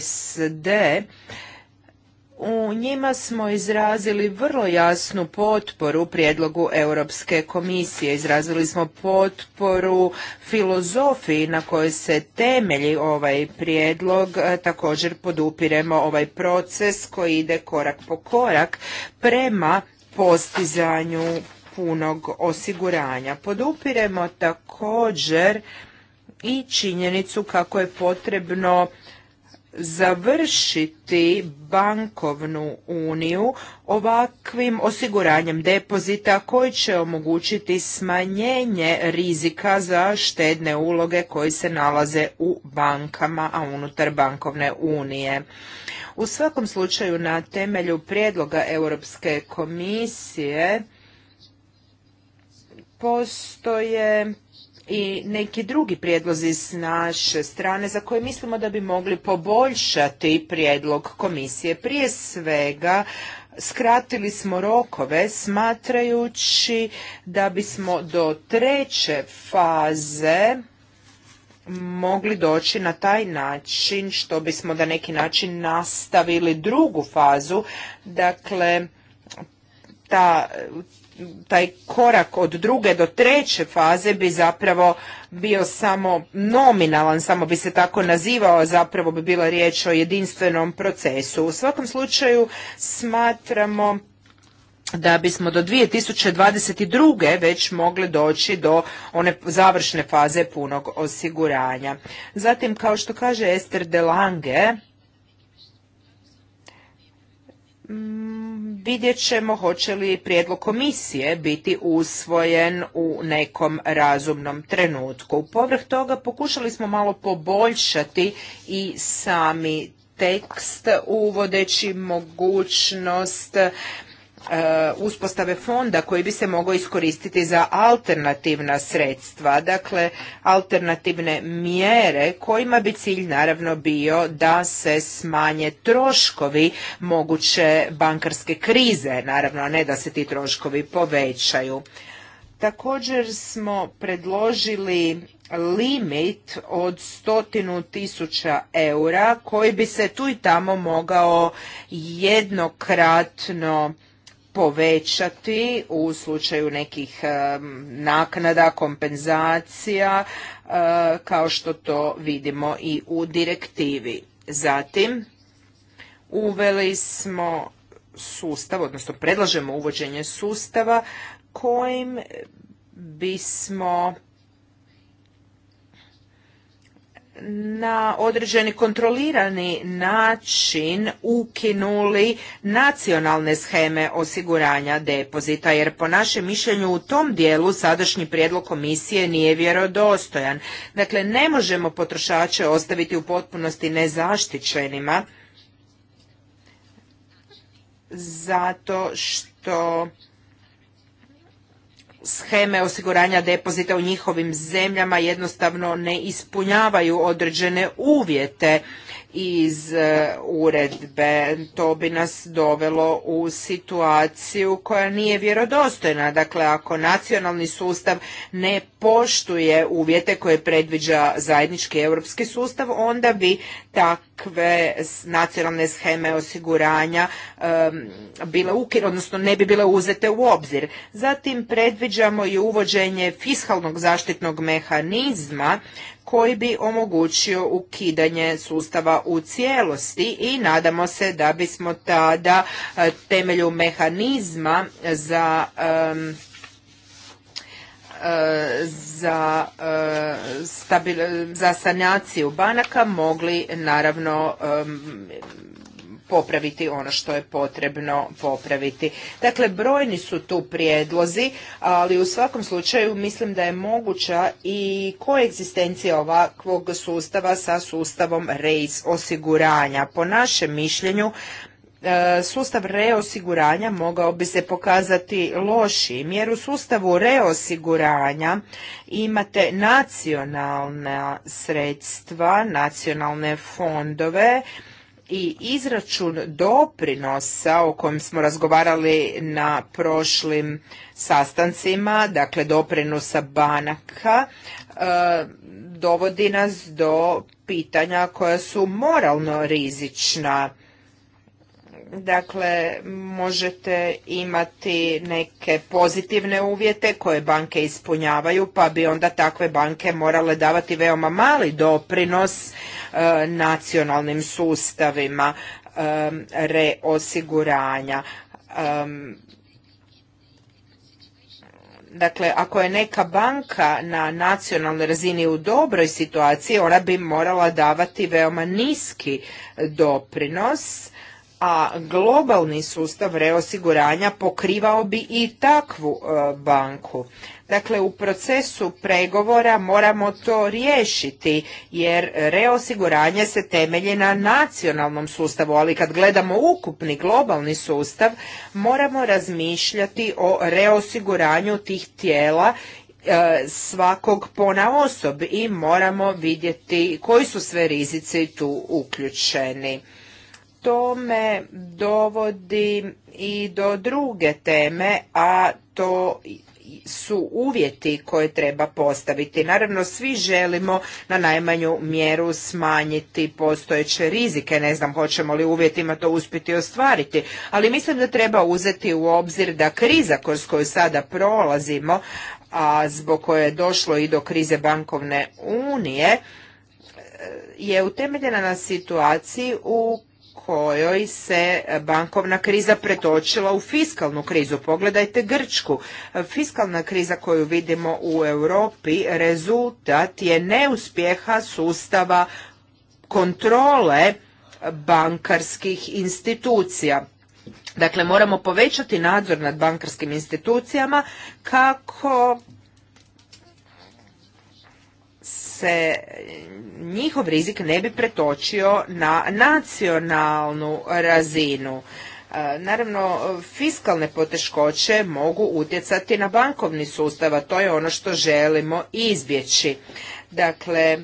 SD, u njima smo izrazili vrlo jasnu potporu prijedlogu Europske komisije. Izrazili smo potporu filozofiji na kojoj se temelji ovaj prijedlog. E, također podupiremo ovaj proces koji ide korak po korak prema postizanju punog osiguranja. Podupiremo također i činjenicu kako je potrebno završiti bankovnu uniju ovakvim osiguranjem depozita koji će omogućiti smanjenje rizika za štedne uloge koji se nalaze u bankama, a unutar bankovne unije. U svakom slučaju na temelju prijedloga Europske komisije postoje i neki drugi prijedlozi s naše strane za koje mislimo da bi mogli poboljšati prijedlog komisije. Prije svega skratili smo rokove smatrajući da bismo do treće faze mogli doći na taj način što bismo da neki način nastavili drugu fazu dakle ta taj korak od druge do treće faze bi zapravo bio samo nominalan, samo bi se tako nazivao, zapravo bi bila riječ o jedinstvenom procesu. U svakom slučaju smatramo da bismo do 2022. već mogli doći do one završne faze punog osiguranja. Zatim, kao što kaže Ester Delange, vidjet ćemo hoće li prijedlog komisije biti usvojen u nekom razumnom trenutku. Povrh toga pokušali smo malo poboljšati i sami tekst uvodeći mogućnost E, uspostave fonda koji bi se mogao iskoristiti za alternativna sredstva, dakle alternativne mjere kojima bi cilj naravno bio da se smanje troškovi moguće bankarske krize, naravno a ne da se ti troškovi povećaju. Također smo predložili limit od stotinu tisuća eura koji bi se tu i tamo mogao jednokratno povećati u slučaju nekih eh, naknada, kompenzacija, eh, kao što to vidimo i u direktivi. Zatim, uveli smo sustav, odnosno predlažemo uvođenje sustava kojim bismo na određeni kontrolirani način ukinuli nacionalne sheme osiguranja depozita, jer po našem mišljenju u tom dijelu sadašnji prijedlog komisije nije vjerodostojan. Dakle, ne možemo potrošače ostaviti u potpunosti nezaštićenima zato što sheme osiguranja depozita u njihovim zemljama jednostavno ne ispunjavaju određene uvjete iz e, uredbe. To bi nas dovelo u situaciju koja nije vjerodostojna. Dakle, ako nacionalni sustav ne poštuje uvjete koje predviđa zajednički europski sustav, onda bi takve nacionalne scheme osiguranja bile ukir, odnosno ne bi bile uzete u obzir. Zatim predviđamo i uvođenje fiskalnog zaštitnog mehanizma koji bi omogućio ukidanje sustava u cijelosti i nadamo se da bismo tada e, temelju mehanizma za e, e, za, sanaciju banaka mogli naravno popraviti ono što je potrebno popraviti. Dakle, brojni su tu prijedlozi, ali u svakom slučaju mislim da je moguća i koegzistencija ovakvog sustava sa sustavom reosiguranja. osiguranja. Po našem mišljenju, e, sustav reosiguranja mogao bi se pokazati lošim, jer u sustavu reosiguranja imate nacionalna sredstva, nacionalne fondove, i izračun doprinosa o kojem smo razgovarali na prošlim sastancima, dakle doprinosa banaka, e, dovodi nas do pitanja koja su moralno rizična Dakle, možete imati neke pozitivne uvjete koje banke ispunjavaju, pa bi onda takve banke morale davati veoma mali doprinos e, nacionalnim sustavima e, reosiguranja. E, dakle, ako je neka banka na nacionalnoj razini u dobroj situaciji, ona bi morala davati veoma niski doprinos a globalni sustav reosiguranja pokrivao bi i takvu e, banku. Dakle, u procesu pregovora moramo to riješiti, jer reosiguranje se temelji na nacionalnom sustavu, ali kad gledamo ukupni globalni sustav, moramo razmišljati o reosiguranju tih tijela e, svakog pona osob i moramo vidjeti koji su sve rizici tu uključeni. Tome me dovodi i do druge teme, a to su uvjeti koje treba postaviti. Naravno, svi želimo na najmanju mjeru smanjiti postojeće rizike. Ne znam hoćemo li uvjetima to uspjeti ostvariti, ali mislim da treba uzeti u obzir da kriza kroz koju sada prolazimo, a zbog koje je došlo i do krize bankovne unije, je utemeljena na situaciji u kojoj se bankovna kriza pretočila u fiskalnu krizu. Pogledajte Grčku. Fiskalna kriza koju vidimo u Europi rezultat je neuspjeha sustava kontrole bankarskih institucija. Dakle, moramo povećati nadzor nad bankarskim institucijama kako se njihov rizik ne bi pretočio na nacionalnu razinu. E, naravno, fiskalne poteškoće mogu utjecati na bankovni sustav, a to je ono što želimo izbjeći. Dakle,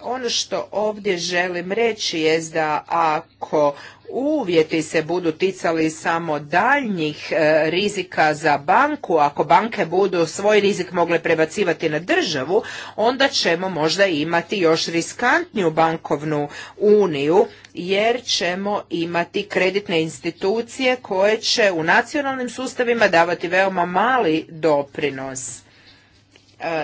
ono što ovdje želim reći je da ako uvjeti se budu ticali samo daljnjih e, rizika za banku, ako banke budu svoj rizik mogle prebacivati na državu, onda ćemo možda imati još riskantniju bankovnu uniju, jer ćemo imati kreditne institucije koje će u nacionalnim sustavima davati veoma mali doprinos e,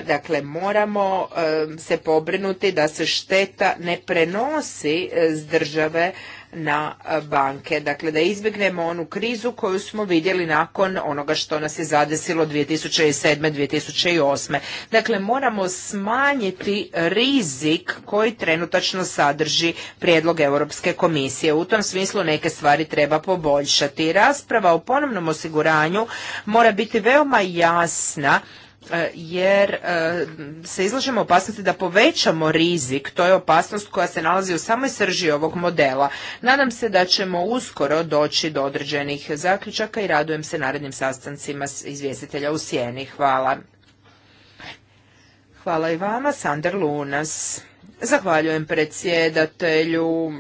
dakle moramo e, se pobrinuti da se šteta ne prenosi s države na banke. Dakle, da izbjegnemo onu krizu koju smo vidjeli nakon onoga što nas je zadesilo 2007. 2008. Dakle, moramo smanjiti rizik koji trenutačno sadrži prijedlog Europske komisije. U tom smislu neke stvari treba poboljšati. Rasprava o ponovnom osiguranju mora biti veoma jasna E, jer e, se izlažemo opasnosti da povećamo rizik. To je opasnost koja se nalazi u samoj srži ovog modela. Nadam se da ćemo uskoro doći do određenih zaključaka i radujem se narednim sastancima izvjestitelja u Sjeni. Hvala. Hvala i vama, Sander Lunas. Zahvaljujem predsjedatelju.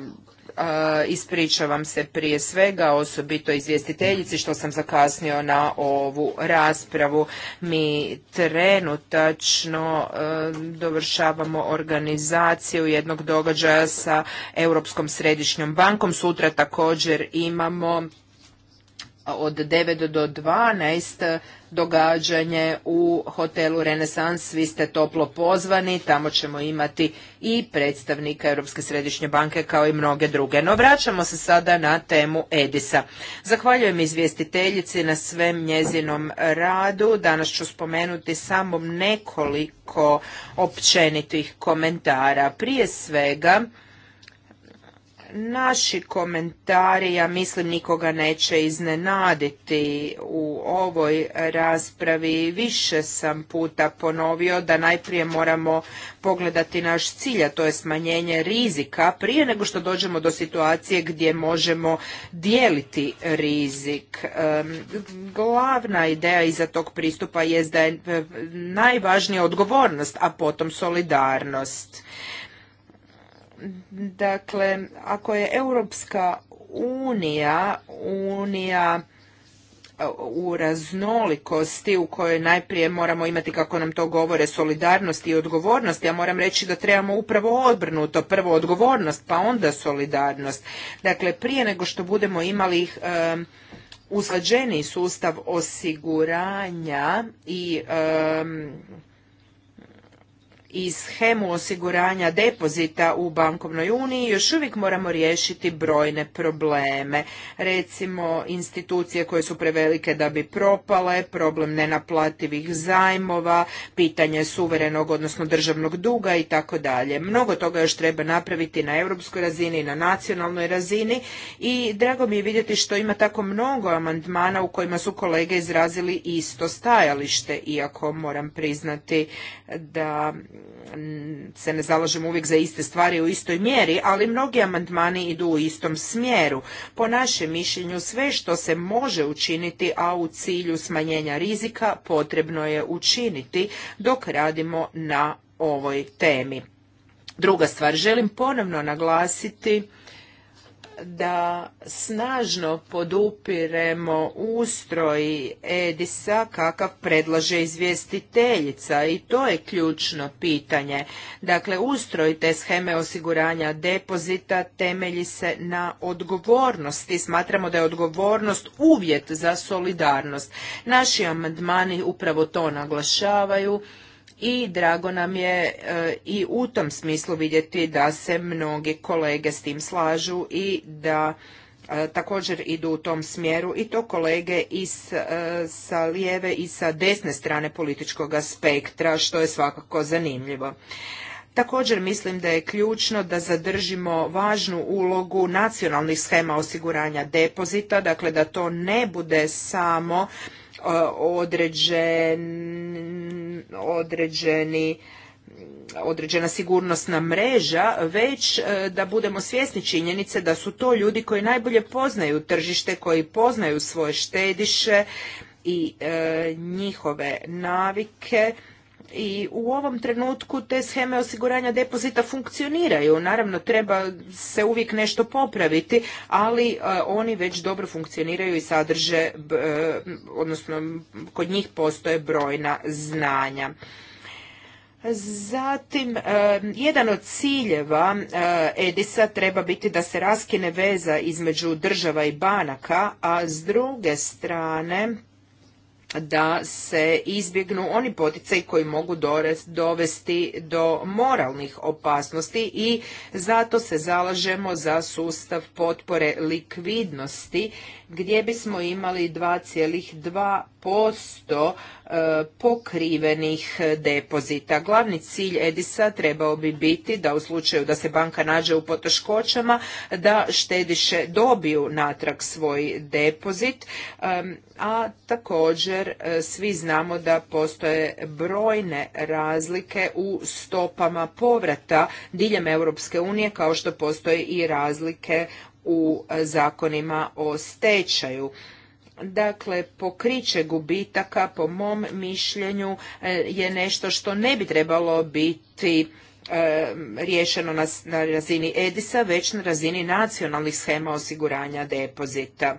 Ispričavam se prije svega, osobito izvjestiteljici, što sam zakasnio na ovu raspravu. Mi trenutačno e, dovršavamo organizaciju jednog događaja sa Europskom središnjom bankom. Sutra također imamo od 9 do 12 događanje u hotelu Renesans. Vi ste toplo pozvani, tamo ćemo imati i predstavnika Europske središnje banke kao i mnoge druge. No vraćamo se sada na temu Edisa. Zahvaljujem izvjestiteljici na svem njezinom radu. Danas ću spomenuti samo nekoliko općenitih komentara. Prije svega, Naši komentari, ja mislim, nikoga neće iznenaditi u ovoj raspravi. Više sam puta ponovio da najprije moramo pogledati naš cilj, a to je smanjenje rizika, prije nego što dođemo do situacije gdje možemo dijeliti rizik. Glavna ideja iza tog pristupa je da je najvažnija odgovornost, a potom solidarnost. Dakle, ako je Europska unija, unija e, u raznolikosti u kojoj najprije moramo imati kako nam to govore solidarnost i odgovornost. Ja moram reći da trebamo upravo odbrnuto. Prvo odgovornost pa onda solidarnost. Dakle, prije nego što budemo imali ih eh, sustav osiguranja i i schemu osiguranja depozita u bankovnoj uniji još uvijek moramo riješiti brojne probleme. Recimo institucije koje su prevelike da bi propale, problem nenaplativih zajmova, pitanje suverenog odnosno državnog duga i tako dalje. Mnogo toga još treba napraviti na europskoj razini i na nacionalnoj razini i drago mi je vidjeti što ima tako mnogo amandmana u kojima su kolege izrazili isto stajalište, iako moram priznati da se ne zalažemo uvijek za iste stvari u istoj mjeri, ali mnogi amandmani idu u istom smjeru. Po našem mišljenju sve što se može učiniti, a u cilju smanjenja rizika potrebno je učiniti dok radimo na ovoj temi. Druga stvar, želim ponovno naglasiti da snažno podupiremo ustroj Edisa kakav predlaže izvjestiteljica i to je ključno pitanje. Dakle, ustroj te scheme osiguranja depozita temelji se na odgovornosti. Smatramo da je odgovornost uvjet za solidarnost. Naši amandmani upravo to naglašavaju i drago nam je e, i u tom smislu vidjeti da se mnogi kolege s tim slažu i da e, također idu u tom smjeru i to kolege i e, sa lijeve i sa desne strane političkog spektra što je svakako zanimljivo. Također mislim da je ključno da zadržimo važnu ulogu nacionalnih schema osiguranja depozita, dakle da to ne bude samo određen određeni određena sigurnosna mreža, već e, da budemo svjesni činjenice da su to ljudi koji najbolje poznaju tržište, koji poznaju svoje štediše i e, njihove navike i u ovom trenutku te sheme osiguranja depozita funkcioniraju. Naravno, treba se uvijek nešto popraviti, ali e, oni već dobro funkcioniraju i sadrže, e, odnosno kod njih postoje brojna znanja. Zatim, e, jedan od ciljeva Edisa treba biti da se raskine veza između država i banaka, a s druge strane da se izbjegnu oni poticaji koji mogu dovesti do moralnih opasnosti i zato se zalažemo za sustav potpore likvidnosti gdje bismo imali 2,2% pokrivenih depozita. Glavni cilj Edisa trebao bi biti da u slučaju da se banka nađe u poteškoćama da štediše dobiju natrag svoj depozit, a također e, svi znamo da postoje brojne razlike u stopama povrata diljem Europske unije kao što postoje i razlike u e, zakonima o stečaju. Dakle, pokriće gubitaka, po mom mišljenju, e, je nešto što ne bi trebalo biti e, riješeno na, razini EDISA, već na razini nacionalnih schema osiguranja depozita.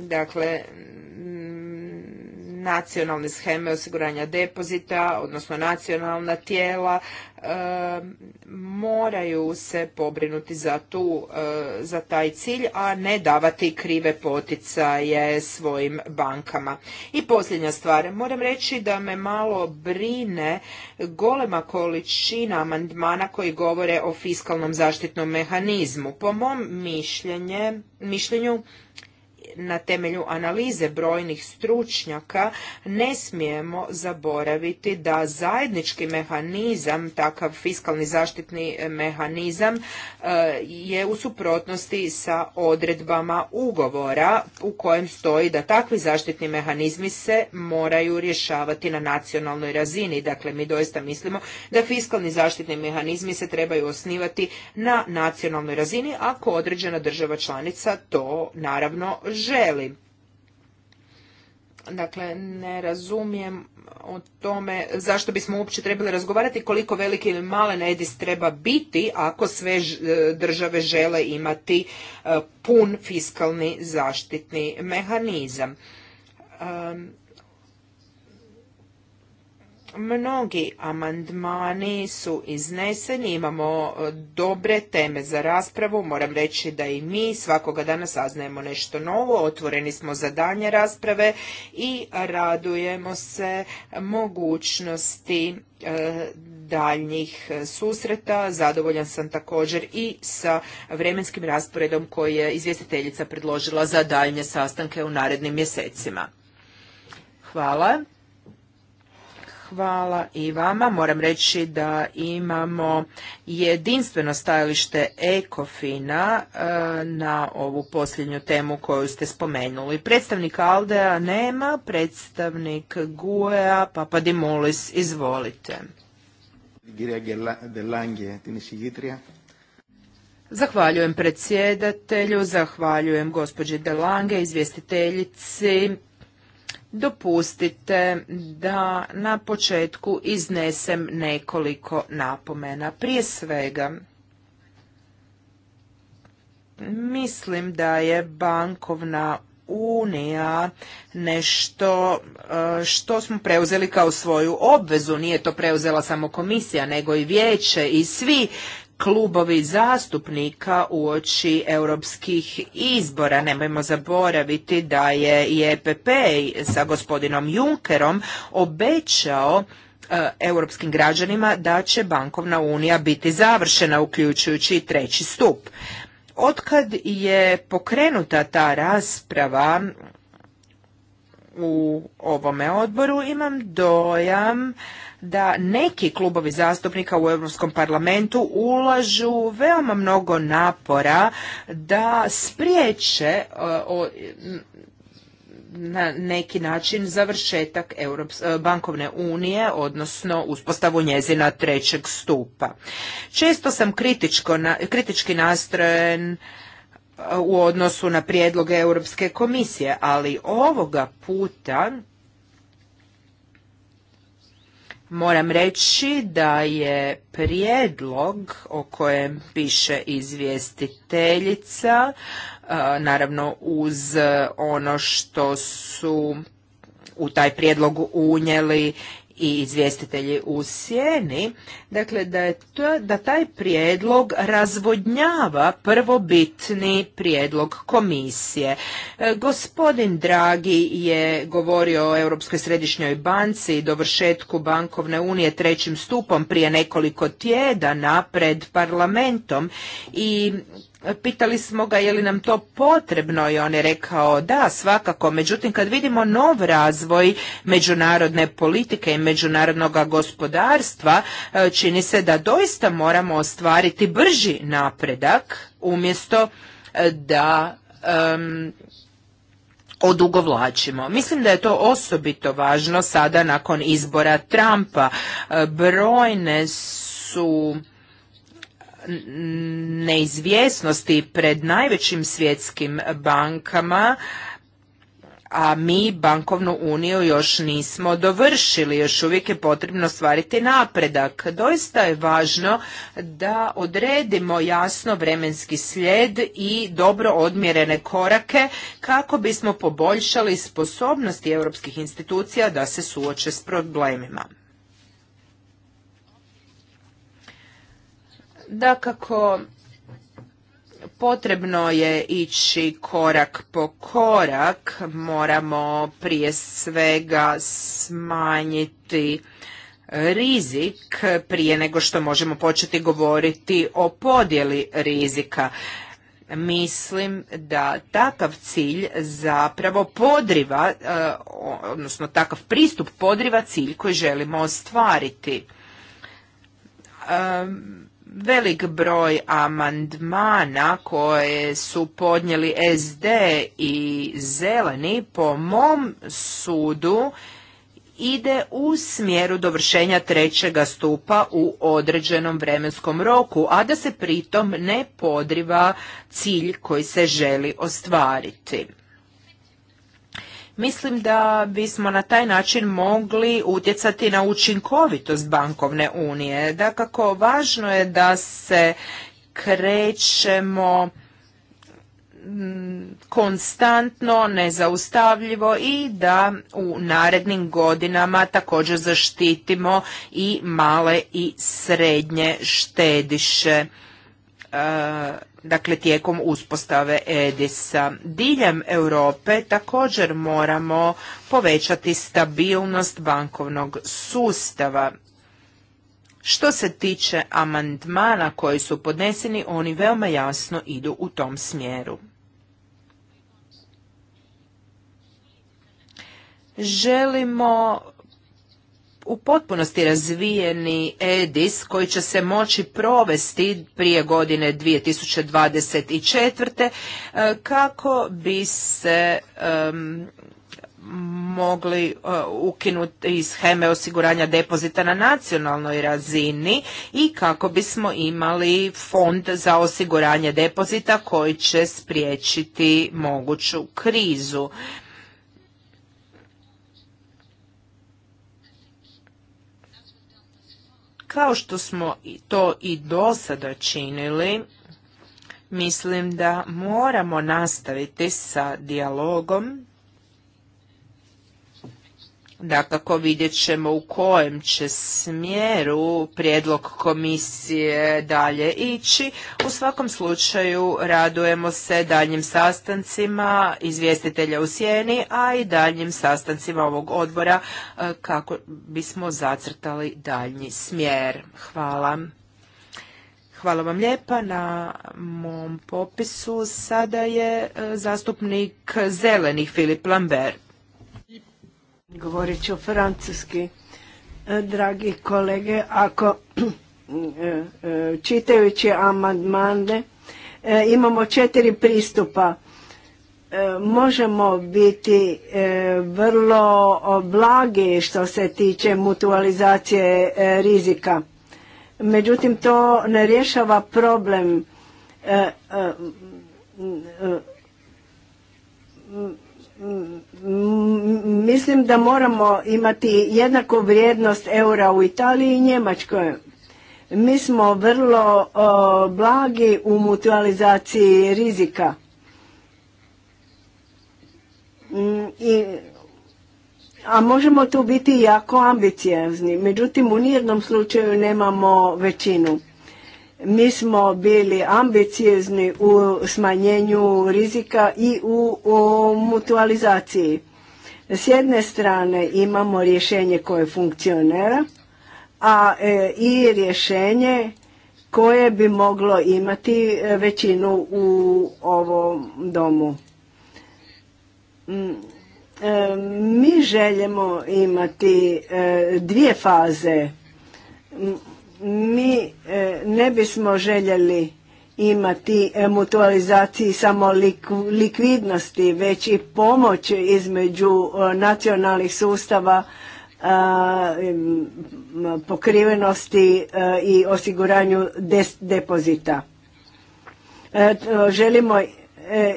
Dakle, nacionalne scheme osiguranja depozita, odnosno nacionalna tijela E, moraju se pobrinuti za, tu, e, za taj cilj, a ne davati krive poticaje svojim bankama. I posljednja stvar, moram reći da me malo brine golema količina amandmana koji govore o fiskalnom zaštitnom mehanizmu. Po mom mišljenje, mišljenju, na temelju analize brojnih stručnjaka ne smijemo zaboraviti da zajednički mehanizam, takav fiskalni zaštitni mehanizam e, je u suprotnosti sa odredbama ugovora u kojem stoji da takvi zaštitni mehanizmi se moraju rješavati na nacionalnoj razini. Dakle, mi doista mislimo da fiskalni zaštitni mehanizmi se trebaju osnivati na nacionalnoj razini ako određena država članica to naravno želi. Dakle, ne razumijem o tome zašto bismo uopće trebali razgovarati koliko veliki ili male EDIS treba biti ako sve e, države žele imati e, pun fiskalni zaštitni mehanizam. Mnogi amandmani su izneseni, imamo e, dobre teme za raspravu, moram reći da i mi svakoga dana saznajemo nešto novo, otvoreni smo za danje rasprave i radujemo se mogućnosti e, daljnjih susreta. Zadovoljan sam također i sa vremenskim rasporedom koji je izvjestiteljica predložila za daljnje sastanke u narednim mjesecima. Hvala. Hvala i vama. Moram reći da imamo jedinstveno stajalište Ekofina e, na ovu posljednju temu koju ste spomenuli. Predstavnik Aldea nema, predstavnik Guea, Papadimulis, izvolite. Zahvaljujem predsjedatelju, zahvaljujem gospođi Delange, izvjestiteljici Dopustite da na početku iznesem nekoliko napomena. Prije svega, mislim da je bankovna unija nešto e, što smo preuzeli kao svoju obvezu. Nije to preuzela samo komisija, nego i vijeće i svi klubovi zastupnika uoči europskih izbora. Nemojmo zaboraviti da je i EPP sa gospodinom Junckerom obećao e, europskim građanima da će bankovna unija biti završena uključujući i treći stup. Otkad je pokrenuta ta rasprava u ovome odboru imam dojam da neki klubovi zastupnika u Europskom parlamentu ulažu veoma mnogo napora da spriječe uh, na neki način završetak uh, bankovne unije, odnosno uspostavu njezina trećeg stupa. Često sam kritički nastrojen uh, u odnosu na prijedloge Europske komisije, ali ovoga puta Moram reći da je prijedlog o kojem piše izvjestiteljica, naravno uz ono što su u taj prijedlog unijeli i izvjestitelji u sjeni, dakle da, je da taj prijedlog razvodnjava prvobitni prijedlog komisije. E, gospodin Dragi je govorio o Europskoj središnjoj banci i dovršetku bankovne unije trećim stupom prije nekoliko tjedana pred parlamentom i Pitali smo ga je li nam to potrebno i on je rekao da, svakako. Međutim, kad vidimo nov razvoj međunarodne politike i međunarodnog gospodarstva, e, čini se da doista moramo ostvariti brži napredak umjesto e, da um, odugovlačimo. Mislim da je to osobito važno sada nakon izbora Trumpa. E, brojne su neizvjesnosti pred najvećim svjetskim bankama a mi bankovnu uniju još nismo dovršili, još uvijek je potrebno stvariti napredak. Doista je važno da odredimo jasno vremenski slijed i dobro odmjerene korake kako bismo poboljšali sposobnosti europskih institucija da se suoče s problemima. da kako potrebno je ići korak po korak. Moramo prije svega smanjiti rizik prije nego što možemo početi govoriti o podjeli rizika. Mislim da takav cilj zapravo podriva, e, odnosno takav pristup podriva cilj koji želimo ostvariti velik broj amandmana koje su podnijeli SD i zeleni po mom sudu ide u smjeru dovršenja trećega stupa u određenom vremenskom roku, a da se pritom ne podriva cilj koji se želi ostvariti. Mislim da bismo na taj način mogli utjecati na učinkovitost bankovne unije. Dakako, važno je da se krećemo mm, konstantno, nezaustavljivo i da u narednim godinama također zaštitimo i male i srednje štediše. E, dakle tijekom uspostave EDISA. Diljem Europe također moramo povećati stabilnost bankovnog sustava. Što se tiče amandmana koji su podneseni, oni veoma jasno idu u tom smjeru. Želimo u potpunosti razvijeni EDIS koji će se moći provesti prije godine 2024. E, kako bi se mogli e, ukinuti sheme osiguranja depozita na nacionalnoj razini i kako bismo imali fond za osiguranje depozita koji će spriječiti moguću krizu. Kao što smo to i do sada činili, mislim da moramo nastaviti sa dijalogom Dakako vidjet ćemo u kojem će smjeru prijedlog komisije dalje ići. U svakom slučaju radujemo se daljnjim sastancima izvjestitelja u sjeni, a i daljnjim sastancima ovog odbora e, kako bismo zacrtali daljnji smjer. Hvala. Hvala vam lijepa. Na mom popisu sada je e, zastupnik zelenih Filip Lambert. Govorit ću francuski. E, dragi kolege, ako e, e, čitajući amandmane imamo četiri pristupa. Možemo biti vrlo blagi što se tiče mutualizacije rizika. Međutim, to ne rješava problem Mislim da moramo imati jednaku vrijednost eura u Italiji i Njemačkoj. Mi smo vrlo blagi u mutualizaciji rizika. I, a možemo tu biti jako ambiciozni. Međutim, u nijednom slučaju nemamo većinu. Mi smo bili ambiciozni u smanjenju rizika i u, mutualizaciji. S jedne strane imamo rješenje koje funkcionira, a e, i rješenje koje bi moglo imati e, većinu u ovom domu. Mm, e, mi željemo imati dvije faze mm, mi e, ne bismo željeli imati e, mutualizaciji samo likvidnosti, već i pomoć između e, nacionalnih sustava pokrivenosti i osiguranju depozita. Želimo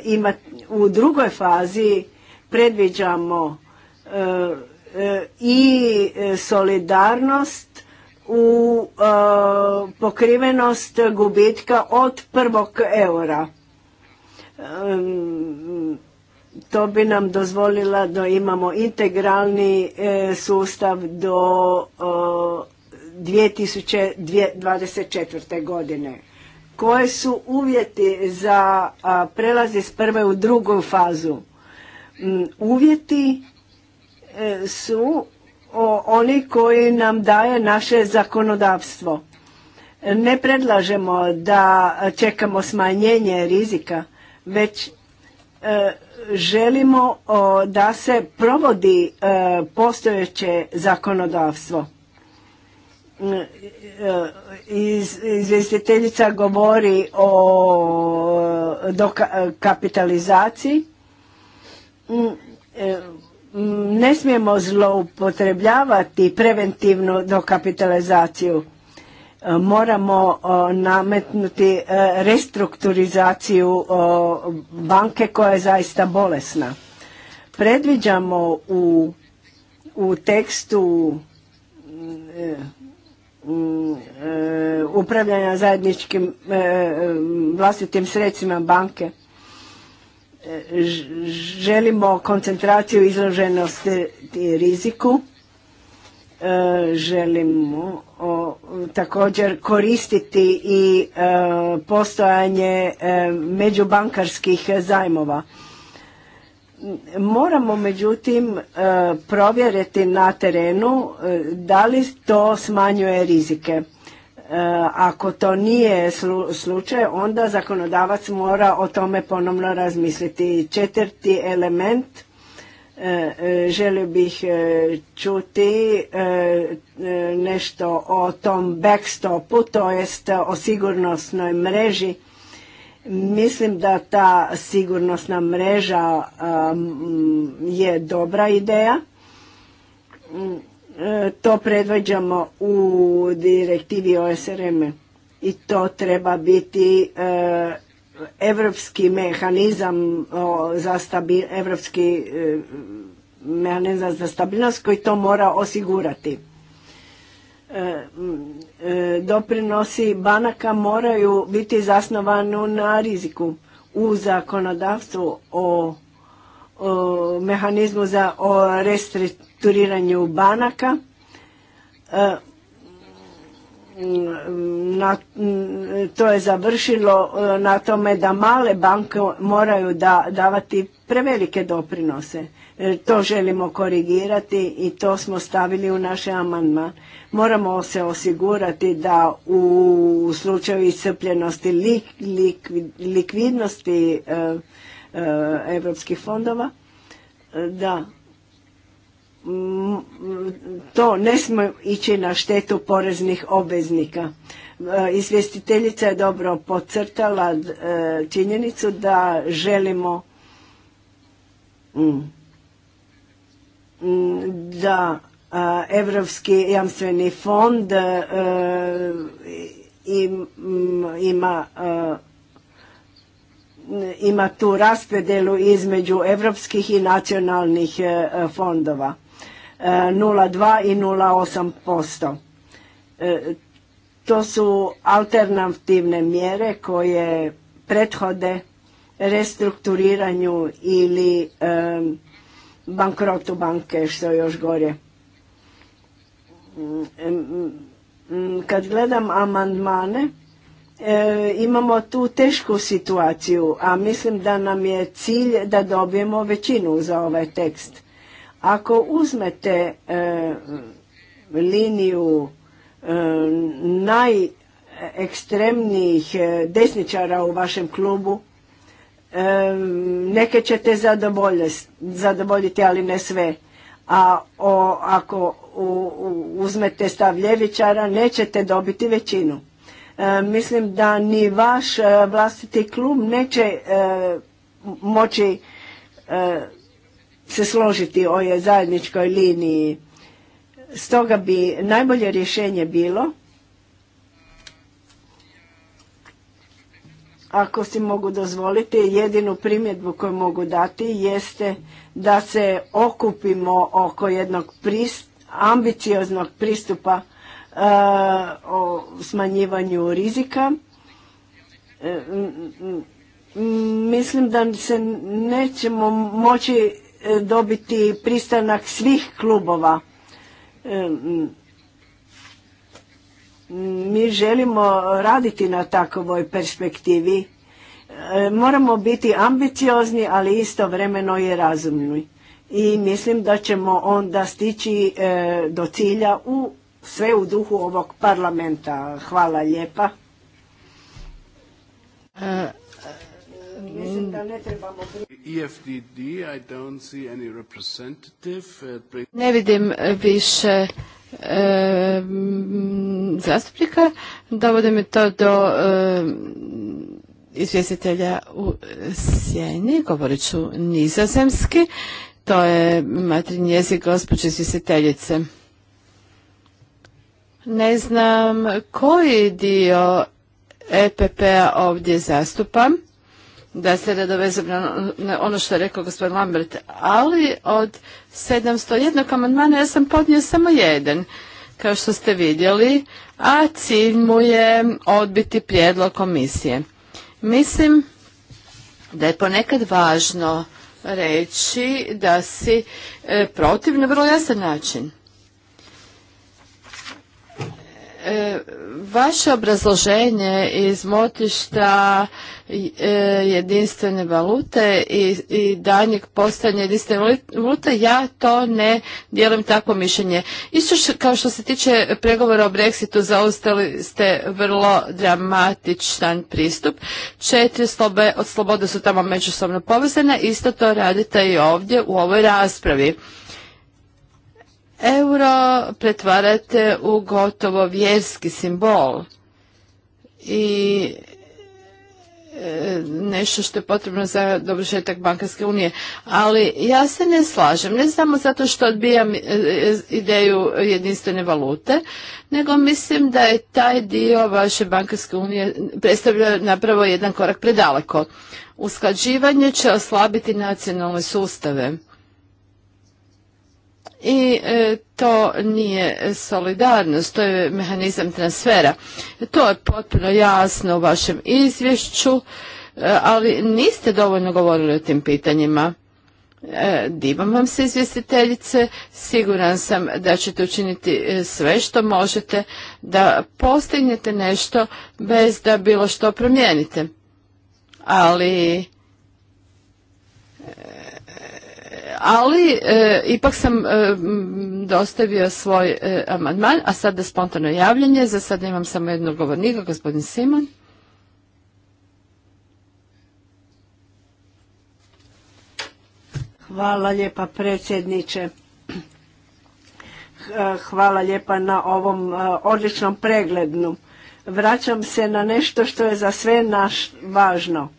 imati u drugoj fazi predviđamo i solidarnost u e, pokrivenost gubitka od prvog eura. to bi nam dozvolila da imamo integralni e, sustav do 2024. E, godine. Koje su uvjeti za a, prelaz iz prve u drugu fazu? Mm, uvjeti su oni koji nam daje naše zakonodavstvo. Ne predlažemo da čekamo smanjenje rizika, već e, želimo da se provodi e, postojeće zakonodavstvo. E, izvjestiteljica govori o kapitalizaciji Mm, ne smijemo zloupotrebljavati preventivnu dokapitalizaciju. E, moramo nametnuti e, restrukturizaciju banke koja je zaista bolesna. Predviđamo u, u tekstu mm, e, mm, upravljanja zajedničkim vlastitim sredstvima banke želimo koncentraciju izloženosti riziku, e, želimo također koristiti i e, postojanje e, međubankarskih zajmova. Moramo međutim provjeriti na terenu da li to smanjuje rizike E, ako to nije slučaj, onda zakonodavac mora o tome ponovno razmisliti. Četvrti element, e, e, želio bih čuti nešto o tom backstopu, to jest o sigurnosnoj mreži. Mislim da ta sigurnosna mreža je dobra ideja E, to predvađamo u direktivi OSRM i to treba biti e, evropski mehanizam za evropski e, mehanizam za stabilnost koji to mora osigurati. Doprinosi banaka moraju biti zasnovani na riziku u zakonodavstvu o mehanizmu za restrukturiranje banaka e, na, to je završilo e, na tome da male banke moraju da, davati prevelike doprinose. E, to želimo korigirati i to smo stavili u naše amandman. Moramo se osigurati da u slučaju iscrpljenosti likvidnosti europskih eh, fondova, eh, da mm, to ne smije ići na štetu poreznih obveznika. Eh, izvjestiteljica je dobro podcrtala činjenicu da želimo mm, mm, da Evropski jamstveni fond ima ima tu raspodjelu između europskih i nacionalnih e, fondova 0,2 e, i 0,8%. E, to su alternativne mjere koje prethode restrukturiranju ili bankrotu banke, što još gore. Mm, mm, mm, kad gledam amandmane, E, imamo tu tešku situaciju, a mislim da nam je cilj da dobijemo većinu za ovaj tekst. Ako uzmete e, liniju e, najekstremnijih e, desničara u vašem klubu, e, neke ćete zadovoljiti, ali ne sve. A o, ako uzmete stav ljevičara, nećete dobiti većinu E, mislim da ni vaš e, vlastiti klub neće e, moći se složiti o je zajedničkoj liniji. Stoga bi najbolje rješenje bilo ako si mogu dozvoliti, jedinu primjedbu koju mogu dati jeste da se okupimo oko jednog ambicioznog pristupa o smanjivanju rizika. E, mislim da se nećemo moći e, dobiti pristanak svih klubova. E, mi želimo raditi na takvoj perspektivi. Moramo biti ambiciozni, ali istovremeno i razumni. I mislim da ćemo onda stići do cilja u sve u duhu ovog parlamenta. Hvala lijepa. ne Ne vidim više e, mm, zastupnika. Dovodim to do e, izvjestitelja u Sjeni. Govorit ću nizozemski. To je matrin jezik gospođe izvjestiteljice. Ne znam koji dio EPP-a ovdje zastupam, da se dovezem na ono što je rekao gospodin Lambert, ali od 701 amandmana ja sam podnio samo jedan, kao što ste vidjeli, a cilj mu je odbiti prijedlog komisije. Mislim da je ponekad važno reći da si e, protiv na vrlo jasan način. E, vaše obrazloženje iz motišta e, jedinstvene valute i, danjeg postanja jedinstvene valute, ja to ne dijelim takvo mišljenje. Isto kao što se tiče pregovora o Brexitu, zaustali ste vrlo dramatičan pristup. Četiri slobe od slobode su tamo međusobno povezane, isto to radite i ovdje u ovoj raspravi euro pretvarate u gotovo vjerski simbol i e, nešto što je potrebno za dovršetak bankarske unije. Ali ja se ne slažem, ne samo zato što odbijam e, ideju jedinstvene valute, nego mislim da je taj dio vaše bankarske unije predstavlja napravo jedan korak predaleko. Usklađivanje će oslabiti nacionalne sustave i e, to nije solidarnost, to je mehanizam transfera. To je potpuno jasno u vašem izvješću, e, ali niste dovoljno govorili o tim pitanjima. E, Divam vam se izvjestiteljice, siguran sam da ćete učiniti sve što možete da postignete nešto bez da bilo što promijenite. Ali ali e, ipak sam e, dostavio svoj e, amandman, a sada spontano javljanje. Za sada imam samo jednog govornika, gospodin Simon. Hvala lijepa predsjedniče. Hvala lijepa na ovom e, odličnom preglednu. Vraćam se na nešto što je za sve naš važno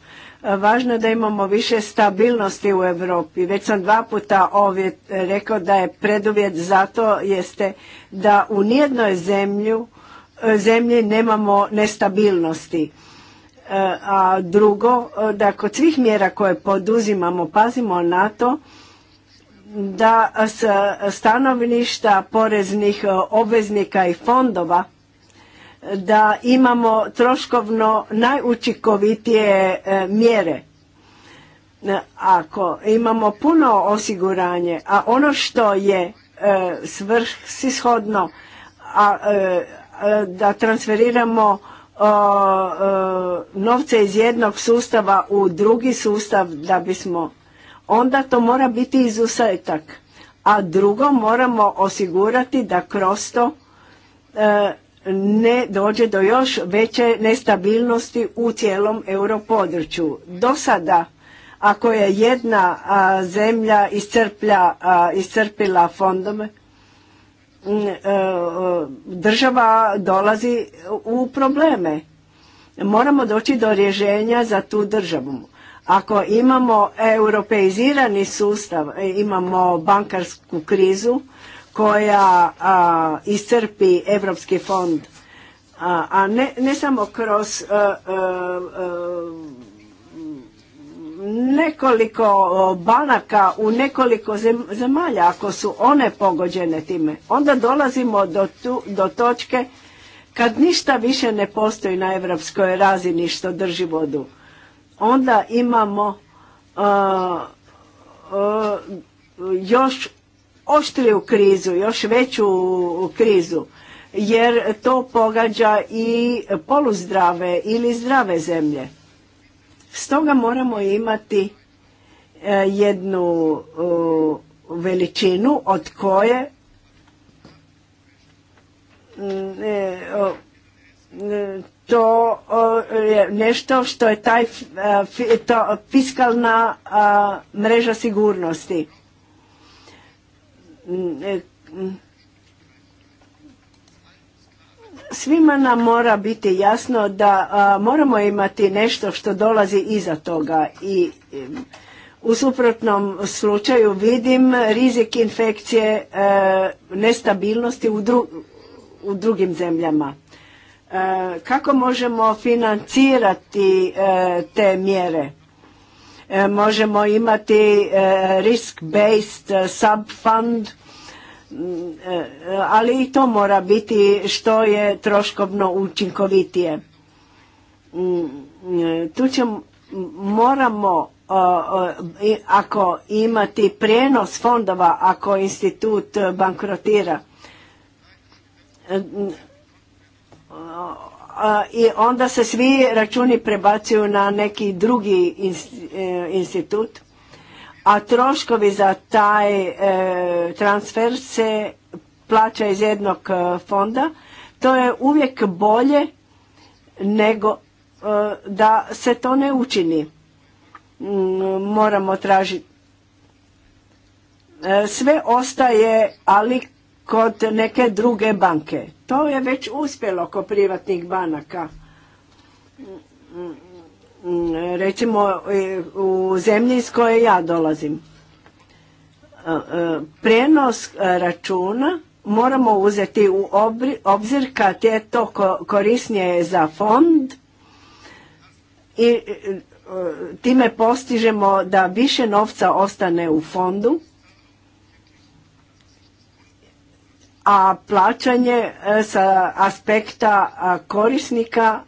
Važno da imamo više stabilnosti u Europi. Već sam dva puta ovdje rekao da je preduvjet za to jeste da u nijednoj zemlju, zemlji nemamo nestabilnosti. E, a drugo, e, da kod svih mjera koje poduzimamo pazimo na to da s stanovništa poreznih obveznika i fondova da imamo troškovno najučinkovitije e, mjere e, ako imamo puno osiguranje a ono što je e, svrsishodno a, da transferiramo novce iz jednog sustava u drugi sustav da bismo onda to mora biti izuzetak a drugo moramo osigurati da kroz to ne dođe do još veće nestabilnosti u cijelom europodručju. Do sada, ako je jedna zemlja iscrplja, iscrpila fondove, mm, e, e, država dolazi u probleme. Moramo doći do rješenja za tu državu. Ako imamo europeizirani sustav, e, imamo bankarsku krizu, koja a, iscrpi Europski fond, a, a ne, ne samo kroz nekoliko banaka u nekoliko zemalja, ako su one pogođene time, onda dolazimo do, do točke kad ništa više ne postoji na europskoj razini što drži vodu. Onda imamo još oštriju krizu, još veću krizu, jer to pogađa i poluzdrave ili zdrave zemlje. Stoga moramo imati e, jednu veličinu od koje e, e, to je nešto što je taj fiskalna mreža sigurnosti Svima nam mora biti jasno da moramo imati nešto što dolazi iza toga i u suprotnom slučaju vidim rizik infekcije e, nestabilnosti u, drugim zemljama. E, kako možemo financirati e, te mjere? Možemo imati risk-based sub-fund Mm, e, e, ali i to mora biti što je troškovno učinkovitije. Mm, e, tu ćemo moramo ako imati prijenos fondova, ako institut bankrotira, mm, i onda se svi računi prebacuju na neki drugi institut a troškovi za taj e, transfer se plaća iz jednog e, fonda, to je uvijek bolje nego e, da se to ne učini. Mm, moramo tražiti. sve ostaje, ali kod neke druge banke. To je već uspjelo kod privatnih banaka mm, mm, recimo e, u zemlji iz koje ja dolazim. E, e, prenos računa moramo uzeti u obzir kad je to korisnije za fond i time postižemo da više novca ostane u fondu, a plaćanje sa aspekta korisnika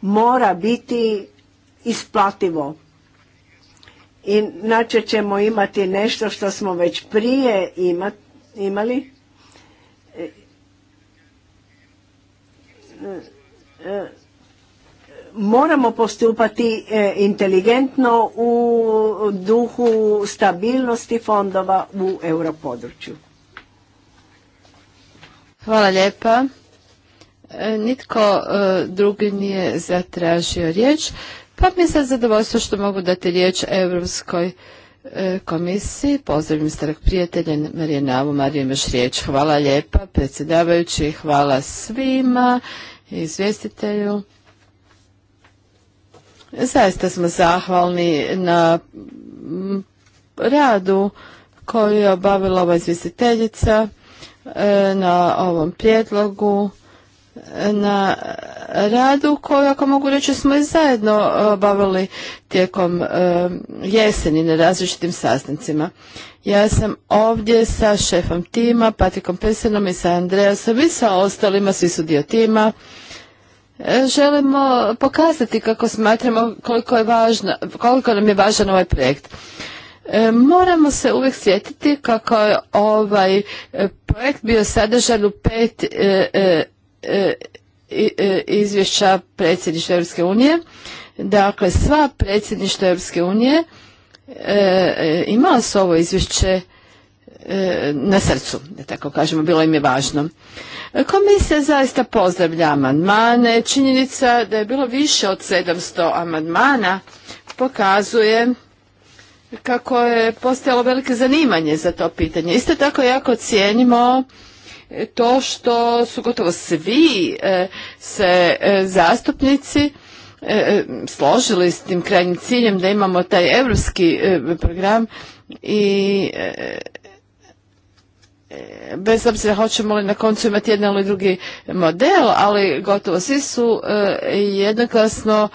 mora biti isplativo. Inače ćemo imati nešto što smo već prije imali. E, e, moramo postupati e, inteligentno u duhu stabilnosti fondova u europodručju. Hvala lijepa. Nitko drugi nije zatražio riječ. Pa mi se zadovoljstvo što mogu dati riječ Europskoj e, komisiji. Pozdravim starog prijatelja Navu. Mariju imaš riječ. Hvala lijepa predsjedavajući. Hvala svima i izvjestitelju. Zaista smo zahvalni na radu koju je obavila ova izvjestiteljica e, na ovom prijedlogu na radu koju, ako mogu reći, smo i zajedno e, obavili tijekom e, jeseni na različitim sastancima. Ja sam ovdje sa šefom tima, Patrikom Pesenom i sa Andreasom i sa ostalima, svi su dio tima. E, želimo pokazati kako smatramo koliko, je važna, koliko nam je važan ovaj projekt. Moramo se uvijek sjetiti kako je ovaj projekt bio sadržan u pet E, e, izvješća predsjedništva Europske unije. Dakle, sva predsjedništva Europske unije e, imala su ovo izvješće na srcu, da tako kažemo, bilo im je važno. Komisija zaista pozdravlja amandmane. Činjenica da je bilo više od 700 amandmana pokazuje kako je postojalo velike zanimanje za to pitanje. Isto tako jako cijenimo to što su gotovo svi e, se e, zastupnici e, složili s tim krajnjim ciljem da imamo taj europski program i bez obzira hoćemo li na koncu imati jedan ili drugi model, ali gotovo svi su jednoglasno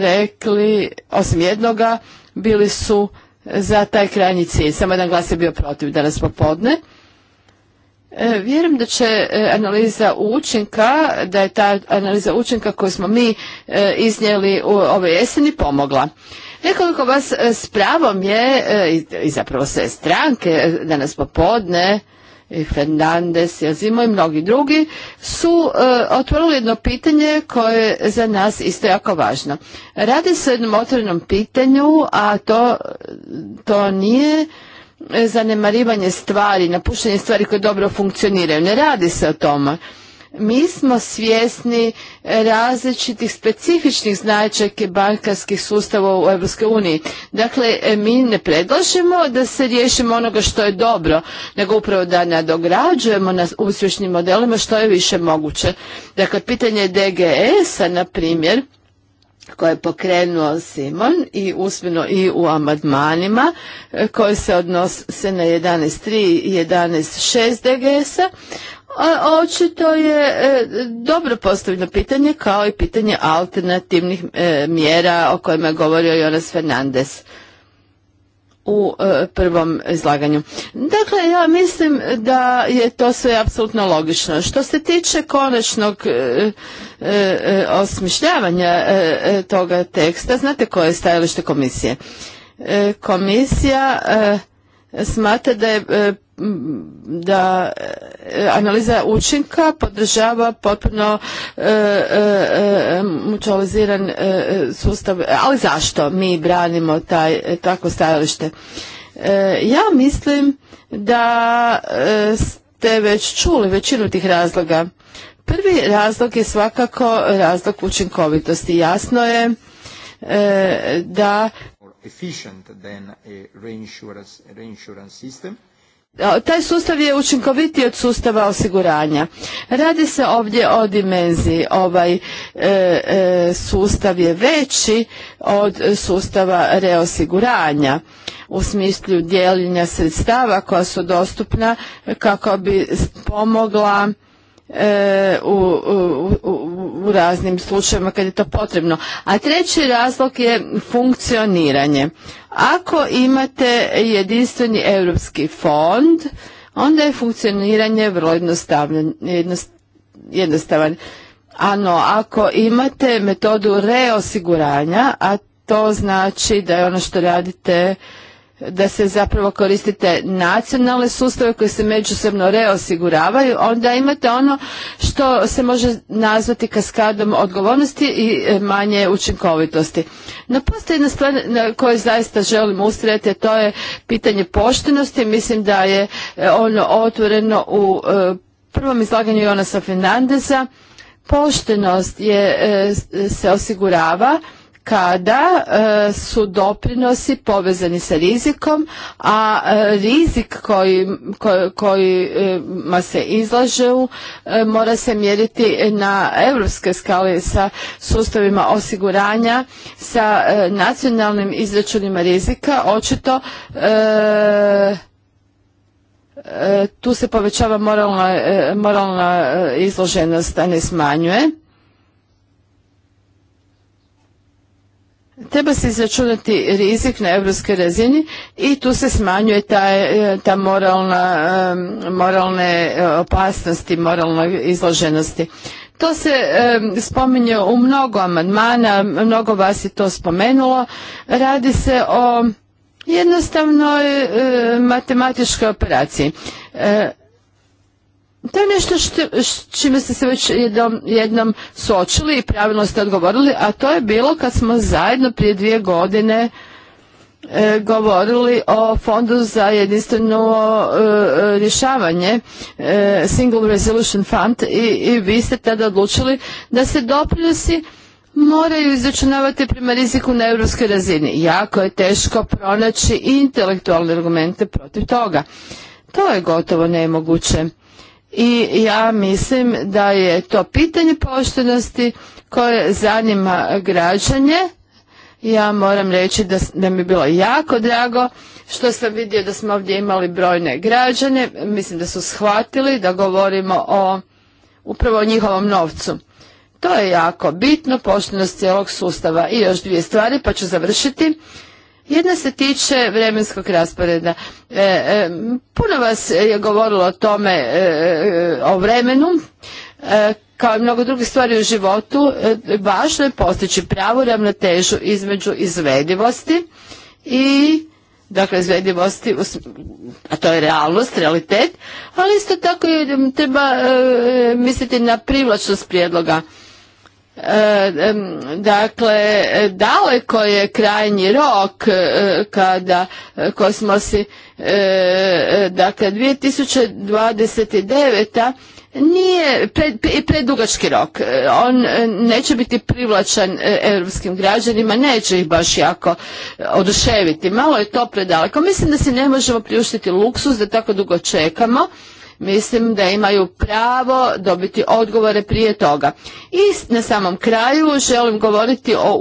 rekli, osim jednoga, bili su za taj krajnji cilj. Samo jedan glas je bio protiv danas popodne. E, vjerujem da će e, analiza učinka, da je ta analiza učinka koju smo mi e, iznijeli u ovoj jeseni pomogla. Nekoliko vas s pravom je, i zapravo sve stranke danas popodne, i Fernandez, Jazimo i mnogi drugi, su otvorili jedno pitanje koje je za nas isto jako važno. Radi se o jednom otvorenom pitanju, a to, to nije zanemarivanje stvari, napuštanje stvari koje dobro funkcioniraju. Ne radi se o tome. Mi smo svjesni različitih specifičnih značajke bankarskih sustava u EU. Dakle, mi ne predlažemo da se riješimo onoga što je dobro, nego upravo da nadograđujemo na uspješnim modelima što je više moguće. Dakle, pitanje DGS-a, na primjer, koje je pokrenuo Simon i usmeno i u amadmanima e, koji se odnose na 11.3 i 11.6 DGS-a, očito je e, dobro postavljeno pitanje kao i pitanje alternativnih e, mjera o kojima je govorio Jonas Fernandez u e, prvom izlaganju. Dakle, ja mislim da je to sve apsolutno logično. Što se tiče konačnog e, e, osmišljavanja toga teksta, znate koje je stajalište komisije? Komisija smatra da e, da e, analiza učinka podržava potpuno e, mutualiziran sustav, ali zašto mi branimo taj, takvo stajalište? ja mislim da ste već čuli većinu tih razloga. Prvi razlog je svakako razlog učinkovitosti. Jasno je da efficient than a system. Taj sustav je učinkovitiji od sustava osiguranja. Radi se ovdje o dimenziji. Ovaj e, e, sustav je veći od sustava reosiguranja u smislu dijeljenja sredstava koja su dostupna kako bi pomogla E, u, u, u raznim slučajevima kad je to potrebno. A treći razlog je funkcioniranje. Ako imate jedinstveni europski fond, onda je funkcioniranje vrlo jednostavan. Ano, ako imate metodu reosiguranja, a to znači da je ono što radite da se zapravo koristite nacionalne sustave koji se međusobno reosiguravaju, onda imate ono što se može nazvati kaskadom odgovornosti i e, manje učinkovitosti. No postoji jedna stvar na kojoj zaista želim ustrajati, to je pitanje poštenosti. Mislim da je e, ono otvoreno u e, prvom izlaganju Jonasa Fernandeza. Poštenost je, se osigurava kada e, su doprinosi povezani sa rizikom, a e, rizik kojima se izlažu e, mora se mjeriti na europske skale sa sustavima osiguranja, sa nacionalnim izračunima rizika. Očito tu se povećava moralna, moralna izloženost, a ne smanjuje. Treba se izračunati rizik na europskoj razini i tu se smanjuje ta, e, ta moralna, moralne e, opasnosti, moralne izloženosti. To se spominje u mnogo amandmana, mnogo vas je to spomenulo. Radi se o jednostavnoj e, matematičkoj operaciji. To je nešto što, čime ste se već jednom, sočili i pravilno ste odgovorili, a to je bilo kad smo zajedno prije dvije godine e, govorili o fondu za jedinstveno e, e, rješavanje Single Resolution Fund i, vi ste tada odlučili da se doprinosi moraju izračunavati prema riziku na europskoj razini. Jako je teško pronaći intelektualne argumente protiv toga. To je gotovo nemoguće i ja mislim da je to pitanje poštenosti koje zanima građanje. Ja moram reći da, da mi je bilo jako drago što sam vidio da smo ovdje imali brojne građane, mislim da su shvatili da govorimo o upravo o njihovom novcu. To je jako bitno, poštenost cijelog sustava. I još dvije stvari pa ću završiti. Jedna se tiče vremenskog rasporeda. E, e, puno vas je govorilo o tome, e, o vremenu, kao i mnogo drugih stvari u životu. Važno je postići pravu ravnotežu između izvedivosti i dakle izvedivosti, a to je realnost, realitet, ali isto tako treba misliti na privlačnost prijedloga. E, dakle daleko je krajnji rok e, kada e, kosmosi dakle 2029 nije predugački rok. On neće biti privlačan europskim građanima, neće ih baš jako oduševiti. Malo je to predaleko. Mislim da si ne možemo priuštiti luksus da tako dugo čekamo Mislim da imaju pravo dobiti odgovore prije toga. I na samom kraju želim govoriti o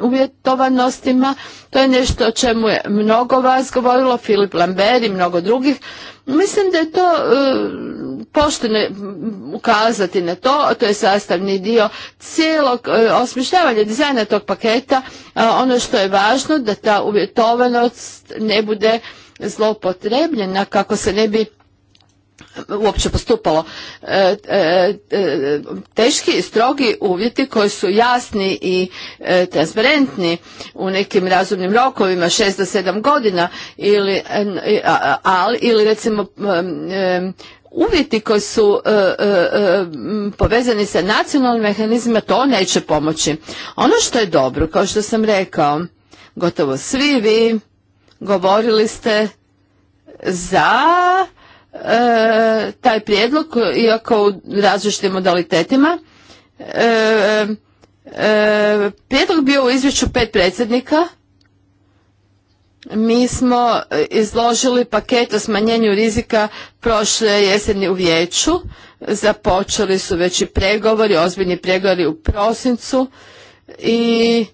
uvjetovanostima. To je nešto o čemu je mnogo vas govorilo, Filip Lambert i mnogo drugih. Mislim da je to e, pošteno ukazati na to, to je sastavni dio cijelog e, osmišljavanja dizajna tog paketa. E, ono što je važno da ta uvjetovanost ne bude zloupotrebljena kako se ne bi uopće postupalo. E, e, e, teški i strogi uvjeti koji su jasni i transparentni u nekim razumnim rokovima, 6 do 7 godina, ili, ali, ili recimo uvjeti koji su povezani sa nacionalnim mehanizmima, to neće pomoći. Ono što je dobro, kao što sam rekao, gotovo svi vi govorili ste za E, taj prijedlog, iako u različitim modalitetima. E, e, prijedlog bio u izvješću pet predsjednika. Mi smo izložili paket o smanjenju rizika prošle jeseni u vijeću. Započeli su već i pregovori, ozbiljni pregovori u prosincu i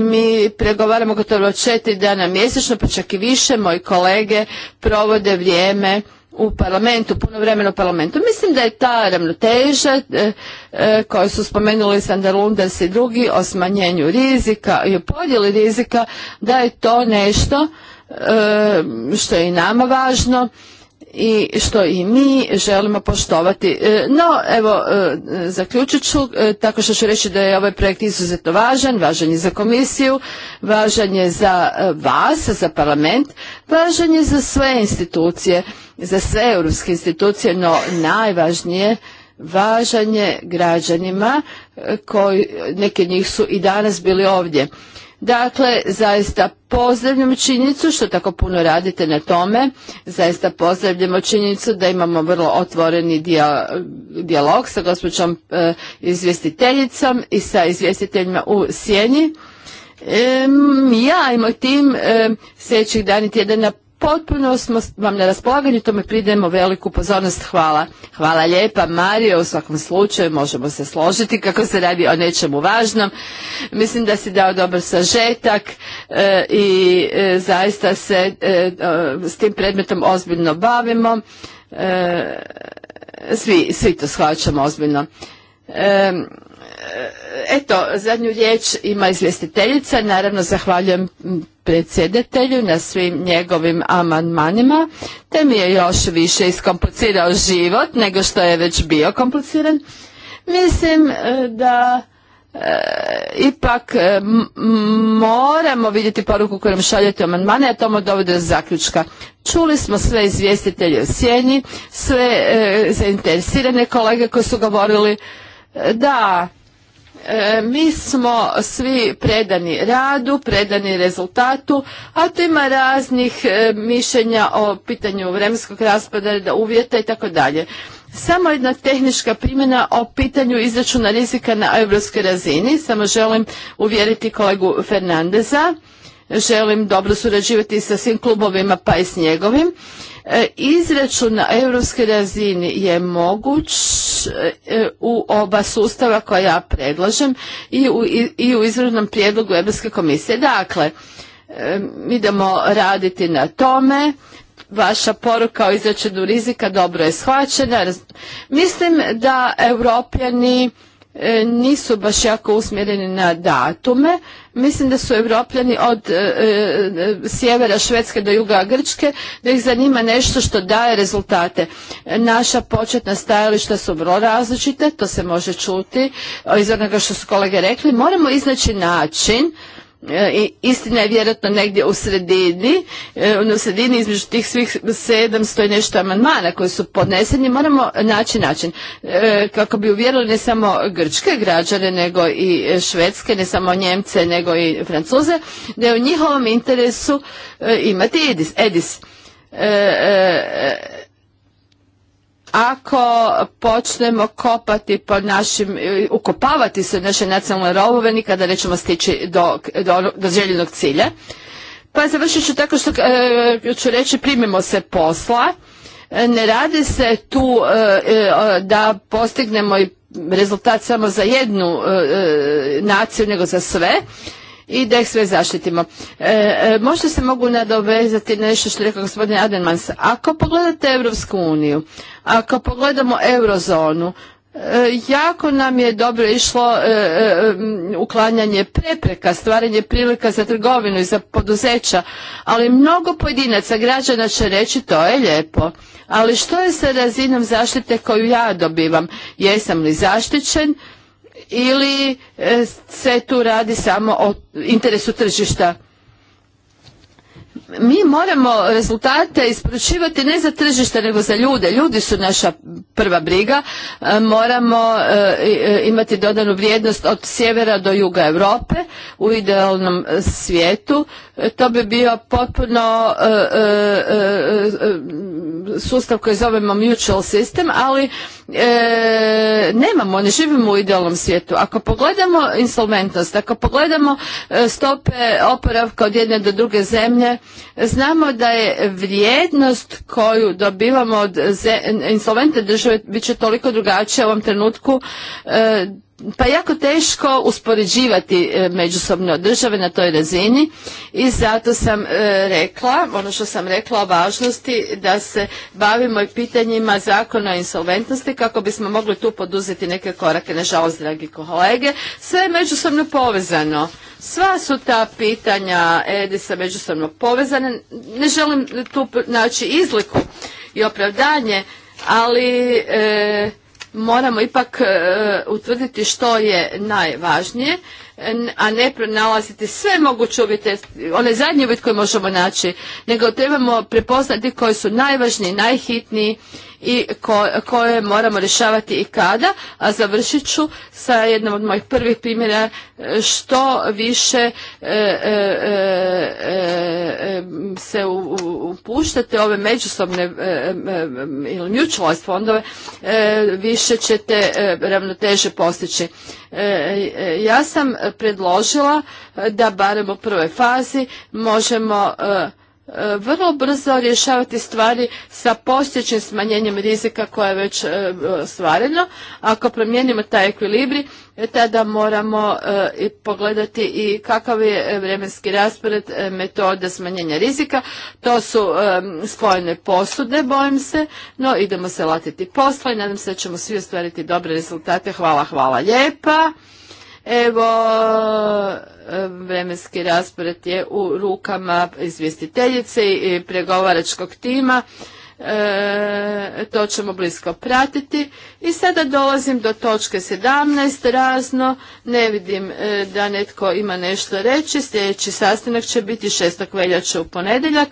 mi pregovaramo gotovo četiri dana mjesečno, pa čak i više. Moji kolege provode vrijeme u parlamentu, puno vremena u parlamentu. Mislim da je ta ravnoteža e, e, koju su spomenuli Sander Lundas i drugi o smanjenju rizika i o podjeli rizika, da je to nešto e, što je i nama važno i što i mi želimo poštovati. No, evo, zaključit ću tako što ću reći da je ovaj projekt izuzetno važan, važan je za komisiju, važan je za vas, za parlament, važan je za sve institucije za sve europske institucije, no najvažnije važan građanima e, koji neki njih su i danas bili ovdje. Dakle, zaista pozdravljam činjenicu što tako puno radite na tome, zaista pozdravljamo činjenicu da imamo vrlo otvoreni dijalog sa gospođom e, izvjestiteljicom i sa izvjestiteljima u Sjeni. ja i moj tim sljedećih dana tjedana potpuno smo vam na raspolaganju, tome pridajemo veliku pozornost. Hvala. Hvala lijepa Mario, u svakom slučaju možemo se složiti kako se radi o nečemu važnom. Mislim da si dao dobar sažetak e, i e, zaista se e, s tim predmetom ozbiljno bavimo. Svi, svi to shvaćamo ozbiljno. E, eto, zadnju riječ ima izvjestiteljica. Naravno, zahvaljujem predsjedatelju na svim njegovim amandmanima, te mi je još više iskomplicirao život nego što je već bio kompliciran. Mislim e, da e, ipak moramo vidjeti poruku koju nam šaljete amandmane, a mu dovode do zaključka. Čuli smo sve izvjestitelje u sjeni, sve zainteresirane kolege koji su govorili da E, mi smo svi predani radu, predani rezultatu, a tu ima raznih e, mišljenja o pitanju vremenskog da uvjeta i tako dalje. Samo jedna tehnička primjena o pitanju izračuna rizika na europskoj razini. Samo želim uvjeriti kolegu Fernandeza. Želim dobro surađivati sa svim klubovima pa i s njegovim. E, izračun na europskoj razini je moguć e, u oba sustava koja ja predlažem i u, i prijedlogu Europske komisije. Dakle, e, idemo raditi na tome. Vaša poruka o izračunu rizika dobro je shvaćena. Mislim da europljani E, nisu baš jako usmjereni na datume. Mislim da su Evropljani od e, e, sjevera Švedske do juga Grčke, da ih zanima nešto što daje rezultate. Naša početna stajališta su vrlo različite, to se može čuti iz onoga što su kolege rekli. Moramo iznaći način E, I istina je vjerojatno negdje u sredini, e, u sredini između tih svih 700 i nešto amandmana koji su podneseni, moramo naći način e, kako bi uvjerili ne samo grčke građane, nego i švedske, ne samo njemce, nego i francuze, da je u njihovom interesu imati EDIS ako počnemo kopati po našim, e, ukopavati se naše nacionalne rovove, nikada nećemo stići do, do, željenog cilja. Pa završit ću tako što e, ću reći primimo se posla. E, ne radi se tu da postignemo i rezultat samo za jednu naciju nego za sve i da ih sve zaštitimo. E, e, možda se mogu nadovezati nešto što je rekao gospodin Adenmans. Ako pogledate Europsku uniju, ako pogledamo eurozonu, e, Jako nam je dobro išlo e, uklanjanje prepreka, stvaranje prilika za trgovinu i za poduzeća, ali mnogo pojedinaca, građana će reći to je lijepo, ali što je sa razinom zaštite koju ja dobivam? Jesam li zaštićen? ili e, se tu radi samo o interesu tržišta? Mi moramo rezultate isporučivati ne za tržište nego za ljude. Ljudi su naša prva briga. E, moramo e, imati dodanu vrijednost od sjevera do juga Europe u idealnom svijetu. To bi bio potpuno sustav koji zovemo mutual system, ali e, nemamo, ne živimo u idealnom svijetu. Ako pogledamo insolventnost, ako pogledamo e, stope oporavka od jedne do druge zemlje, znamo da je vrijednost koju dobivamo od insolvente države bit će toliko drugačija u ovom trenutku e, pa jako teško uspoređivati e, međusobno države na toj razini i zato sam e, rekla, ono što sam rekla o važnosti da se bavimo i pitanjima zakona o insolventnosti kako bismo mogli tu poduzeti neke korake. Nažalost, dragi kolege, sve je međusobno povezano. Sva su ta pitanja Edisa međusobno povezana. Ne želim tu naći izliku i opravdanje, ali... E, moramo ipak e, utvrditi što je najvažnije, a ne pronalaziti sve moguće uvjete, one zadnje uvjet koje možemo naći, nego trebamo prepoznati koji su najvažniji, najhitniji i koje moramo rješavati i kada, a završit ću sa jednom od mojih prvih primjera e, što više e, e, se upuštate ove međusobne ili mutual fondove, više ćete ravnoteže postići. Ja sam predložila da barem u prvoj fazi možemo E, vrlo brzo rješavati stvari sa postojećim smanjenjem rizika koje je već e, stvareno. Ako promijenimo taj ekvilibri, e, tada moramo pogledati i kakav je vremenski raspored metode smanjenja rizika. To su spojene posude, bojim se, no idemo se latiti posla i nadam se da ćemo svi ostvariti dobre rezultate. Hvala, hvala lijepa. Evo, vremenski raspored je u rukama izvjestiteljice i pregovaračkog tima. E, to ćemo blisko pratiti. I sada dolazim do točke 17, razno, ne vidim e, da netko ima nešto reći, sljedeći sastanak će biti 6. veljače u ponedjeljak,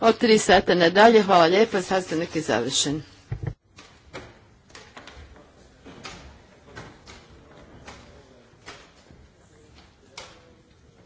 od 3 sata nadalje, hvala lijepa, sastanak je završen.